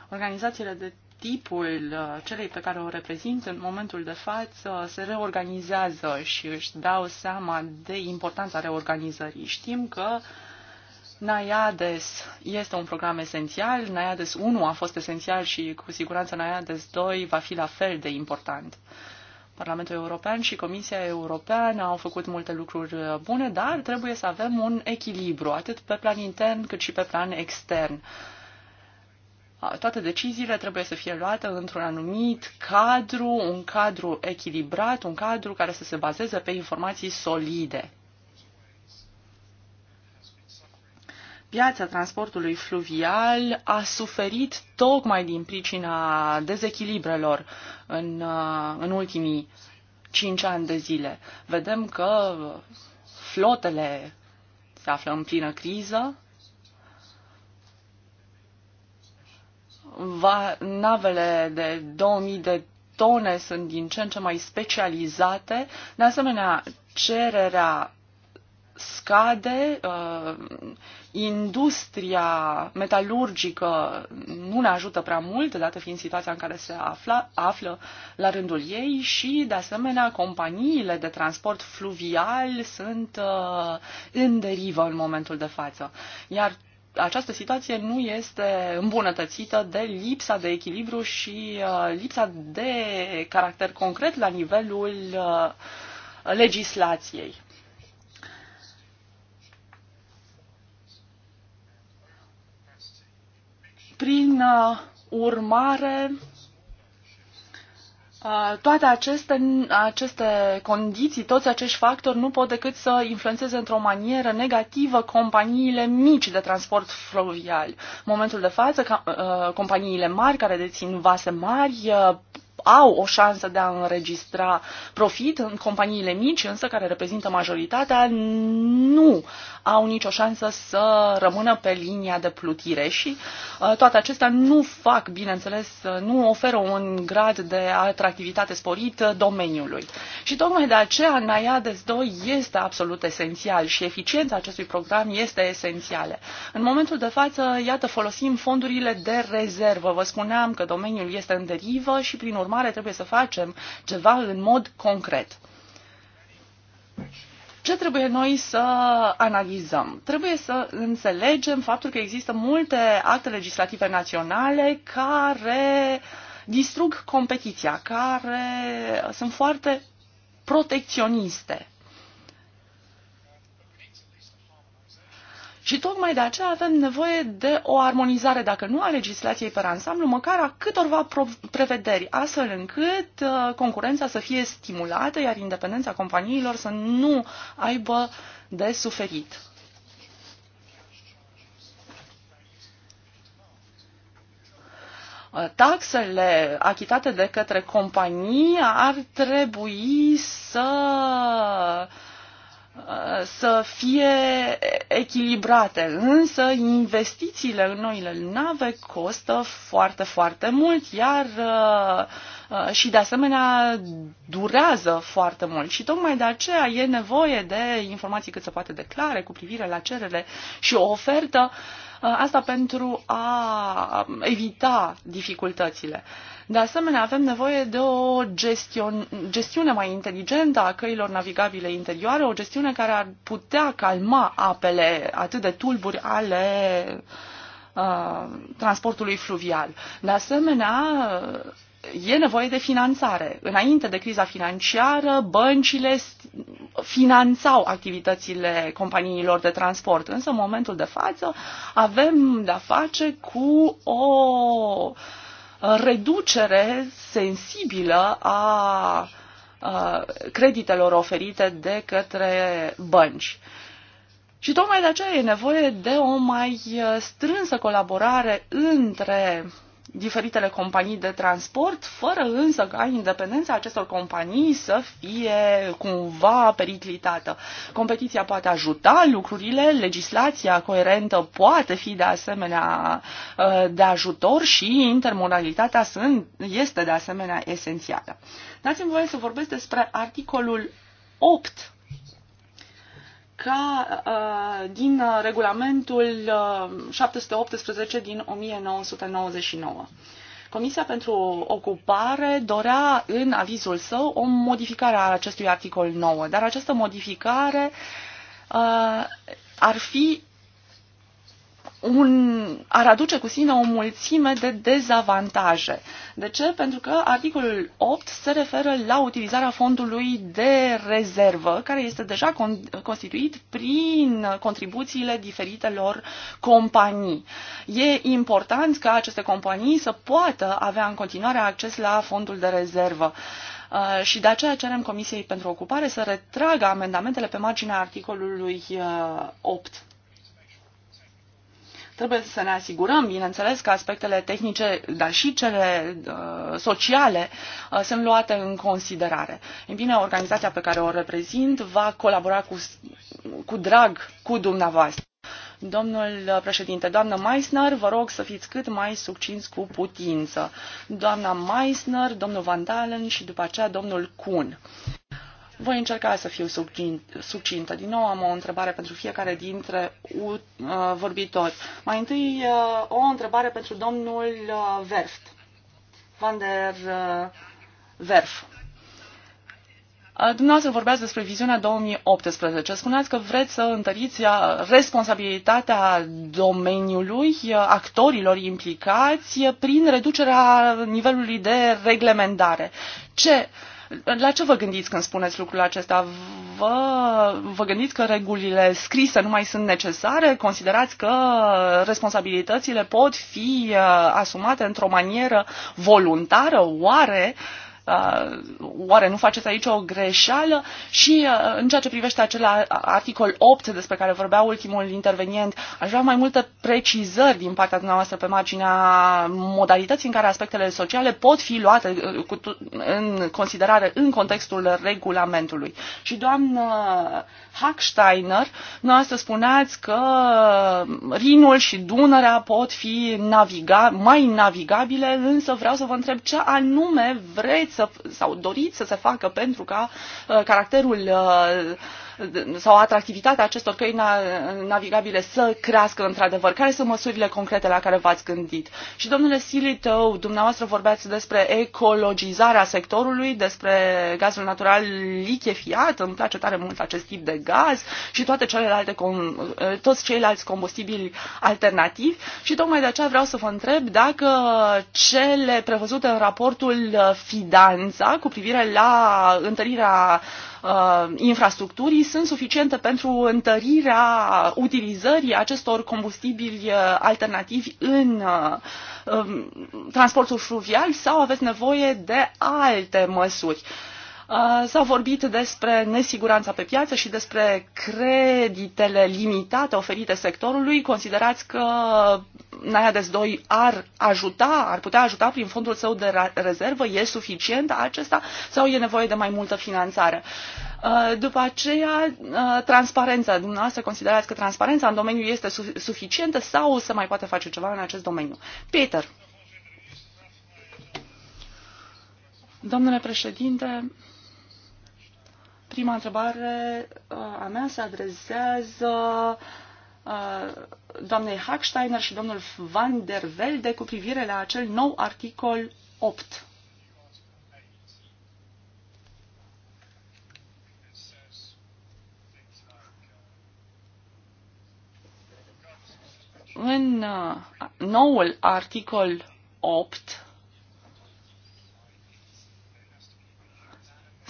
Organizațiile de tipul uh, celei pe care o reprezint în momentul de față se reorganizează și își dau seama de importanța reorganizării. Știm că NAIADES este un program esențial, NAIADES 1 a fost esențial și cu siguranță NAIADES 2 va fi la fel de important. Parlamentul European și Comisia Europeană au făcut multe lucruri uh, bune, dar trebuie să avem un echilibru, atât pe plan intern cât și pe plan extern. Uh, toate deciziile trebuie să fie luate într-un anumit cadru, un cadru echilibrat, un cadru care să se bazeze pe informații solide. Piața transportului fluvial a suferit tocmai din pricina dezechilibrelor în, uh, în ultimii cinci ani de zile. Vedem că flotele se află în plină criză, va, navele de 2000 de tone sunt din ce în ce mai specializate. De asemenea, cererea scade, uh, industria metalurgică nu ne ajută prea mult, dată fiind situația în care se afla, află la rândul ei și, de asemenea, companiile de transport fluvial sunt uh, în derivă în momentul de față. Iar această situație nu este îmbunătățită de lipsa de echilibru și uh, lipsa de caracter concret la nivelul uh, legislației. Prin uh, urmare, Uh, toate aceste, aceste condiții, toți acești factori nu pot decât să influențeze într-o manieră negativă companiile mici de transport fluvial. În momentul de față, uh, companiile mari care dețin vase mari uh, au o șansă de a înregistra profit. În companiile mici, însă, care reprezintă majoritatea, nu au nicio șansă să rămână pe linia de plutire și uh, toate acestea nu fac, bineînțeles, uh, nu oferă un grad de atractivitate sporit domeniului. Și tocmai de aceea Naiades 2 este absolut esențial și eficiența acestui program este esențială. În momentul de față, iată, folosim fondurile de rezervă. Vă spuneam că domeniul este în derivă și, prin urmă urmare, trebuie să facem ceva în mod concret. Ce trebuie noi să analizăm? Trebuie să înțelegem faptul că există multe acte legislative naționale care distrug competiția, care sunt foarte protecționiste. Și tocmai de aceea avem nevoie de o armonizare, dacă nu a legislației pe ansamblu, măcar a câtorva prevederi, astfel încât uh, concurența să fie stimulată, iar independența companiilor să nu aibă de suferit. Uh, taxele achitate de către companii ar trebui să să fie echilibrate, însă investițiile în noile nave costă foarte, foarte mult, iar uh, uh, și de asemenea durează foarte mult și tocmai de aceea e nevoie de informații cât se poate declare cu privire la cerere și o ofertă uh, Uh, asta pentru a evita dificultățile. De asemenea, avem nevoie de o gestion, gestiune mai inteligentă a căilor navigabile interioare, o gestiune care ar putea calma apele atât de tulburi ale uh, transportului fluvial. De asemenea, e nevoie de finanțare. Înainte de criza financiară, băncile finanțau activitățile companiilor de transport, însă în momentul de față avem de-a face cu o reducere sensibilă a creditelor oferite de către bănci. Și tocmai de aceea e nevoie de o mai strânsă colaborare între uh, diferitele companii de transport, fără însă ca independența acestor companii să fie cumva periclitată. Competiția poate ajuta lucrurile, legislația coerentă poate fi de asemenea ă, de ajutor și intermodalitatea sunt, este de asemenea esențială. Dați-mi voie să vorbesc despre articolul 8 ca uh, din uh, regulamentul uh, 718 din 1999. Comisia pentru Ocupare dorea în avizul său o modificare a acestui articol 9, dar această modificare uh, ar fi un, ar aduce cu sine o mulțime de dezavantaje. De ce? Pentru că articolul 8 se referă la utilizarea fondului de rezervă, care este deja con- constituit prin contribuțiile diferitelor companii. E important ca aceste companii să poată avea în continuare acces la fondul de rezervă. Uh, și de aceea cerem Comisiei pentru Ocupare să retragă amendamentele pe marginea articolului uh, 8. Trebuie să ne asigurăm, bineînțeles, că aspectele tehnice, dar și cele uh, sociale uh, sunt luate în considerare. În bine, organizația pe care o reprezint va colabora cu, cu drag cu dumneavoastră. Domnul președinte, doamnă Meissner, vă rog să fiți cât mai succinți cu putință. Doamna Meissner, domnul Van Dalen și după aceea domnul Kuhn. Voi încerca să fiu succintă. Din nou am o întrebare pentru fiecare dintre uh, vorbitori. Mai întâi uh, o întrebare pentru domnul Verft. Uh, Van der Verf. Dumneavoastră vorbeați despre viziunea 2018. Spuneați că vreți să întăriți responsabilitatea domeniului, actorilor implicați, prin reducerea nivelului de reglementare. Ce uh, la ce vă gândiți când spuneți lucrul acesta? Vă, vă gândiți că regulile scrise nu mai sunt necesare? Considerați că responsabilitățile pot fi uh, asumate într-o manieră voluntară? Oare uh, Uh, oare nu faceți aici o greșeală? Și uh, în ceea ce privește acel articol 8 despre care vorbea ultimul intervenient, aș vrea mai multe precizări din partea dumneavoastră pe marginea modalității în care aspectele sociale pot fi luate uh, în considerare în contextul regulamentului. Și doamnă Hacksteiner, dumneavoastră spuneați că Rinul și Dunărea pot fi naviga, mai navigabile, însă vreau să vă întreb ce anume vreți să, sau dorit să se facă pentru ca uh, caracterul uh, sau atractivitatea acestor căi navigabile să crească într-adevăr? Care sunt măsurile concrete la care v-ați gândit? Și domnule Silitău, dumneavoastră vorbeați despre ecologizarea sectorului, despre gazul natural lichefiat, îmi place tare mult acest tip de gaz și toate celelalte, toți ceilalți combustibili alternativi și tocmai de aceea vreau să vă întreb dacă cele prevăzute în raportul Fidanța cu privire la întărirea uh, Uh, infrastructurii sunt suficiente pentru întărirea utilizării acestor combustibili uh, alternativi în uh, um, transportul fluvial sau aveți nevoie de alte măsuri? S-a vorbit despre nesiguranța pe piață și despre creditele limitate oferite sectorului. Considerați că Naiades 2 ar ajuta, ar putea ajuta prin fondul său de rezervă? E suficient acesta sau e nevoie de mai multă finanțare? După aceea, transparența. Dumneavoastră considerați că transparența în domeniu este suficientă sau se mai poate face ceva în acest domeniu? Peter. Domnule președinte, Prima întrebare uh, a mea se adresează uh, doamnei Hacksteiner și domnul Van der Velde cu privire la acel nou articol 8. În uh, noul articol 8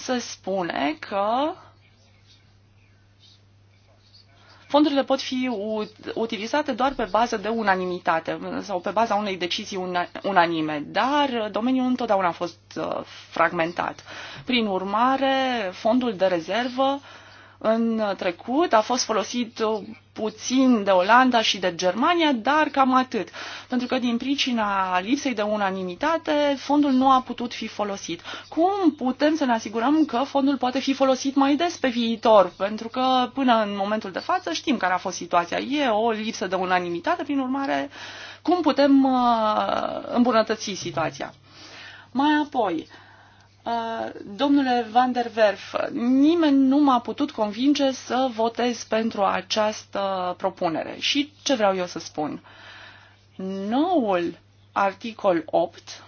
se spune că fondurile pot fi utilizate doar pe bază de unanimitate sau pe baza unei decizii unanime, dar domeniul întotdeauna a fost uh, fragmentat. Prin urmare, fondul de rezervă în trecut a fost folosit puțin de Olanda și de Germania, dar cam atât. Pentru că din pricina lipsei de unanimitate, fondul nu a putut fi folosit. Cum putem să ne asigurăm că fondul poate fi folosit mai des pe viitor? Pentru că până în momentul de față știm care a fost situația. E o lipsă de unanimitate, prin urmare, cum putem uh, îmbunătăți situația? Mai apoi, uh, Uh, domnule Van der Werf, nimeni nu m-a putut convinge să votez pentru această propunere. Și ce vreau eu să spun? Noul articol 8,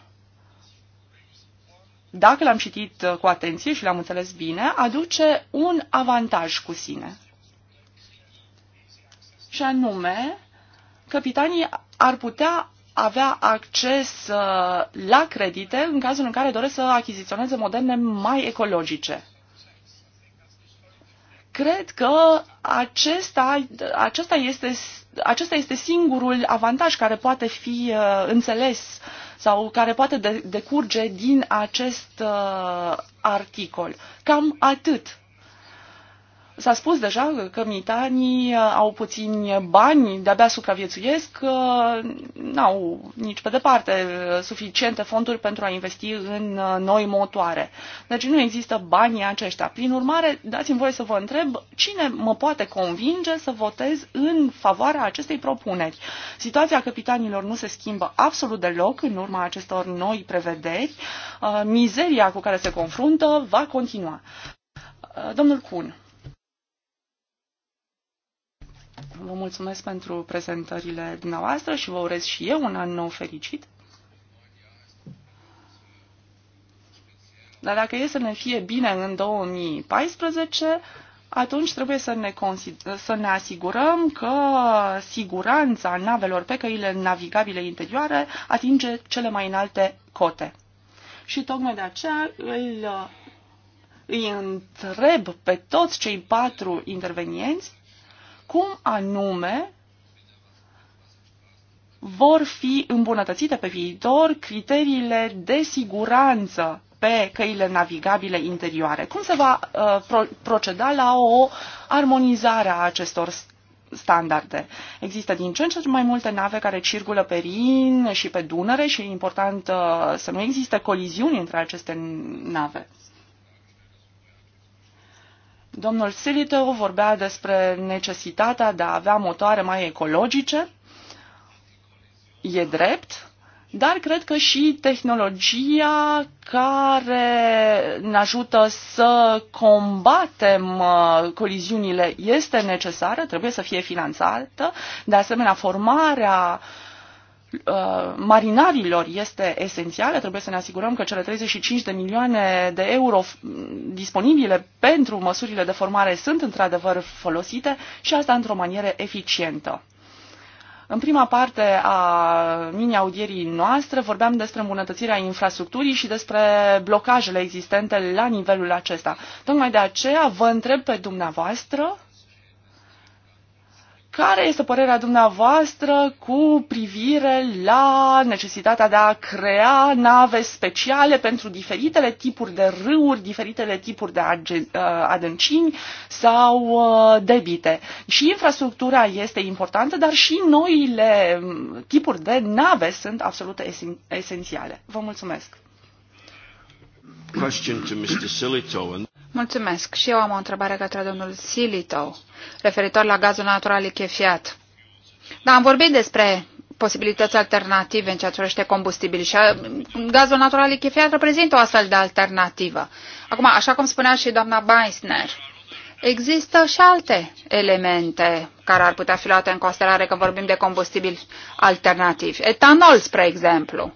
dacă l-am citit cu atenție și l-am înțeles bine, aduce un avantaj cu sine. Și anume, capitanii ar putea avea acces uh, la credite în cazul în care doresc să achiziționeze moderne mai ecologice. Cred că acesta, acesta, este, acesta este singurul avantaj care poate fi uh, înțeles sau care poate de, decurge din acest uh, articol. Cam atât S-a spus deja că mitanii uh, au puțini bani, de-abia supraviețuiesc, uh, n-au nici pe departe uh, suficiente fonduri pentru a investi în noi motoare. Deci nu există banii aceștia. Prin urmare, dați-mi voie să vă întreb cine mă poate convinge să votez în favoarea acestei propuneri. Situația capitanilor nu se schimbă absolut deloc în urma acestor noi prevederi. Mizeria cu care se confruntă va continua. Domnul Kuhn. Vă mulțumesc pentru prezentările dumneavoastră și vă urez și eu un an nou fericit. Dar dacă e să ne fie bine în 2014, atunci trebuie să ne, să ne asigurăm că siguranța navelor pe căile navigabile interioare atinge cele mai înalte cote. Și tocmai de aceea îl, îi întreb pe toți cei patru intervenienți cum anume vor fi îmbunătățite pe viitor criteriile de siguranță pe căile navigabile interioare. Cum se va uh, pro proceda la o armonizare a acestor standarde. Există din ce în ce mai multe nave care circulă pe Rin și pe Dunăre și e important uh, să nu existe coliziuni între aceste nave. Domnul Silito vorbea despre necesitatea de a avea motoare mai ecologice. E drept, dar cred că și tehnologia care ne ajută să combatem uh, coliziunile este necesară, trebuie să fie finanțată. De asemenea, formarea uh, Uh, marinarilor este esențială. Trebuie să ne asigurăm că cele 35 de milioane de euro disponibile pentru măsurile de formare sunt într-adevăr folosite și asta într-o manieră eficientă. În prima parte a mini-audierii noastre vorbeam despre îmbunătățirea infrastructurii și despre blocajele existente la nivelul acesta. Tocmai de aceea vă întreb pe dumneavoastră care este părerea dumneavoastră cu privire la necesitatea de a crea nave speciale pentru diferitele tipuri de râuri, diferitele tipuri de uh, adâncini sau uh, debite? Și infrastructura este importantă, dar și noile mm, tipuri de nave sunt absolut esențiale. Vă mulțumesc! Question to Mr. Mulțumesc. Și eu am o întrebare către domnul Silito, referitor la gazul natural lichefiat. Da, am vorbit despre posibilități alternative în ceea ce privește combustibil și uh, gazul natural lichefiat reprezintă o astfel de alternativă. Acum, așa cum spunea și doamna Beisner, Există și alte elemente care ar putea fi luate în considerare când vorbim de combustibili alternativi. Etanol, spre exemplu.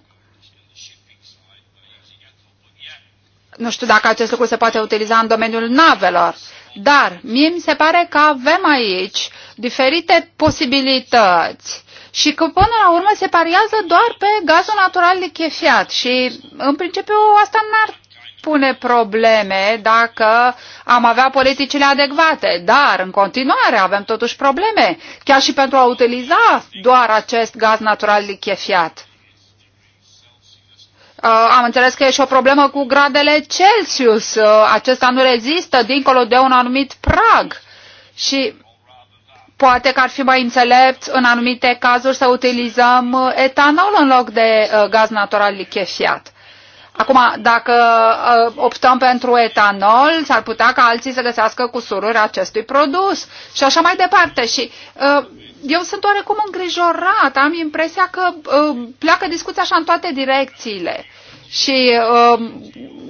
nu știu dacă acest lucru se poate utiliza în domeniul navelor, dar mie mi se pare că avem aici diferite posibilități și că până la urmă se pariază doar pe gazul natural lichefiat și în principiu asta n-ar pune probleme dacă am avea politicile adecvate, dar în continuare avem totuși probleme, chiar și pentru a utiliza doar acest gaz natural lichefiat. Uh, am înțeles că e și o problemă cu gradele Celsius. Uh, acesta nu rezistă dincolo de un anumit prag. Și poate că ar fi mai înțelept în anumite cazuri să utilizăm uh, etanol în loc de gaz natural lichefiat. Acum, dacă optăm pentru etanol, s-ar putea ca alții să găsească cusururi acestui produs și așa mai departe. Și uh, eu sunt oarecum îngrijorat, am impresia că uh, pleacă discuția așa în toate direcțiile. Și uh,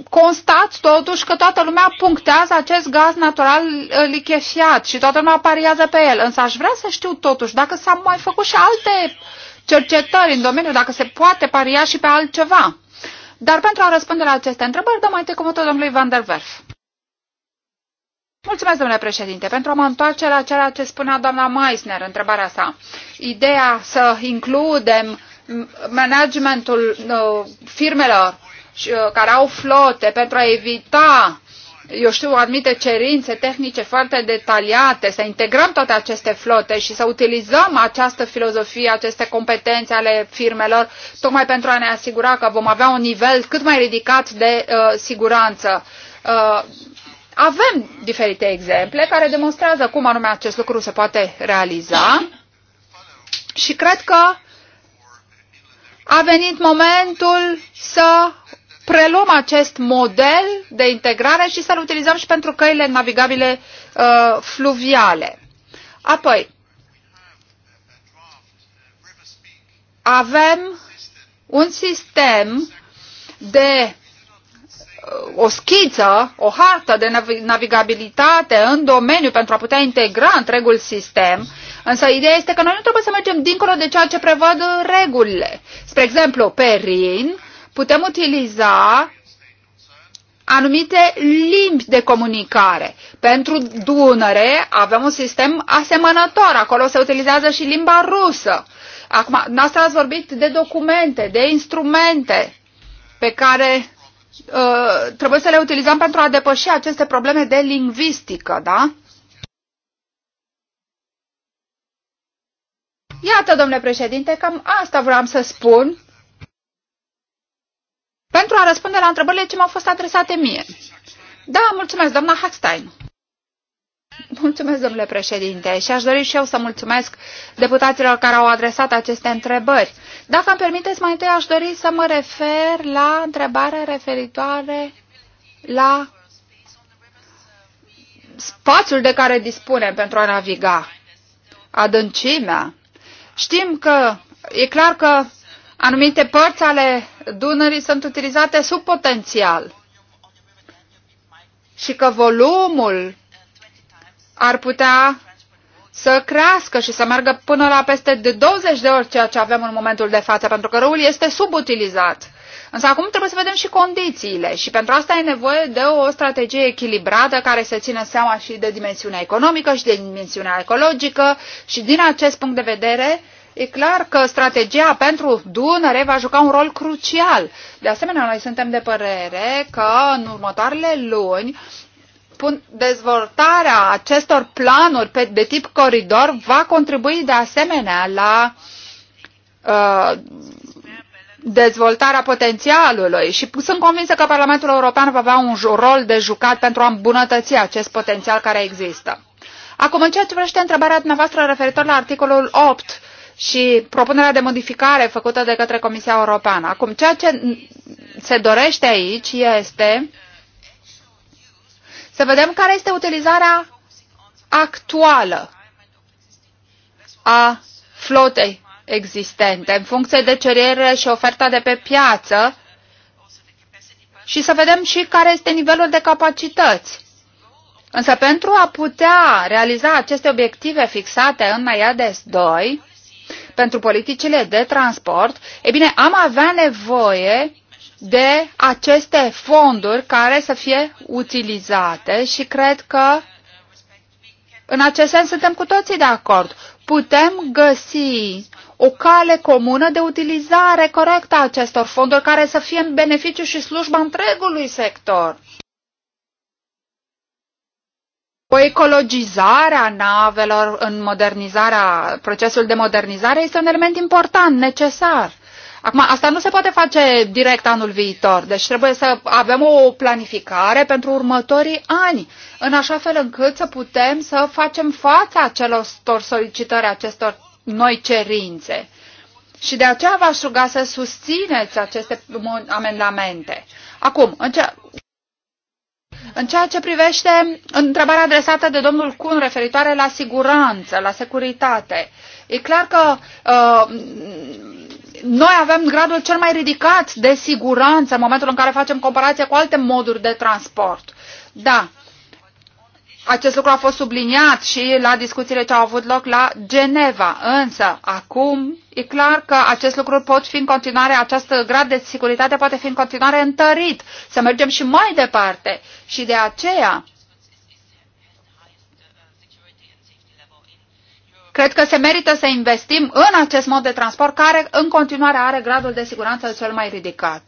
constați totuși că toată lumea punctează acest gaz natural uh, lichefiat și toată lumea pariază pe el. Însă aș vrea să știu totuși dacă s-au mai făcut și alte cercetări în domeniu, dacă se poate paria și pe altceva. Dar pentru a răspunde la aceste întrebări, dăm mai întâi cuvântul domnului Van der Werf. Mulțumesc, domnule președinte. Pentru a mă întoarce la ceea ce spunea doamna Meissner, întrebarea sa. Ideea să includem managementul uh, firmelor uh, care au flote pentru a evita eu știu, anumite cerințe tehnice foarte detaliate, să integrăm toate aceste flote și să utilizăm această filozofie, aceste competențe ale firmelor, tocmai pentru a ne asigura că vom avea un nivel cât mai ridicat de uh, siguranță. Uh, avem diferite exemple care demonstrează cum anume acest lucru se poate realiza și cred că a venit momentul să preluăm acest model de integrare și să-l utilizăm și pentru căile navigabile uh, fluviale. Apoi, avem un sistem de o schiță, o hartă de navigabilitate în domeniu pentru a putea integra întregul sistem, însă ideea este că noi nu trebuie să mergem dincolo de ceea ce prevăd regulile. Spre exemplu, pe RIN putem utiliza anumite limbi de comunicare. Pentru Dunăre avem un sistem asemănător, acolo se utilizează și limba rusă. Acum, noastră ați vorbit de documente, de instrumente pe care Uh, trebuie să le utilizăm pentru a depăși aceste probleme de lingvistică, da? Iată, domnule președinte, cam asta vreau să spun pentru a răspunde la întrebările ce m-au fost adresate mie. Da, mulțumesc, doamna Hackstein. Mulțumesc, domnule președinte, și aș dori și eu să mulțumesc deputaților care au adresat aceste întrebări. Dacă îmi permiteți, mai întâi aș dori să mă refer la întrebarea referitoare la spațiul de care dispunem pentru a naviga, adâncimea. Știm că e clar că anumite părți ale Dunării sunt utilizate sub potențial și că volumul ar putea să crească și să meargă până la peste de 20 de ori ceea ce avem în momentul de față, pentru că răul este subutilizat. Însă acum trebuie să vedem și condițiile și pentru asta e nevoie de o strategie echilibrată care să țină seama și de dimensiunea economică și de dimensiunea ecologică și din acest punct de vedere E clar că strategia pentru Dunăre va juca un rol crucial. De asemenea, noi suntem de părere că în următoarele luni dezvoltarea acestor planuri pe, de tip coridor va contribui de asemenea la uh, dezvoltarea potențialului și sunt convinsă că Parlamentul European va avea un rol de jucat pentru a îmbunătăți acest potențial care există. Acum, în ceea ce vrește întrebarea dumneavoastră referitor la articolul 8 și propunerea de modificare făcută de către Comisia Europeană. Acum, ceea ce se dorește aici este uh, să vedem care este utilizarea actuală a flotei existente în funcție de cerere și oferta de pe piață și să vedem și care este nivelul de capacități. Însă pentru a putea realiza aceste obiective fixate în IADES 2, pentru politicile de transport, e bine, am avea nevoie de aceste fonduri care să fie utilizate și cred că în acest sens suntem cu toții de acord. Putem găsi o cale comună de utilizare corectă a acestor fonduri care să fie în beneficiu și slujba întregului sector. O ecologizare a navelor în modernizarea, procesul de modernizare este un element important, necesar. Acum, asta nu se poate face direct anul viitor, deci trebuie să avem o planificare pentru următorii ani, în așa fel încât să putem să facem fața acelor solicitări, acestor noi cerințe. Și de aceea v-aș ruga să susțineți aceste amendamente. Acum, în ce... În ceea ce privește întrebarea adresată de domnul Cun referitoare la siguranță, la securitate, e clar că uh, noi avem gradul cel mai ridicat de siguranță în momentul în care facem comparație cu alte moduri de transport. Da, acest lucru a fost subliniat și la discuțiile ce au avut loc la Geneva, însă acum e clar că acest lucru pot fi în continuare, acest grad de securitate poate fi în continuare întărit, să mergem și mai departe. Și de aceea Cred că se merită să investim în acest mod de transport care în continuare are gradul de siguranță cel mai ridicat.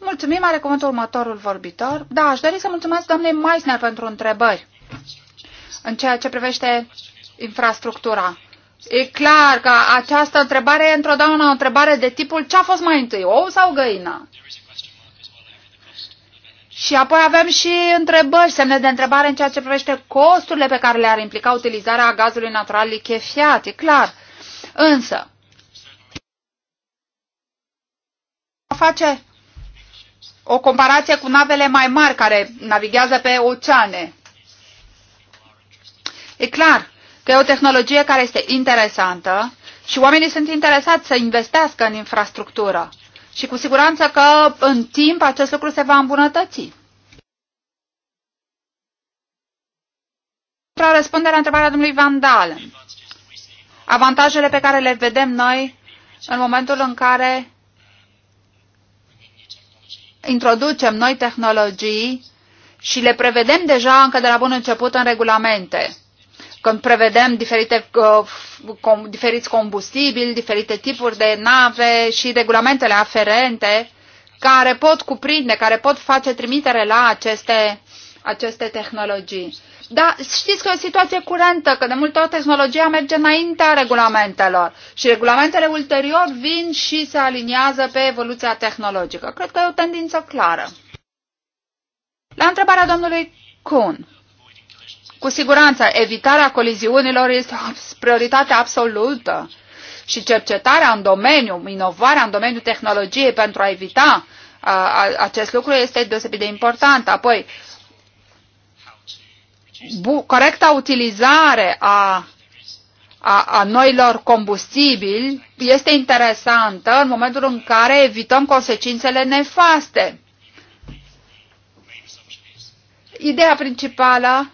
Mulțumim, are cuvântul următorul vorbitor. Da, aș dori să mulțumesc doamnei Meisner pentru întrebări în ceea ce privește infrastructura. E clar că această întrebare e într-o da, o întrebare de tipul ce a fost mai întâi, ou sau găină? Și apoi avem și întrebări, semne de întrebare în ceea ce privește costurile pe care le-ar implica utilizarea gazului natural lichefiat, e clar. Însă, face o comparație cu navele mai mari care navighează pe oceane. E clar că e o tehnologie care este interesantă și oamenii sunt interesați să investească în infrastructură. Și cu siguranță că în timp acest lucru se va îmbunătăți. Pentru a răspunde la întrebarea domnului Van avantajele pe care le vedem noi în momentul în care introducem noi tehnologii și le prevedem deja încă de la bun început în regulamente când prevedem diferite, uh, com, diferiți combustibili, diferite tipuri de nave și regulamentele aferente care pot cuprinde, care pot face trimitere la aceste, aceste tehnologii. Da, știți că e o situație curentă, că de multe ori tehnologia merge înaintea regulamentelor și regulamentele ulterior vin și se aliniază pe evoluția tehnologică. Cred că e o tendință clară. La întrebarea domnului Kuhn. Cu siguranță, evitarea coliziunilor este o prioritate absolută și cercetarea în domeniu, inovarea în domeniul tehnologiei pentru a evita a, a, acest lucru este deosebit de important. Apoi, bu, corecta utilizare a, a, a noilor combustibili este interesantă în momentul în care evităm consecințele nefaste. Ideea principală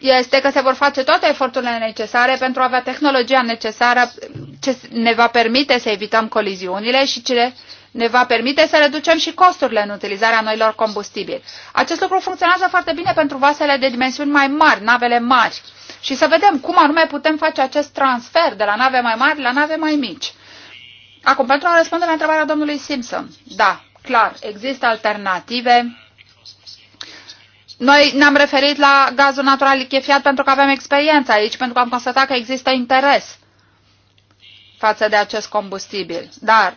este că se vor face toate eforturile necesare pentru a avea tehnologia necesară ce ne va permite să evităm coliziunile și ce ne va permite să reducem și costurile în utilizarea noilor combustibili. Acest lucru funcționează foarte bine pentru vasele de dimensiuni mai mari, navele mari. Și să vedem cum anume putem face acest transfer de la nave mai mari la nave mai mici. Acum, pentru a răspunde la întrebarea domnului Simpson. Da, clar, există alternative noi ne-am referit la gazul natural lichefiat pentru că avem experiență aici, pentru că am constatat că există interes față de acest combustibil. Dar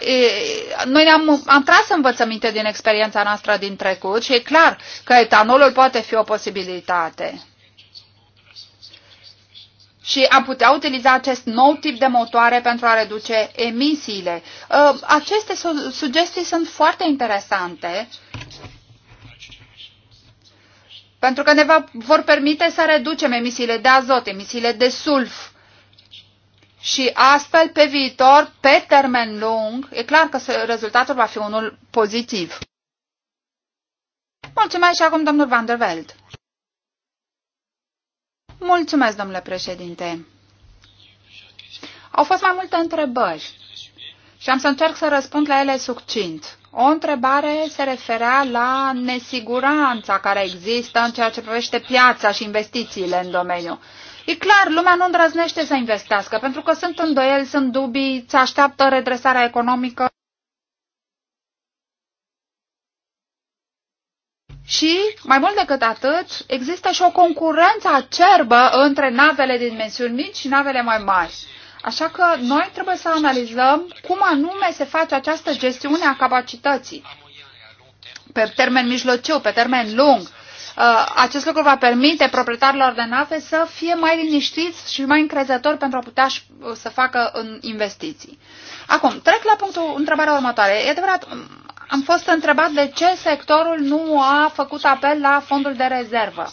uh, noi am, am tras învățăminte din experiența noastră din trecut și e clar că etanolul poate fi o posibilitate. Și am putea utiliza acest nou tip de motoare pentru a reduce emisiile. Uh, aceste sugestii sunt foarte interesante pentru că ne va, vor permite să reducem emisiile de azot, emisiile de sulf. Și astfel, pe viitor, pe termen lung, e clar că rezultatul va fi unul pozitiv. Mulțumesc și acum, domnul Van der Veld. Mulțumesc, domnule președinte. Au fost mai multe întrebări și am să încerc să răspund la ele succint. O întrebare se referea la nesiguranța care există în ceea ce privește piața și investițiile în domeniu. E clar, lumea nu îndrăznește să investească, pentru că sunt îndoieli, sunt dubii, se așteaptă redresarea economică. Și, mai mult decât atât, există și o concurență acerbă între navele de dimensiuni mici și navele mai mari. Așa că noi trebuie să analizăm cum anume se face această gestiune a capacității pe termen mijlociu, pe termen lung. Uh, acest lucru va permite proprietarilor de nave să fie mai liniștiți și mai încrezători pentru a putea uh, să facă în investiții. Acum, trec la punctul întrebarea următoare. E adevărat, um, am fost întrebat de ce sectorul nu a făcut apel la fondul de rezervă.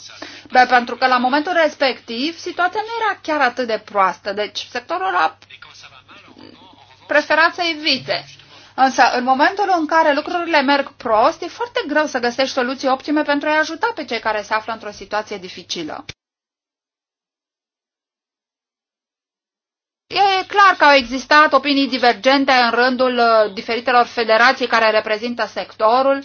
Dar pentru că la momentul respectiv situația nu era chiar atât de proastă, deci sectorul a preferat să evite. Însă, în momentul în care lucrurile merg prost, e foarte greu să găsești soluții optime pentru a-i ajuta pe cei care se află într-o situație dificilă. E clar că au existat opinii divergente în rândul uh, diferitelor federații care reprezintă sectorul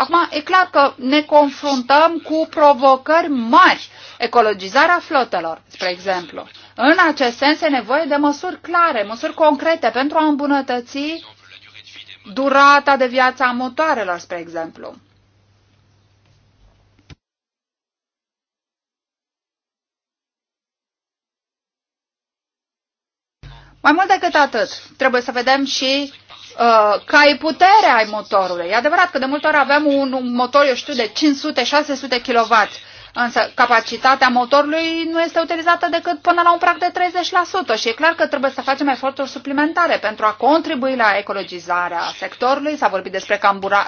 Acum, e clar că ne confruntăm cu provocări mari, ecologizarea flotelor, spre exemplu. În acest sens, e nevoie de măsuri clare, măsuri concrete pentru a îmbunătăți durata de viață a motoarelor, spre exemplu. Mai mult decât atât, trebuie să vedem și Uh, ca e putere ai motorului. E adevărat că de multe ori avem un, motor, eu știu, de 500-600 kW, însă capacitatea motorului nu este utilizată decât până la un prag de 30% și e clar că trebuie să facem eforturi suplimentare pentru a contribui la ecologizarea sectorului. S-a vorbit despre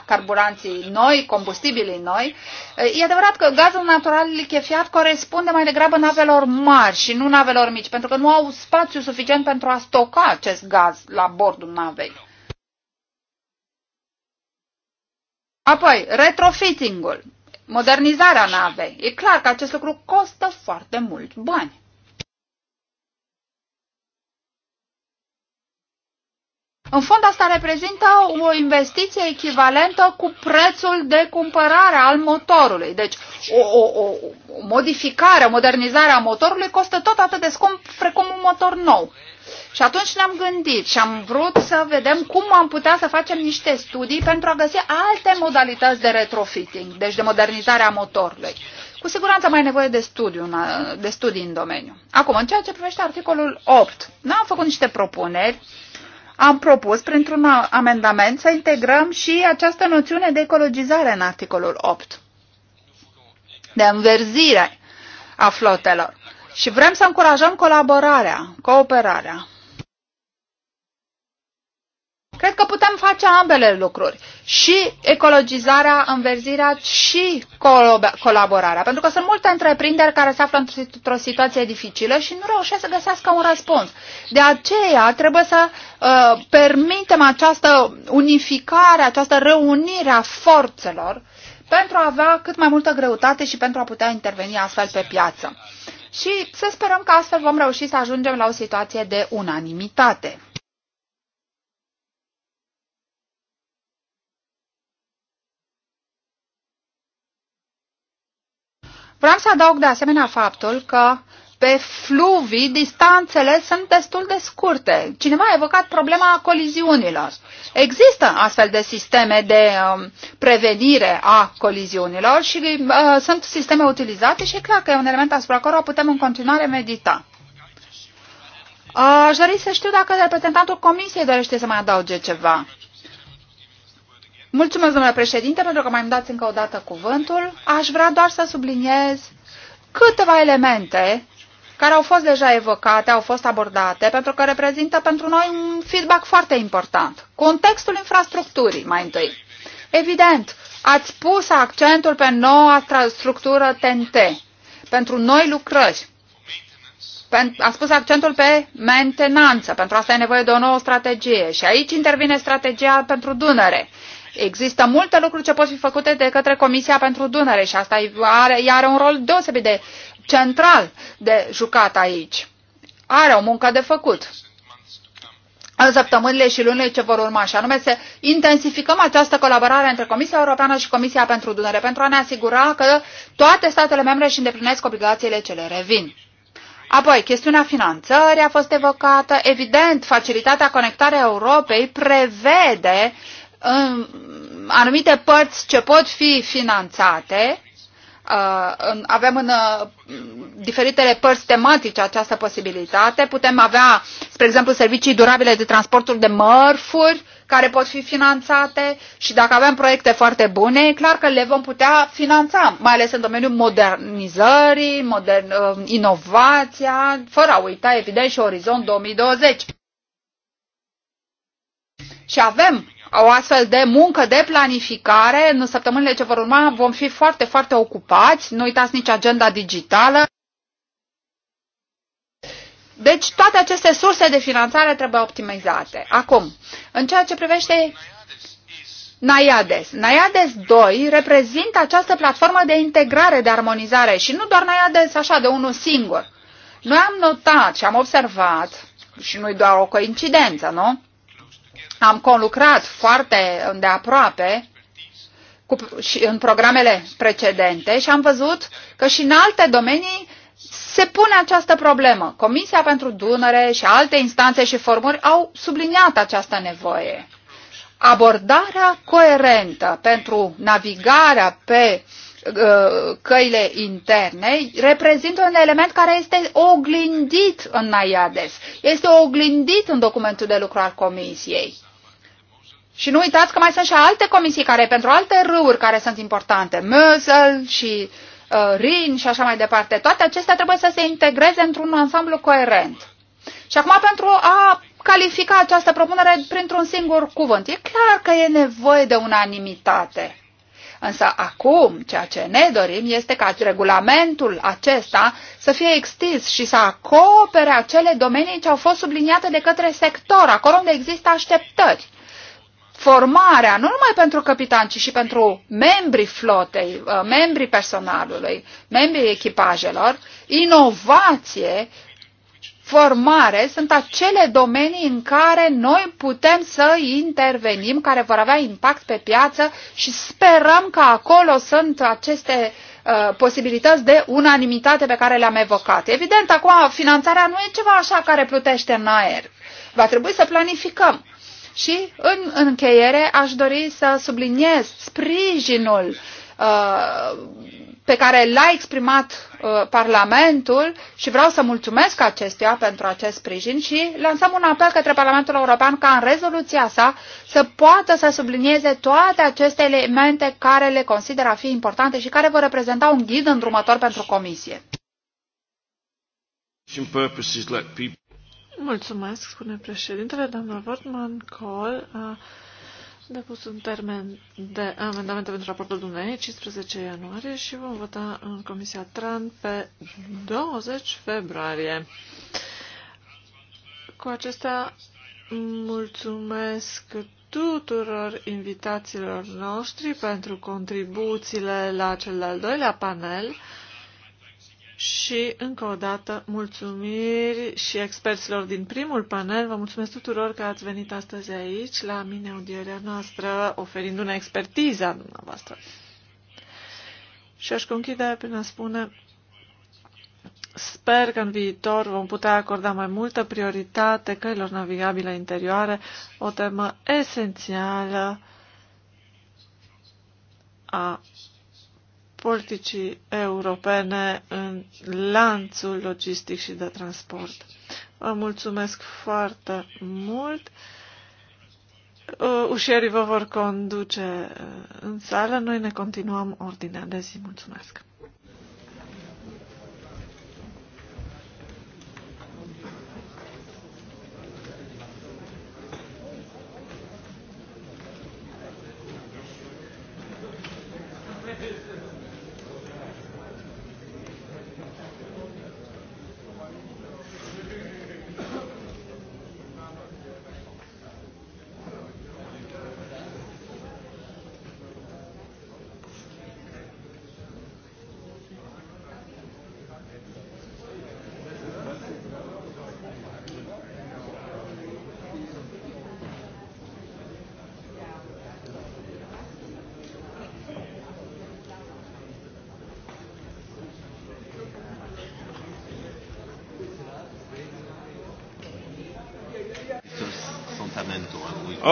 carburanții noi, combustibilii noi. Uh, e adevărat că gazul natural lichefiat corespunde mai degrabă navelor mari și nu navelor mici, pentru că nu au spațiu suficient pentru a stoca acest gaz la bordul navei. Apoi, retrofitting-ul, modernizarea navei. E clar că acest lucru costă foarte mult bani. În fond, asta reprezintă o investiție echivalentă cu prețul de cumpărare al motorului. Deci, o, o, o modificare, modernizarea motorului costă tot atât de scump precum un motor nou. Și atunci ne-am gândit și am vrut să vedem cum am putea să facem niște studii pentru a găsi alte modalități de retrofitting, deci de modernizare a motorului. Cu siguranță mai nevoie de, studiu, de studii în domeniu. Acum, în ceea ce privește articolul 8, noi am făcut niște propuneri, am propus printr-un amendament să integrăm și această noțiune de ecologizare în articolul 8, de înverzire a flotelor. Și vrem să încurajăm colaborarea, cooperarea. Cred că putem face ambele lucruri. Și ecologizarea, înverzirea și colaborarea. Pentru că sunt multe întreprinderi care se află într-o situație dificilă și nu reușesc să găsească un răspuns. De aceea trebuie să uh, permitem această unificare, această reunire a forțelor pentru a avea cât mai multă greutate și pentru a putea interveni astfel pe piață și să sperăm că astfel vom reuși să ajungem la o situație de unanimitate. Vreau să adaug de asemenea faptul că pe fluvii distanțele sunt destul de scurte. Cineva a evocat problema coliziunilor. Există astfel de sisteme de uh, prevenire a coliziunilor și uh, sunt sisteme utilizate și e clar că e un element asupra căruia putem în continuare medita. Uh, aș dori să știu dacă reprezentantul Comisiei dorește să mai adauge ceva. Mulțumesc, domnule președinte, pentru că mai îmi dați încă o dată cuvântul. Aș vrea doar să subliniez câteva elemente care au fost deja evocate, au fost abordate, pentru că reprezintă pentru noi un feedback foarte important. Contextul infrastructurii, mai întâi. Evident, ați pus accentul pe noua structură TNT, pentru noi lucrări. Ați pus accentul pe mentenanță, pentru asta e nevoie de o nouă strategie și aici intervine strategia pentru Dunăre. Există multe lucruri ce pot fi făcute de către Comisia pentru Dunăre și asta are, are un rol deosebit de central de jucat aici. Are o muncă de făcut în săptămânile și lunile ce vor urma, și anume să intensificăm această colaborare între Comisia Europeană și Comisia pentru Dunăre, pentru a ne asigura că toate statele membre își îndeplinesc obligațiile ce le revin. Apoi, chestiunea finanțării a fost evocată. Evident, facilitatea conectarea Europei prevede um, anumite părți ce pot fi finanțate Uh, avem în uh, diferitele părți tematice această posibilitate. Putem avea, spre exemplu, servicii durabile de transportul de mărfuri care pot fi finanțate și dacă avem proiecte foarte bune, e clar că le vom putea finanța, mai ales în domeniul modernizării, modern, uh, inovația, fără a uita, evident, și Orizont 2020. Și avem o astfel de muncă de planificare. În săptămânile ce vor urma vom fi foarte, foarte ocupați. Nu uitați nici agenda digitală. Deci toate aceste surse de finanțare trebuie optimizate. Acum, în ceea ce privește Naiades. Naiades 2 reprezintă această platformă de integrare, de armonizare și nu doar Naiades așa de unul singur. Noi am notat și am observat, și nu-i doar o coincidență, nu? Am conlucrat foarte îndeaproape cu, și în programele precedente și am văzut că și în alte domenii se pune această problemă. Comisia pentru Dunăre și alte instanțe și formuri au subliniat această nevoie. Abordarea coerentă pentru navigarea pe uh, căile interne reprezintă un element care este oglindit în NAIADES, este oglindit în documentul de lucru al Comisiei. Și nu uitați că mai sunt și alte comisii care pentru alte râuri care sunt importante, Mözel și uh, Rin și așa mai departe. Toate acestea trebuie să se integreze într-un ansamblu coerent. Și acum pentru a califica această propunere printr-un singur cuvânt. E clar că e nevoie de unanimitate. Însă acum, ceea ce ne dorim este ca regulamentul acesta să fie extins și să acopere acele domenii ce au fost subliniate de către sector, acolo unde există așteptări formarea, nu numai pentru capitan, ci și pentru membrii flotei, uh, membrii personalului, membrii echipajelor, inovație, formare sunt acele domenii în care noi putem să intervenim, care vor avea impact pe piață și sperăm că acolo sunt aceste uh, posibilități de unanimitate pe care le-am evocat. Evident, acum finanțarea nu e ceva așa care plutește în aer. Va trebui să planificăm. Și în încheiere aș dori să subliniez sprijinul uh, pe care l-a exprimat uh, Parlamentul și vreau să mulțumesc acestuia pentru acest sprijin și lansăm un apel către Parlamentul European ca în rezoluția sa să poată să sublinieze toate aceste elemente care le consideră a fi importante și care vor reprezenta un ghid îndrumător pentru Comisie. Mulțumesc, spune președintele. Doamna Wortman Col a depus un termen de amendamente pentru raportul dumneavoastră 15 ianuarie și vom vota în Comisia TRAN pe 20 februarie. Cu acestea mulțumesc tuturor invitațiilor noștri pentru contribuțiile la cel de-al doilea panel. Și, încă o dată, mulțumiri și experților din primul panel. Vă mulțumesc tuturor că ați venit astăzi aici, la mine, audierea noastră, oferindu-ne expertiza dumneavoastră. Și aș conchide prin a spune, sper că în viitor vom putea acorda mai multă prioritate căilor navigabile interioare, o temă esențială a politicii europene în lanțul logistic și de transport. Vă mulțumesc foarte mult. Uh, ușierii vă vor conduce uh, în sală. Noi ne continuăm ordinea de zi. Mulțumesc.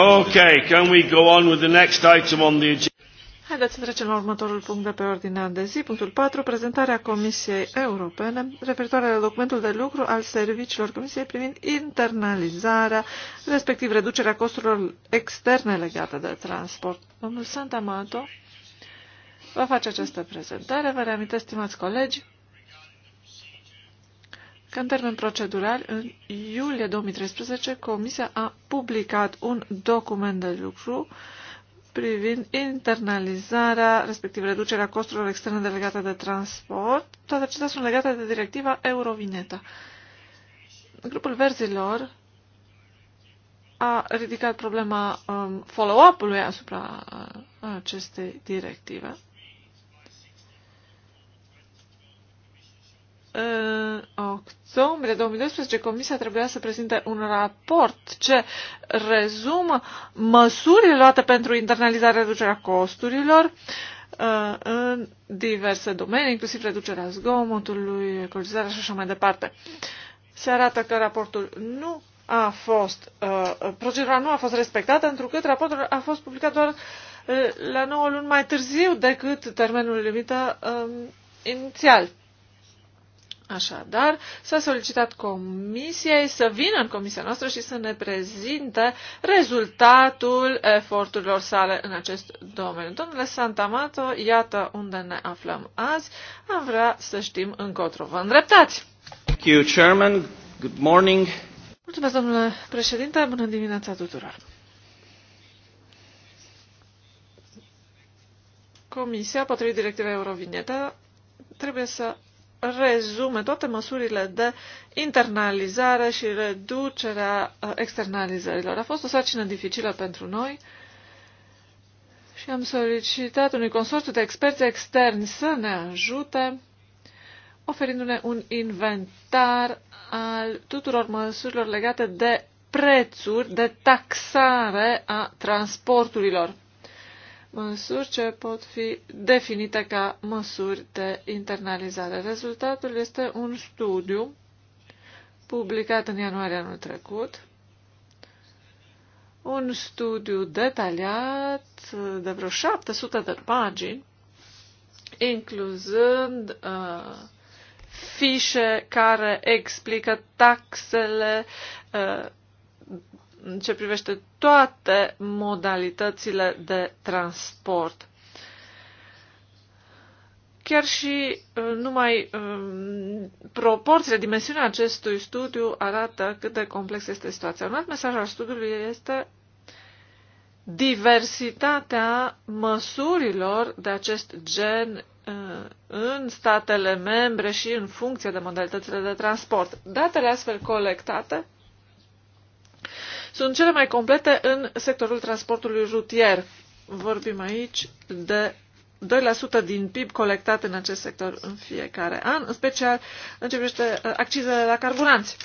Okay, can we go on with the next item on the agenda? Haideți să trecem la următorul punct de pe ordinea de zi, punctul 4, prezentarea Comisiei Europene referitoare la documentul de lucru al serviciilor Comisiei privind internalizarea, respectiv reducerea costurilor externe legate de transport. Domnul Santamato va face această prezentare. Vă reamintesc, stimați colegi, ca în termen procedural, în iulie 2013, Comisia a publicat un document de lucru privind internalizarea, respectiv reducerea costurilor externe delegate de transport. Toate acestea sunt legate de directiva Eurovineta. Grupul Verzilor a ridicat problema um, follow-up-ului asupra uh, acestei directive. în octombrie 2012 Comisia trebuia să prezinte un raport ce rezumă măsurile luate pentru internalizarea reducerea costurilor uh, în diverse domenii, inclusiv reducerea zgomotului, ecologizarea și așa mai departe. Se arată că raportul nu a fost, uh, procedura nu a fost respectată, pentru că raportul a fost publicat doar uh, la 9 luni mai târziu decât termenul limită um, inițial. Așadar, s-a solicitat comisiei să vină în comisia noastră și să ne prezinte rezultatul eforturilor sale în acest domeniu. Domnule Santamato, iată unde ne aflăm azi. Am vrea să știm încotro. Vă îndreptați! Thank you, Chairman. Good morning. Mulțumesc, domnule președinte. Bună dimineața tuturor. Comisia, potrivit directivei Eurovineta, trebuie să rezume toate măsurile de internalizare și reducerea uh, externalizărilor. A fost o sarcină dificilă pentru noi și am solicitat unui consorțiu de experți externi să ne ajute, oferindu-ne un inventar al tuturor măsurilor legate de prețuri, de taxare a transporturilor măsuri ce pot fi definite ca măsuri de internalizare. Rezultatul este un studiu publicat în ianuarie anul trecut, un studiu detaliat de vreo 700 de pagini, incluzând uh, fișe care explică taxele uh, în ce privește toate modalitățile de transport. Chiar și uh, numai um, proporțiile, dimensiunea acestui studiu arată cât de complex este situația. Un alt mesaj al studiului este diversitatea măsurilor de acest gen uh, în statele membre și în funcție de modalitățile de transport. Datele astfel colectate sunt cele mai complete în sectorul transportului rutier. Vorbim aici de 2% din PIB colectat în acest sector în fiecare an, în special în ce privește uh, accizele la carburanți.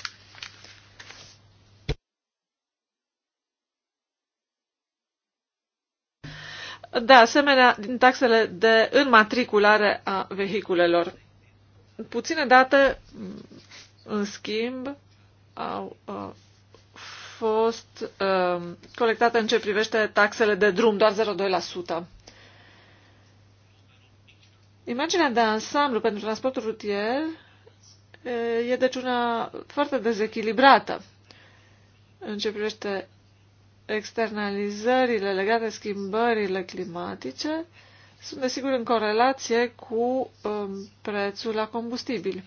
De asemenea, din taxele de înmatriculare a vehiculelor. Puține date, mm, în schimb, au uh, fost uh, um, colectate în ce privește taxele de drum, doar 0,2%. Imaginea de ansamblu pentru transportul rutier uh, e deci una foarte dezechilibrată în ce privește externalizările legate de schimbările climatice sunt desigur în corelație cu um, prețul la combustibili.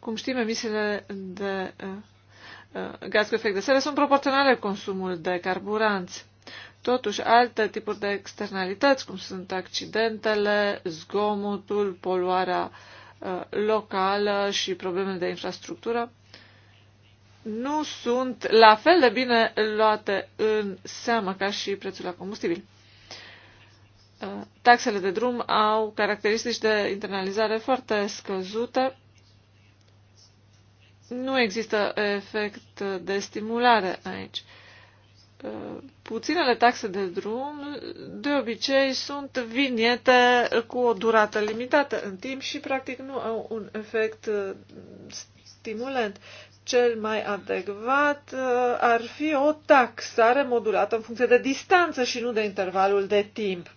Cum știm, emisiile de eh, eh, gaz cu efect de seră sunt proporționale consumul de carburanți. Totuși, alte tipuri de externalități, cum sunt accidentele, zgomotul, poluarea eh, locală și problemele de infrastructură, nu sunt la fel de bine luate în seamă ca și prețul la combustibil. Taxele de drum au caracteristici de internalizare foarte scăzute nu există efect de stimulare aici. Uh, puținele taxe de drum de obicei sunt viniete cu o durată limitată în timp și practic nu au un efect uh, stimulant. Cel mai adecvat uh, ar fi o taxare modulată în funcție de distanță și nu de intervalul de timp.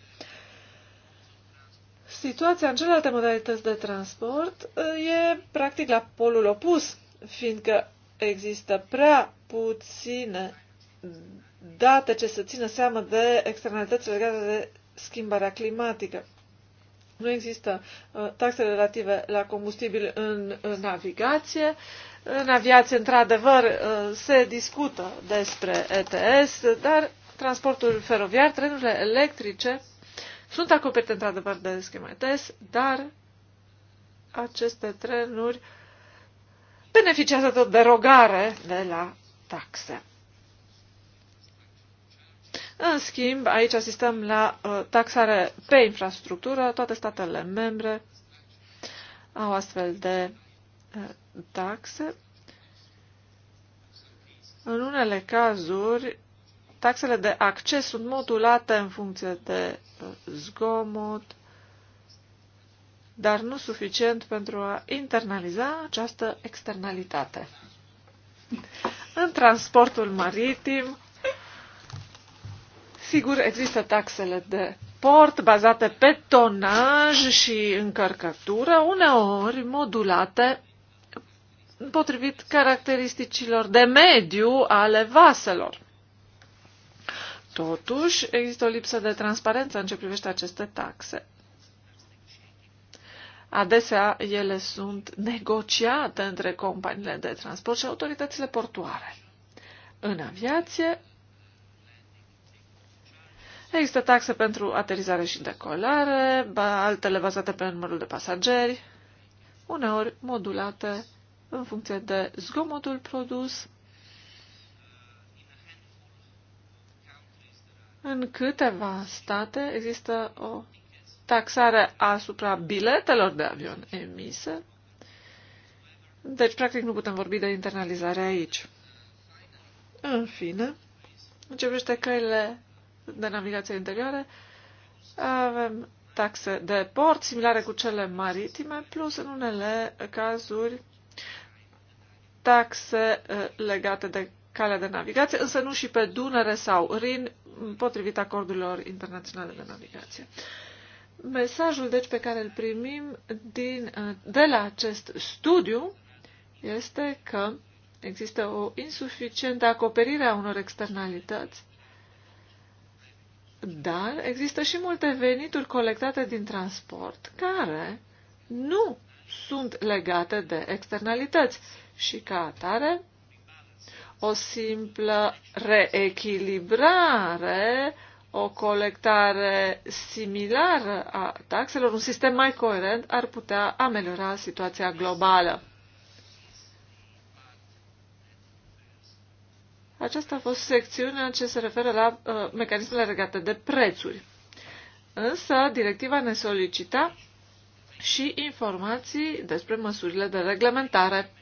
Situația în celelalte modalități de transport e practic la polul opus fiindcă există prea puține date ce să țină seama de externalități legate de schimbarea climatică. Nu există uh, taxe relative la combustibil în, în navigație. În aviație, într-adevăr, uh, se discută despre ETS, dar transportul feroviar, trenurile electrice sunt acoperite într-adevăr de schema ETS, dar aceste trenuri uh, beneficiază de o derogare de la taxe. În schimb, aici asistăm la uh, taxare pe infrastructură. Toate statele membre au astfel de uh, taxe. În unele cazuri, taxele de acces sunt modulate în funcție de uh, zgomot, dar nu suficient pentru a internaliza această externalitate. În transportul maritim, sigur, există taxele de port bazate pe tonaj și încărcătură, uneori modulate potrivit caracteristicilor de mediu ale vaselor. Totuși, există o lipsă de transparență în ce privește aceste taxe. Adesea ele sunt negociate între companiile de transport și autoritățile portoare. În aviație există taxe pentru aterizare și decolare, altele bazate pe numărul de pasageri, uneori modulate în funcție de zgomotul produs, În câteva state există o taxare asupra biletelor de avion emise. Deci, practic, nu putem vorbi de internalizare aici. În fine, în ce privește căile de navigație interioare, avem taxe de port similare cu cele maritime, plus în unele cazuri taxe uh, legate de calea de navigație, însă nu și pe Dunăre sau Rin, potrivit acordurilor internaționale de navigație. Mesajul, deci, pe care îl primim din, uh, de la acest studiu este că există o insuficientă acoperire a unor externalități, dar există și multe venituri colectate din transport care nu sunt legate de externalități și, ca atare, o simplă reechilibrare o colectare similară a taxelor, un sistem mai coerent ar putea ameliora situația globală. Aceasta a fost secțiunea ce se referă la uh, mecanismele legate de prețuri. Însă, directiva ne solicita și informații despre măsurile de reglementare.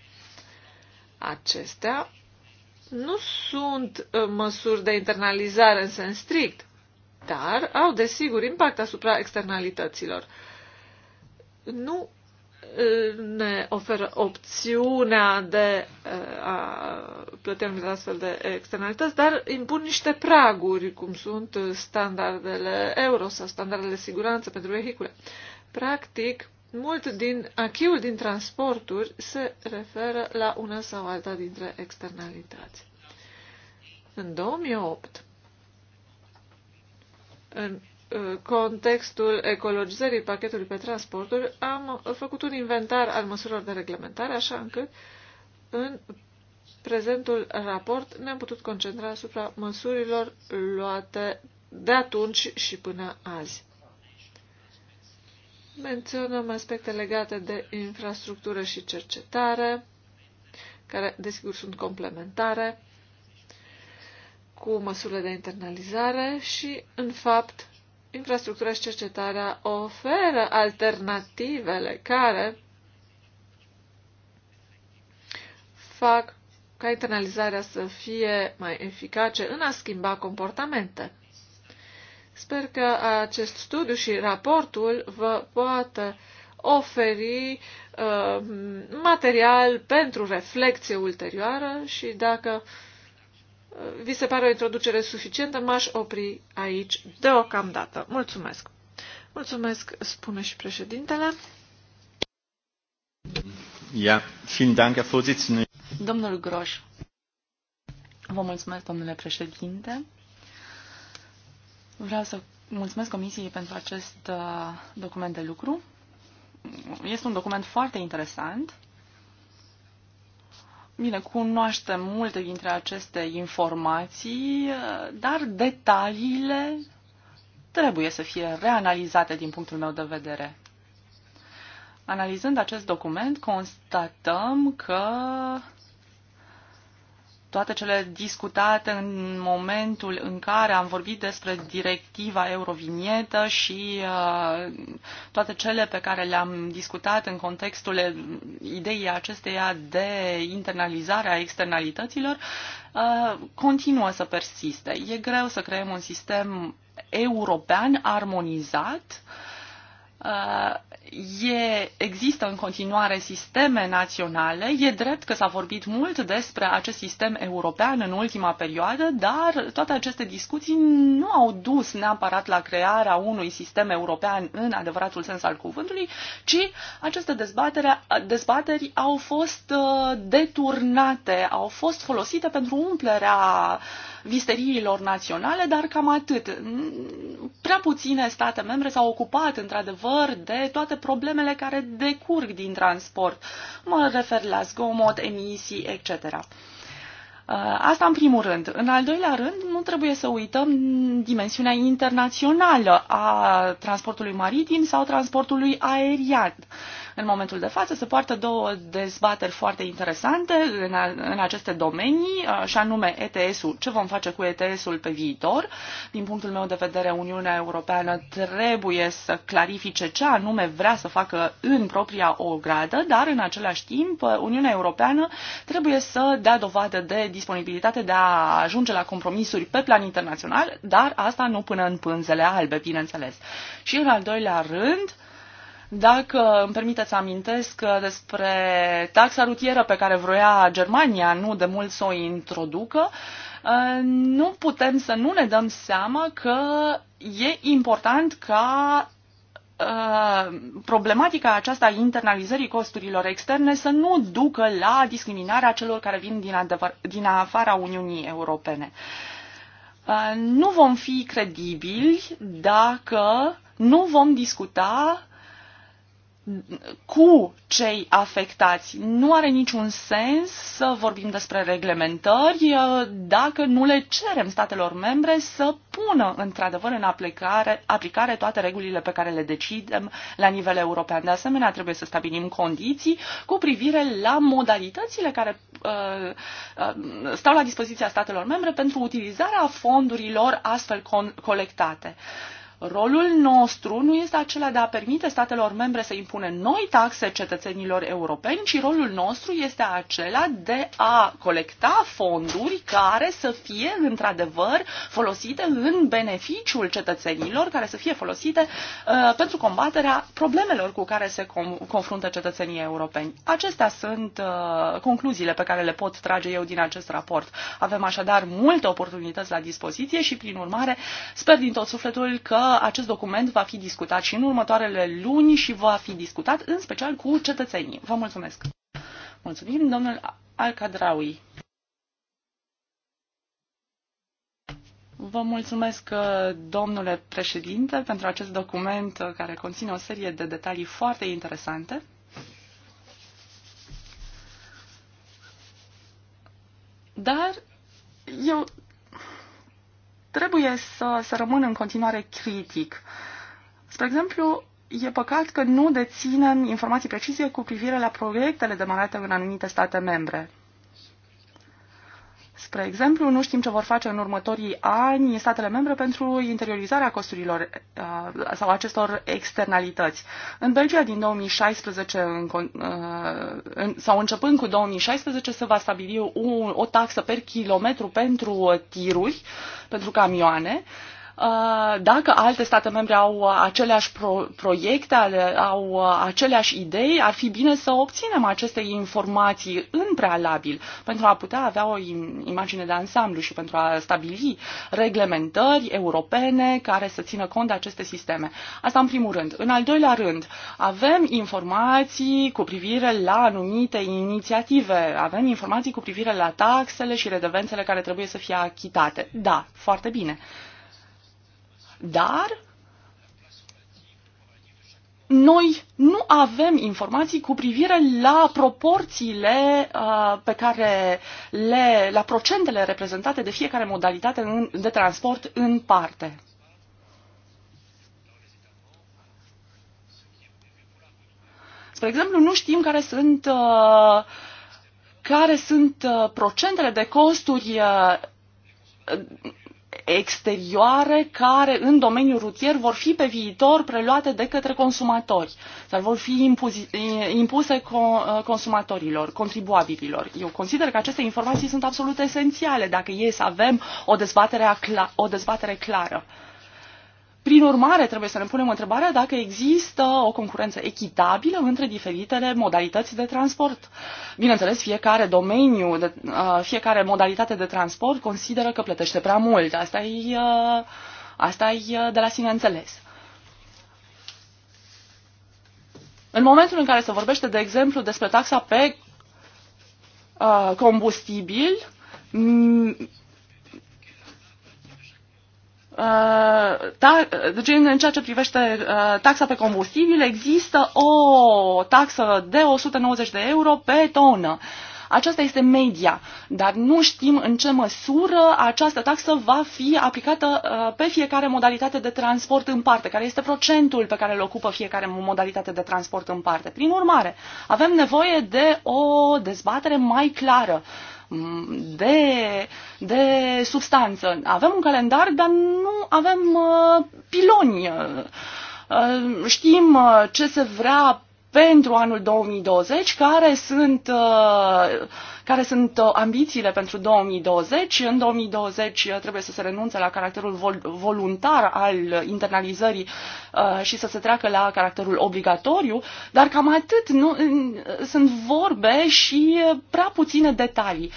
Acestea nu sunt uh, măsuri de internalizare în sens strict, dar au, desigur, impact asupra externalităților. Nu ne oferă opțiunea de a plăti anumite astfel de externalități, dar impun niște praguri, cum sunt standardele euro sau standardele siguranță pentru vehicule. Practic, mult din achiul din transporturi se referă la una sau alta dintre externalități. În 2008, în uh, contextul ecologizării pachetului pe transporturi, am făcut un inventar al măsurilor de reglementare, așa încât în prezentul raport ne-am putut concentra asupra măsurilor luate de atunci și până azi. Menționăm aspecte legate de infrastructură și cercetare, care, desigur, sunt complementare, cu măsurile de internalizare și, în fapt, infrastructura și cercetarea oferă alternativele care fac ca internalizarea să fie mai eficace în a schimba comportamente. Sper că acest studiu și raportul vă poată oferi uh, material pentru reflexie ulterioară și dacă uh, vi se pare o introducere suficientă, m-aș opri aici deocamdată. Mulțumesc! Mulțumesc, spune și președintele. Ja, vielen Dank, Herr Vorsitzender. Domnul Groș. Vă mulțumesc, domnule președinte. Vreau să mulțumesc Comisiei pentru acest uh, document de lucru. Este un document foarte interesant Bine, cunoaștem multe dintre aceste informații, dar detaliile trebuie să fie reanalizate din punctul meu de vedere. Analizând acest document, constatăm că toate cele discutate în momentul în care am vorbit despre directiva Eurovinietă și uh, toate cele pe care le-am discutat în contextul ideii acesteia de internalizare a externalităților, uh, continuă să persiste. E greu să creăm un sistem european armonizat uh, e, există în continuare sisteme naționale. E drept că s-a vorbit mult despre acest sistem european în ultima perioadă, dar toate aceste discuții nu au dus neapărat la crearea unui sistem european în adevăratul sens al cuvântului, ci aceste dezbateri au fost uh, deturnate, au fost folosite pentru umplerea visteriilor naționale, dar cam atât. Prea puține state membre s-au ocupat, într-adevăr, de toate problemele care decurg din transport. Mă refer la zgomot, emisii, etc. Uh, asta în primul rând. În al doilea rând, nu trebuie să uităm dimensiunea internațională a transportului maritim sau transportului aerian. În momentul de față se poartă două dezbateri foarte interesante în, a, în aceste domenii, și anume ETS-ul, ce vom face cu ETS-ul pe viitor. Din punctul meu de vedere, Uniunea Europeană trebuie să clarifice ce anume vrea să facă în propria ogradă, dar în același timp Uniunea Europeană trebuie să dea dovadă de disponibilitate de a ajunge la compromisuri pe plan internațional, dar asta nu până în pânzele albe, bineînțeles. Și în al doilea rând, dacă îmi permiteți să amintesc despre taxa rutieră pe care vroia Germania nu de mult să o introducă, nu putem să nu ne dăm seama că e important ca uh, problematica aceasta a internalizării costurilor externe să nu ducă la discriminarea celor care vin din, adevăr, din afara Uniunii Europene. Uh, nu vom fi credibili dacă nu vom discuta cu cei afectați. Nu are niciun sens să vorbim despre reglementări uh, dacă nu le cerem statelor membre să pună într-adevăr în aplicare, aplicare toate regulile pe care le decidem la nivel european. De asemenea, trebuie să stabilim condiții cu privire la modalitățile care uh, uh, stau la dispoziția statelor membre pentru utilizarea fondurilor astfel colectate. Rolul nostru nu este acela de a permite statelor membre să impune noi taxe cetățenilor europeni, ci rolul nostru este acela de a colecta fonduri care să fie într-adevăr folosite în beneficiul cetățenilor, care să fie folosite uh, pentru combaterea problemelor cu care se com- confruntă cetățenii europeni. Acestea sunt uh, concluziile pe care le pot trage eu din acest raport. Avem așadar multe oportunități la dispoziție și, prin urmare, sper din tot sufletul că acest document va fi discutat și în următoarele luni și va fi discutat în special cu cetățenii. Vă mulțumesc! Mulțumim, domnul Alcadraui. Vă mulțumesc, uh, domnule președinte, pentru acest document uh, care conține o serie de detalii foarte interesante. Dar eu trebuie să, să rămân în continuare critic. Spre exemplu, e păcat că nu deținem informații precise cu privire la proiectele demarate în anumite state membre. Spre exemplu, nu știm ce vor face în următorii ani statele membre pentru interiorizarea costurilor uh, sau acestor externalități. În Belgia din 2016 uh, în, sau începând cu 2016 se va stabili o, o taxă per kilometru pentru tiruri, pentru camioane Uh, dacă alte state membre au uh, aceleași pro- proiecte, au uh, aceleași idei, ar fi bine să obținem aceste informații în prealabil pentru a putea avea o imagine de ansamblu și pentru a stabili reglementări europene care să țină cont de aceste sisteme. Asta în primul rând. În al doilea rând, avem informații cu privire la anumite inițiative, avem informații cu privire la taxele și redevențele care trebuie să fie achitate. Da, foarte bine. Dar noi nu avem informații cu privire la proporțiile uh, pe care le, la procentele reprezentate de fiecare modalitate în, de transport în parte. Spre exemplu, nu știm care sunt, uh, care sunt uh, procentele de costuri uh, exterioare care în domeniul rutier vor fi pe viitor preluate de către consumatori sau vor fi impuse uh, consumatorilor, contribuabililor. Eu consider că aceste informații sunt absolut esențiale dacă e să avem o dezbatere, o dezbatere clară. Prin urmare, trebuie să ne punem întrebarea dacă există o concurență echitabilă între diferitele modalități de transport. Bineînțeles, fiecare domeniu, de, uh, fiecare modalitate de transport consideră că plătește prea mult. Asta e, uh, asta e uh, de la sine înțeles. În momentul în care se vorbește, de exemplu, despre taxa pe uh, combustibil, Uh, ta, deci în ceea ce privește uh, taxa pe combustibil, există o taxă de 190 de euro pe tonă. Aceasta este media, dar nu știm în ce măsură această taxă va fi aplicată uh, pe fiecare modalitate de transport în parte, care este procentul pe care îl ocupă fiecare modalitate de transport în parte. Prin urmare, avem nevoie de o dezbatere mai clară de, de substanță. Avem un calendar, dar nu avem uh, piloni. Uh, uh, știm ce se vrea pentru anul 2020, care sunt care sunt uh, ambițiile pentru 2020. În 2020 uh, trebuie să se renunțe la caracterul vol- voluntar al internalizării uh, și să se treacă la caracterul obligatoriu, dar cam atât nu, sunt vorbe și prea puține detalii.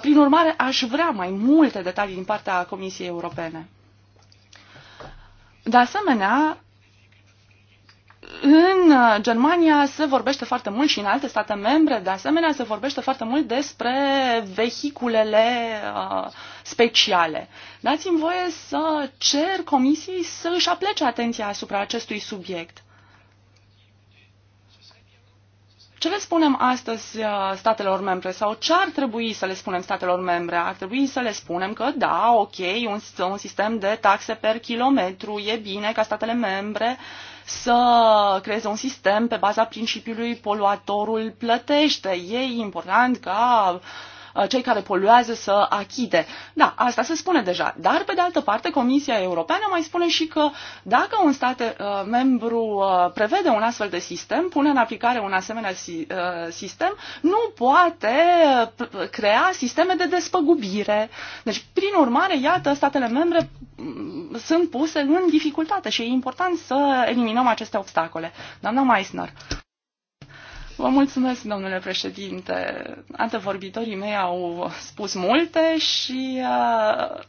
Prin urmare, aș vrea mai multe detalii din partea Comisiei Europene. De asemenea, în uh, Germania se vorbește foarte mult și în alte state membre, de asemenea, se vorbește foarte mult despre vehiculele uh, speciale. Dați-mi voie să cer comisiei să își aplece atenția asupra acestui subiect. Ce le spunem astăzi uh, statelor membre sau ce ar trebui să le spunem statelor membre? Ar trebui să le spunem că da, ok, un, un sistem de taxe per kilometru e bine ca statele membre uh, să creeze un sistem pe baza principiului poluatorul plătește. E important ca uh, Uh, cei care poluează să achite. Da, asta se spune deja. Dar, pe de altă parte, Comisia Europeană mai spune și că dacă un stat uh, membru uh, prevede un astfel de sistem, pune în aplicare un asemenea sistem, nu poate crea sisteme de despăgubire. Deci, prin urmare, iată, statele membre mm, sunt puse în dificultate și e important să eliminăm aceste obstacole. Doamna Meissner. Vă mulțumesc, domnule președinte. Antevorbitorii mei au spus multe și uh,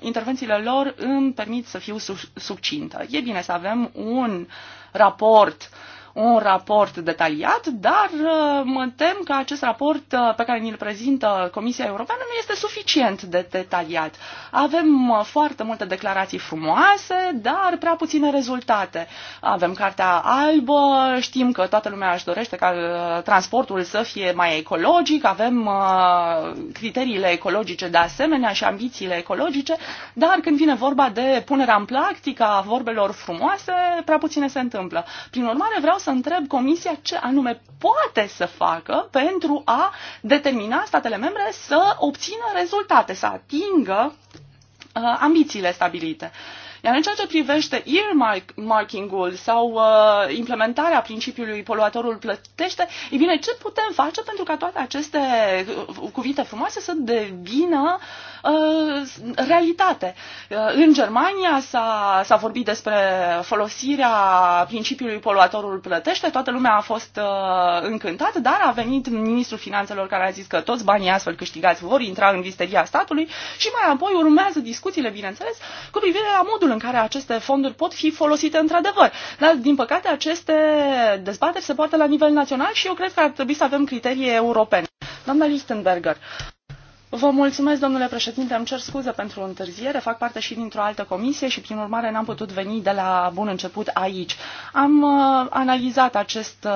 intervențiile lor îmi permit să fiu subcintă. E bine să avem un raport uh, un raport detaliat, dar uh, mă tem că acest raport uh, pe care ni-l prezintă Comisia Europeană nu este suficient de detaliat. Avem uh, foarte multe declarații frumoase, dar prea puține rezultate. Avem cartea albă, știm că toată lumea își dorește ca transportul să fie mai ecologic, avem criteriile ecologice de asemenea și ambițiile ecologice, dar când vine vorba de punerea în practică a vorbelor frumoase, prea puține se întâmplă. Prin urmare, vreau să întreb Comisia ce anume poate să facă pentru a determina statele membre să obțină rezultate, să atingă uh, ambițiile stabilite. Iar în ceea ce privește earmarking-ul sau uh, implementarea principiului poluatorul plătește, e bine, ce putem face pentru ca toate aceste uh, cuvinte frumoase să devină uh, Uh, realitate. Uh, în Germania s-a, s-a vorbit despre folosirea principiului poluatorul plătește, toată lumea a fost uh, încântată, dar a venit ministrul finanțelor care a zis că toți banii astfel câștigați vor intra în visteria statului și mai apoi urmează discuțiile, bineînțeles, cu privire la modul în care aceste fonduri pot fi folosite într-adevăr. Dar, din păcate, aceste dezbateri se poartă la nivel național și eu cred că ar trebui să avem criterii europene. Doamna Lichtenberger, Vă mulțumesc, domnule președinte, îmi cer scuze pentru întârziere, fac parte și dintr-o altă comisie și, prin urmare, n-am putut veni de la bun început aici. Am uh, analizat acest uh,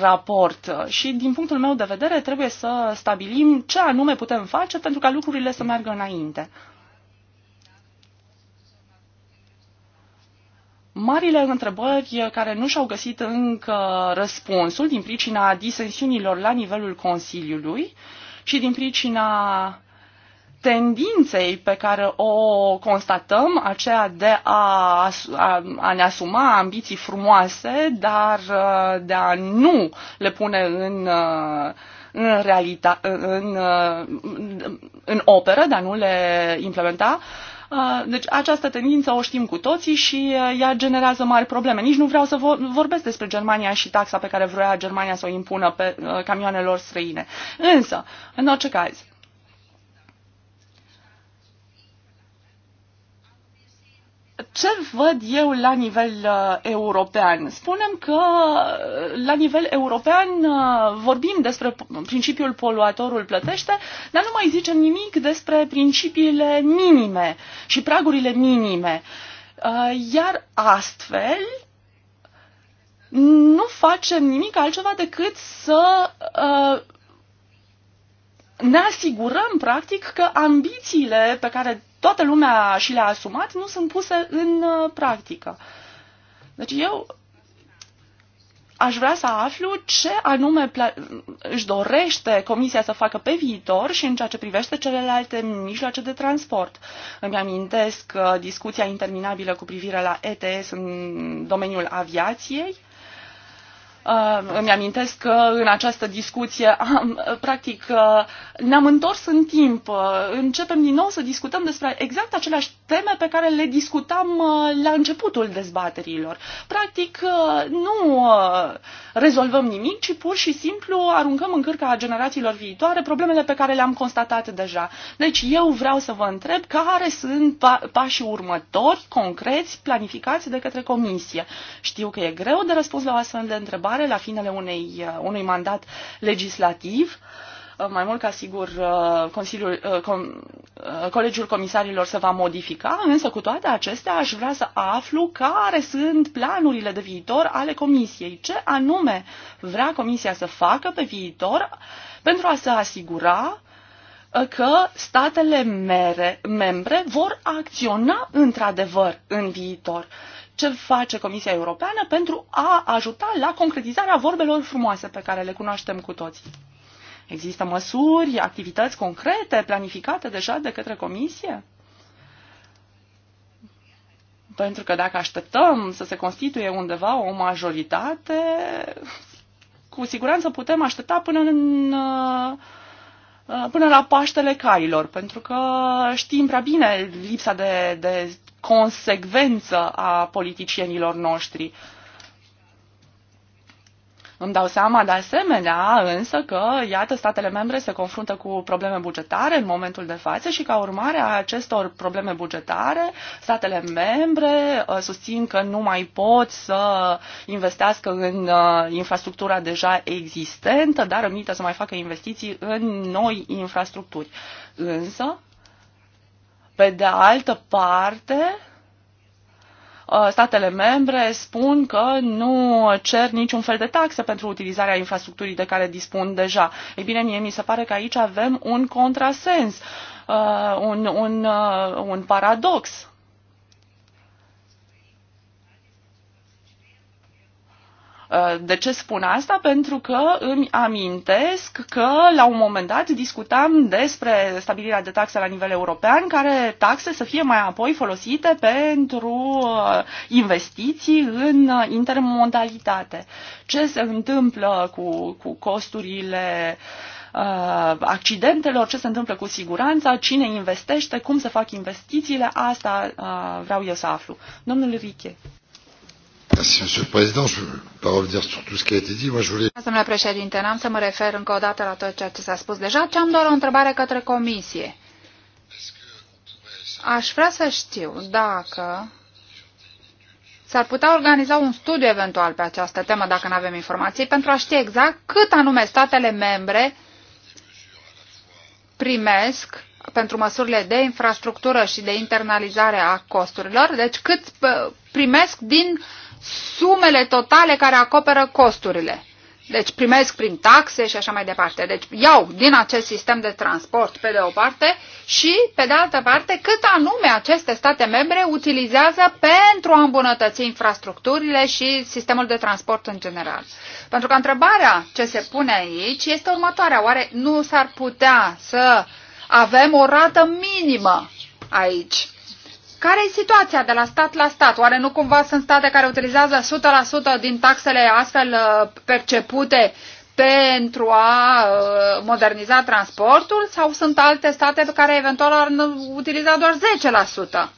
raport și, din punctul meu de vedere, trebuie să stabilim ce anume putem face pentru ca lucrurile să meargă înainte. marile întrebări care nu și-au găsit încă răspunsul din pricina disensiunilor la nivelul Consiliului uh, și din pricina tendinței pe care o constatăm, aceea de a, a, a ne asuma ambiții frumoase, dar uh, de a nu le pune în, uh, în, realita, în, uh, în operă, de a nu le implementa, uh, Uh, deci această tendință o știm cu toții și uh, ea generează mari probleme. Nici nu vreau să vorbesc despre Germania și taxa pe care vrea Germania să o impună pe uh, camioanelor străine. Însă, în orice caz, Ce văd eu la nivel uh, european? Spunem că uh, la nivel european uh, vorbim despre principiul poluatorul plătește, dar nu mai zicem nimic despre principiile minime și pragurile minime. Iar astfel nu facem nimic altceva decât să ne asigurăm, practic, că ambițiile pe care toată lumea și le-a asumat, nu sunt puse în uh, practică. Deci eu aș vrea să aflu ce anume își dorește Comisia să facă pe viitor și în ceea ce privește celelalte mijloace de transport. Îmi amintesc uh, discuția interminabilă cu privire la ETS în domeniul aviației. Uh, îmi amintesc că în această discuție am, uh, practic uh, ne-am întors în timp. Începem din nou să discutăm despre exact aceleași teme pe care le discutam la începutul dezbaterilor. Practic nu rezolvăm nimic, ci pur și simplu aruncăm în cârca generațiilor viitoare problemele pe care le-am constatat deja. Deci eu vreau să vă întreb care sunt pa- pașii următori, concreți, planificați de către Comisie. Știu că e greu de răspuns la o astfel de întrebare, viitoare, la finele unei, uh, unui mandat legislativ. Uh, mai mult ca sigur, uh, Consiliul, com, Colegiul Comisarilor se va modifica, însă cu toate acestea aș vrea să aflu care sunt planurile de viitor ale Comisiei. Ce anume vrea Comisia să facă pe viitor pentru a se asigura că statele mere, membre vor acționa într-adevăr în viitor. Uh, ce face Comisia Europeană pentru a ajuta la concretizarea vorbelor frumoase pe care le cunoaștem cu toții. Există măsuri, activități concrete planificate deja de către Comisie? Pentru că dacă așteptăm să se constituie undeva o majoritate, cu siguranță putem aștepta până în uh, până la Paștele Cailor, pentru că știm prea bine lipsa de, de consecvență a politicienilor noștri. Îmi dau seama de asemenea însă că, iată, statele membre se confruntă cu probleme bugetare în momentul de față și ca urmare a acestor probleme bugetare, statele membre uh, susțin că nu mai pot să investească în uh, infrastructura deja existentă, dar îmi să mai facă investiții în noi infrastructuri. Însă, pe de altă parte, uh, statele membre spun că nu cer niciun fel de taxe pentru utilizarea infrastructurii de care dispun deja. Ei bine, mie mi se pare că aici avem un contrasens, uh, un, un, uh, un paradox. Uh, de ce spun asta? Pentru că îmi amintesc că la un moment dat discutam despre stabilirea de taxe la nivel european, care taxe să fie mai apoi folosite pentru uh, investiții în uh, intermodalitate. Ce se întâmplă cu, cu costurile accidentelor, ce se întâmplă cu siguranța, cine investește, cum se fac investițiile, asta vreau eu să aflu. Domnul Riche. Domnule președinte, n-am să mă refer încă o dată la tot ceea ce s-a spus deja, ci am doar o întrebare către comisie. Aș vrea să știu dacă s-ar putea organiza un studiu eventual pe această temă, dacă nu avem informații, pentru a ști exact cât anume statele membre primesc pentru măsurile de infrastructură și de internalizare a costurilor, deci cât primesc din uh, sumele totale care acoperă costurile. Deci primesc prin taxe și așa mai departe. Deci iau din acest sistem de transport pe de o parte și pe de altă parte cât anume aceste state membre utilizează pentru a îmbunătăți infrastructurile și sistemul de transport în general. Pentru că întrebarea ce se pune aici este următoarea. Oare nu s-ar putea să avem o rată minimă aici? Care e situația de la stat la stat? Oare nu cumva sunt state care utilizează 100% din taxele astfel uh, percepute pentru a uh, moderniza transportul sau sunt alte state care eventual ar utiliza doar 10%?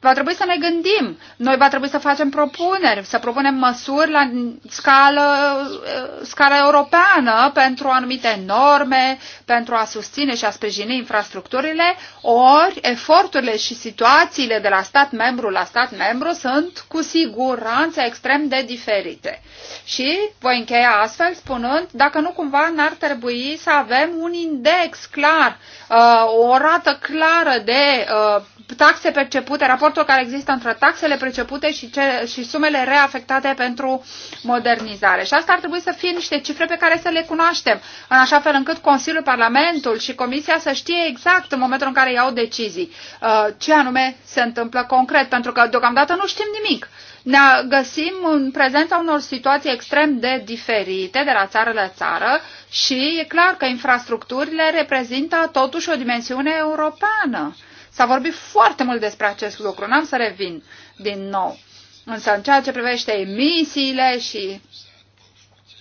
va trebui să ne gândim. Noi va trebui să facem propuneri, să propunem măsuri la scală, uh, scară europeană pentru anumite norme, pentru a susține și a sprijini infrastructurile, ori eforturile și situațiile de la stat membru la stat membru sunt cu siguranță extrem de diferite. Și voi încheia astfel spunând, dacă nu cumva n-ar trebui să avem un index clar Uh, o rată clară de uh, taxe percepute, raportul care există între taxele percepute și, ce, și sumele reafectate pentru modernizare. Și asta ar trebui să fie niște cifre pe care să le cunoaștem, în așa fel încât Consiliul, Parlamentul și Comisia să știe exact în momentul în care iau decizii uh, ce anume se întâmplă concret, pentru că deocamdată nu știm nimic ne găsim în prezența unor situații extrem de diferite de la țară la țară și e clar că infrastructurile reprezintă totuși o dimensiune europeană. S-a vorbit foarte mult despre acest lucru, n-am să revin din nou. Însă în ceea ce privește emisiile și...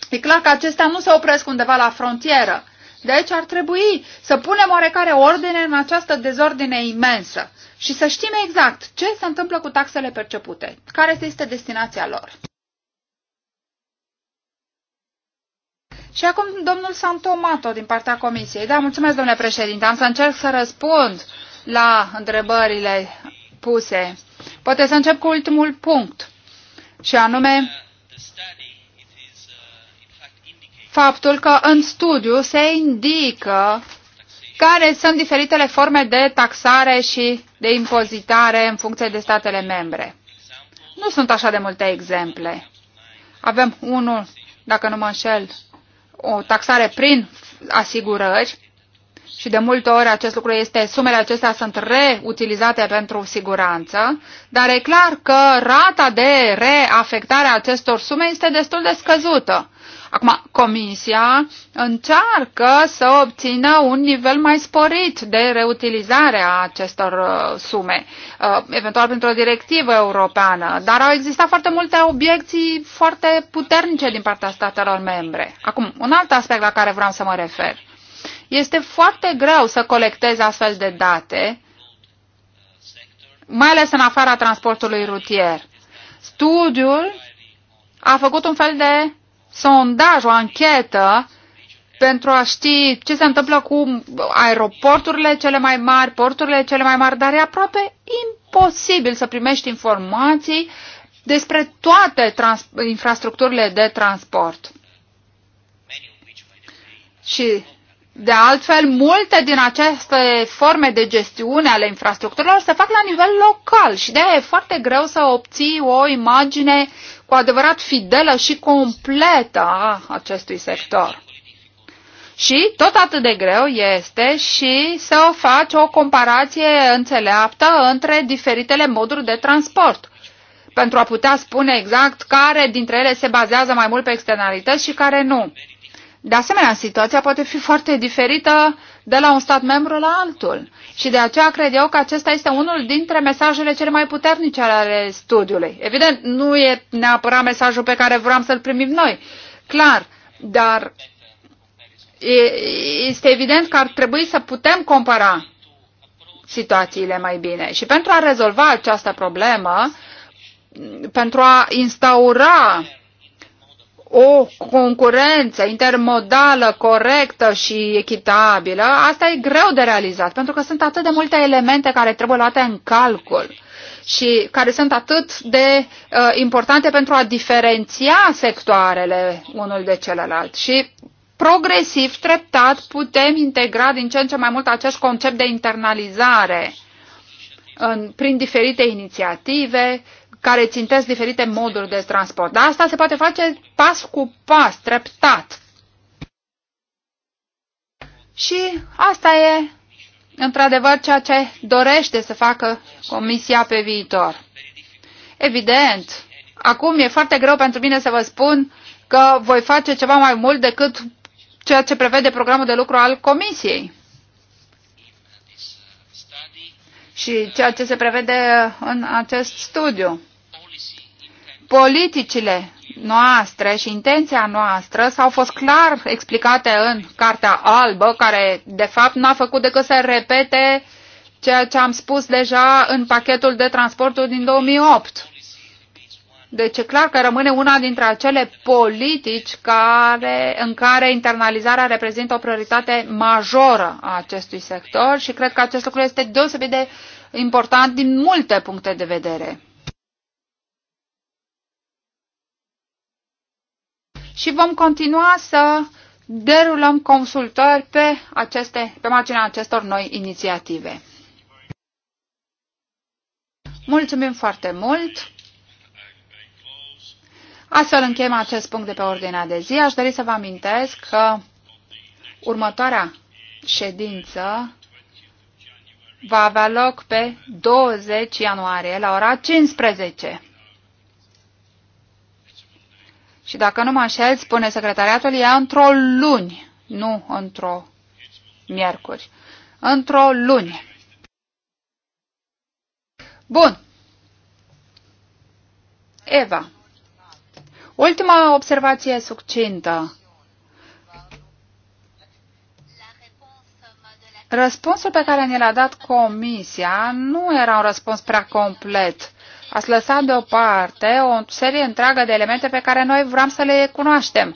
E clar că acestea nu se opresc undeva la frontieră. Deci ar trebui să punem oarecare ordine în această dezordine imensă și să știm exact ce se întâmplă cu taxele percepute, care este destinația lor. Și acum domnul Santomato din partea Comisiei. Da, mulțumesc, domnule președinte. Am să încerc să răspund la întrebările puse. Poate să încep cu ultimul punct, și anume faptul că în studiu se indică care sunt diferitele forme de taxare și de impozitare în funcție de statele membre. Nu sunt așa de multe exemple. Avem unul, dacă nu mă înșel, o taxare prin asigurări și de multe ori acest lucru este, sumele acestea sunt reutilizate pentru siguranță, dar e clar că rata de reafectare a acestor sume este destul de scăzută. Acum, Comisia încearcă să obțină un nivel mai sporit de reutilizare a acestor uh, sume, uh, eventual printr-o directivă europeană, dar au existat foarte multe obiecții foarte puternice din partea statelor membre. Acum, un alt aspect la care vreau să mă refer. Este foarte greu să colectezi astfel de date, mai ales în afara transportului rutier. Studiul a făcut un fel de sondaj, o anchetă pentru a ști ce se întâmplă cu aeroporturile cele mai mari, porturile cele mai mari, dar e aproape imposibil să primești informații despre toate trans- infrastructurile de transport. Și de altfel, multe din aceste forme de gestiune ale infrastructurilor se fac la nivel local și de aia e foarte greu să obții o imagine cu adevărat fidelă și completă a acestui sector. Și tot atât de greu este și să o faci o comparație înțeleaptă între diferitele moduri de transport pentru a putea spune exact care dintre ele se bazează mai mult pe externalități și care nu. De asemenea, situația poate fi foarte diferită de la un stat membru la altul. Și de aceea cred eu că acesta este unul dintre mesajele cele mai puternice ale studiului. Evident, nu e neapărat mesajul pe care vreau să-l primim noi, clar, dar este evident că ar trebui să putem compara situațiile mai bine. Și pentru a rezolva această problemă, pentru a instaura o concurență intermodală corectă și echitabilă, asta e greu de realizat, pentru că sunt atât de multe elemente care trebuie luate în calcul și care sunt atât de uh, importante pentru a diferenția sectoarele unul de celălalt. Și progresiv, treptat, putem integra din ce în ce mai mult acest concept de internalizare în, prin diferite inițiative care țintesc diferite moduri de transport. Dar asta se poate face pas cu pas, treptat. Și asta e într-adevăr ceea ce dorește să facă Comisia pe viitor. Evident, acum e foarte greu pentru mine să vă spun că voi face ceva mai mult decât ceea ce prevede programul de lucru al Comisiei. Și ceea ce se prevede în acest studiu politicile noastre și intenția noastră s-au fost clar explicate în Cartea Albă, care de fapt n-a făcut decât să repete ceea ce am spus deja în pachetul de transporturi din 2008. Deci e clar că rămâne una dintre acele politici care, în care internalizarea reprezintă o prioritate majoră a acestui sector și cred că acest lucru este deosebit de important din multe puncte de vedere. și vom continua să derulăm consultări pe, aceste, pe marginea acestor noi inițiative. Mulțumim foarte mult! Astfel încheiem acest punct de pe ordinea de zi. Aș dori să vă amintesc că următoarea ședință va avea loc pe 20 ianuarie la ora 15. Și dacă nu mă înșel, spune secretariatul, e într-o luni, nu într-o miercuri. Într-o luni. Bun. Eva. Ultima observație succintă. Răspunsul pe care ne l-a dat comisia nu era un răspuns prea complet ați lăsat deoparte o serie întreagă de elemente pe care noi vrem să le cunoaștem.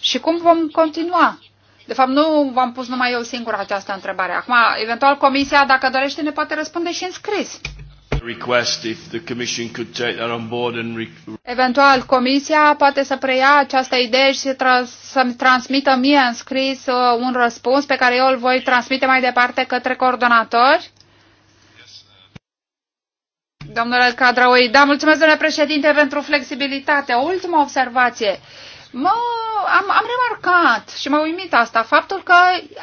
Și cum vom continua? De fapt, nu v-am pus numai eu singur această întrebare. Acum, eventual, Comisia, dacă dorește, ne poate răspunde și în scris. Eventual, Comisia poate să preia această idee și să-mi transmită mie în scris uh, un răspuns pe care eu îl voi transmite mai departe către coordonatori Domnule El Cadraui, da, mulțumesc, domnule președinte, pentru flexibilitate. O ultimă observație. Mă, am, am remarcat și m-a uimit asta, faptul că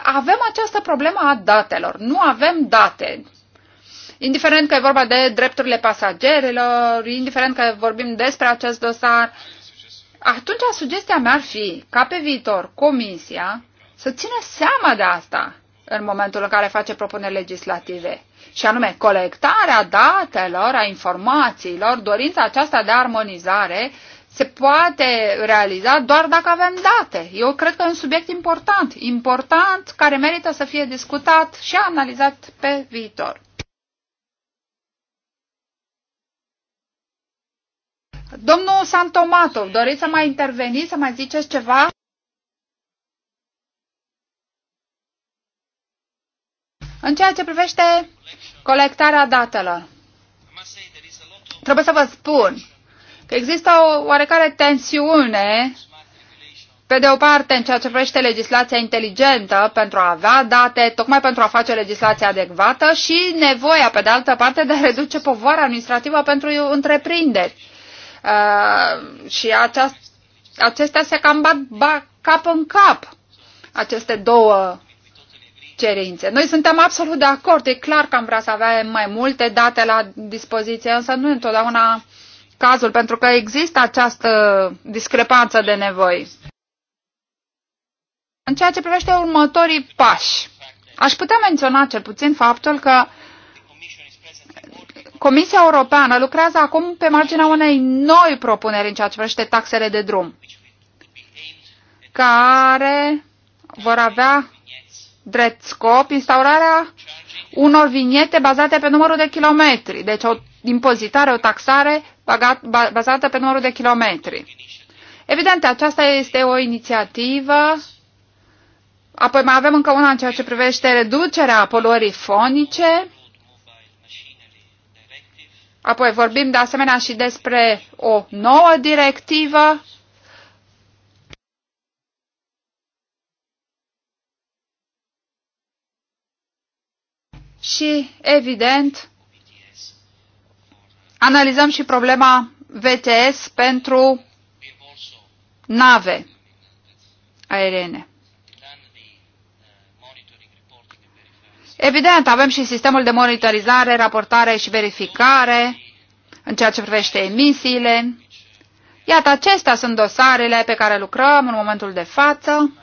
avem această problemă a datelor. Nu avem date. Indiferent că e vorba de drepturile pasagerilor, indiferent că vorbim despre acest dosar, atunci sugestia mea ar fi ca pe viitor Comisia să țină seama de asta în momentul în care face propuneri legislative. Și anume, colectarea datelor, a informațiilor, dorința aceasta de armonizare se poate realiza doar dacă avem date. Eu cred că e un subiect important, important, care merită să fie discutat și analizat pe viitor. Domnul Santomatov, doriți să mai interveniți, să mai ziceți ceva? În ceea ce privește colectarea datelor, trebuie să vă spun că există o oarecare tensiune, pe de o parte, în ceea ce privește legislația inteligentă pentru a avea date, tocmai pentru a face legislația adecvată și nevoia, pe de altă parte, de a reduce povara administrativă pentru întreprinderi. Uh, și aceast, acestea se cam bat ba, cap în cap, aceste două cerințe. Noi suntem absolut de acord, e clar că am vrea să avem mai multe date la dispoziție, însă nu întotdeauna cazul, pentru că există această discrepanță de nevoi. În ceea ce privește următorii pași, aș putea menționa cel puțin faptul că Comisia Europeană lucrează acum pe marginea unei noi propuneri în ceea ce privește taxele de drum, care vor avea drept scop instaurarea unor viniete bazate pe numărul de kilometri, deci o impozitare, o taxare bazată pe numărul de kilometri. Evident, aceasta este o inițiativă. Apoi mai avem încă una în ceea ce privește reducerea poluării fonice. Apoi vorbim de asemenea și despre o nouă directivă și, evident, analizăm și problema VTS pentru nave aeriene. Evident, avem și sistemul de monitorizare, raportare și verificare în ceea ce privește emisiile. Iată, acestea sunt dosarele pe care lucrăm în momentul de față.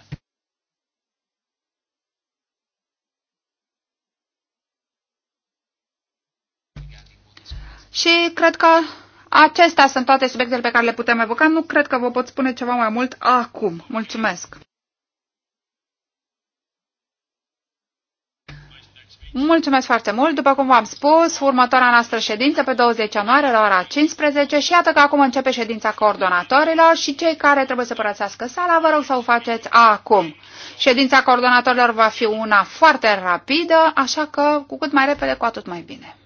Și cred că acestea sunt toate subiectele pe care le putem evoca. Nu cred că vă pot spune ceva mai mult acum. Mulțumesc! Mulțumesc foarte mult! După cum v-am spus, următoarea noastră ședință pe 20 ianuarie la ora 15 și iată că acum începe ședința coordonatorilor și cei care trebuie să părăsească sala, vă rog să o faceți acum. Ședința coordonatorilor va fi una foarte rapidă, așa că cu cât mai repede, cu atât mai bine.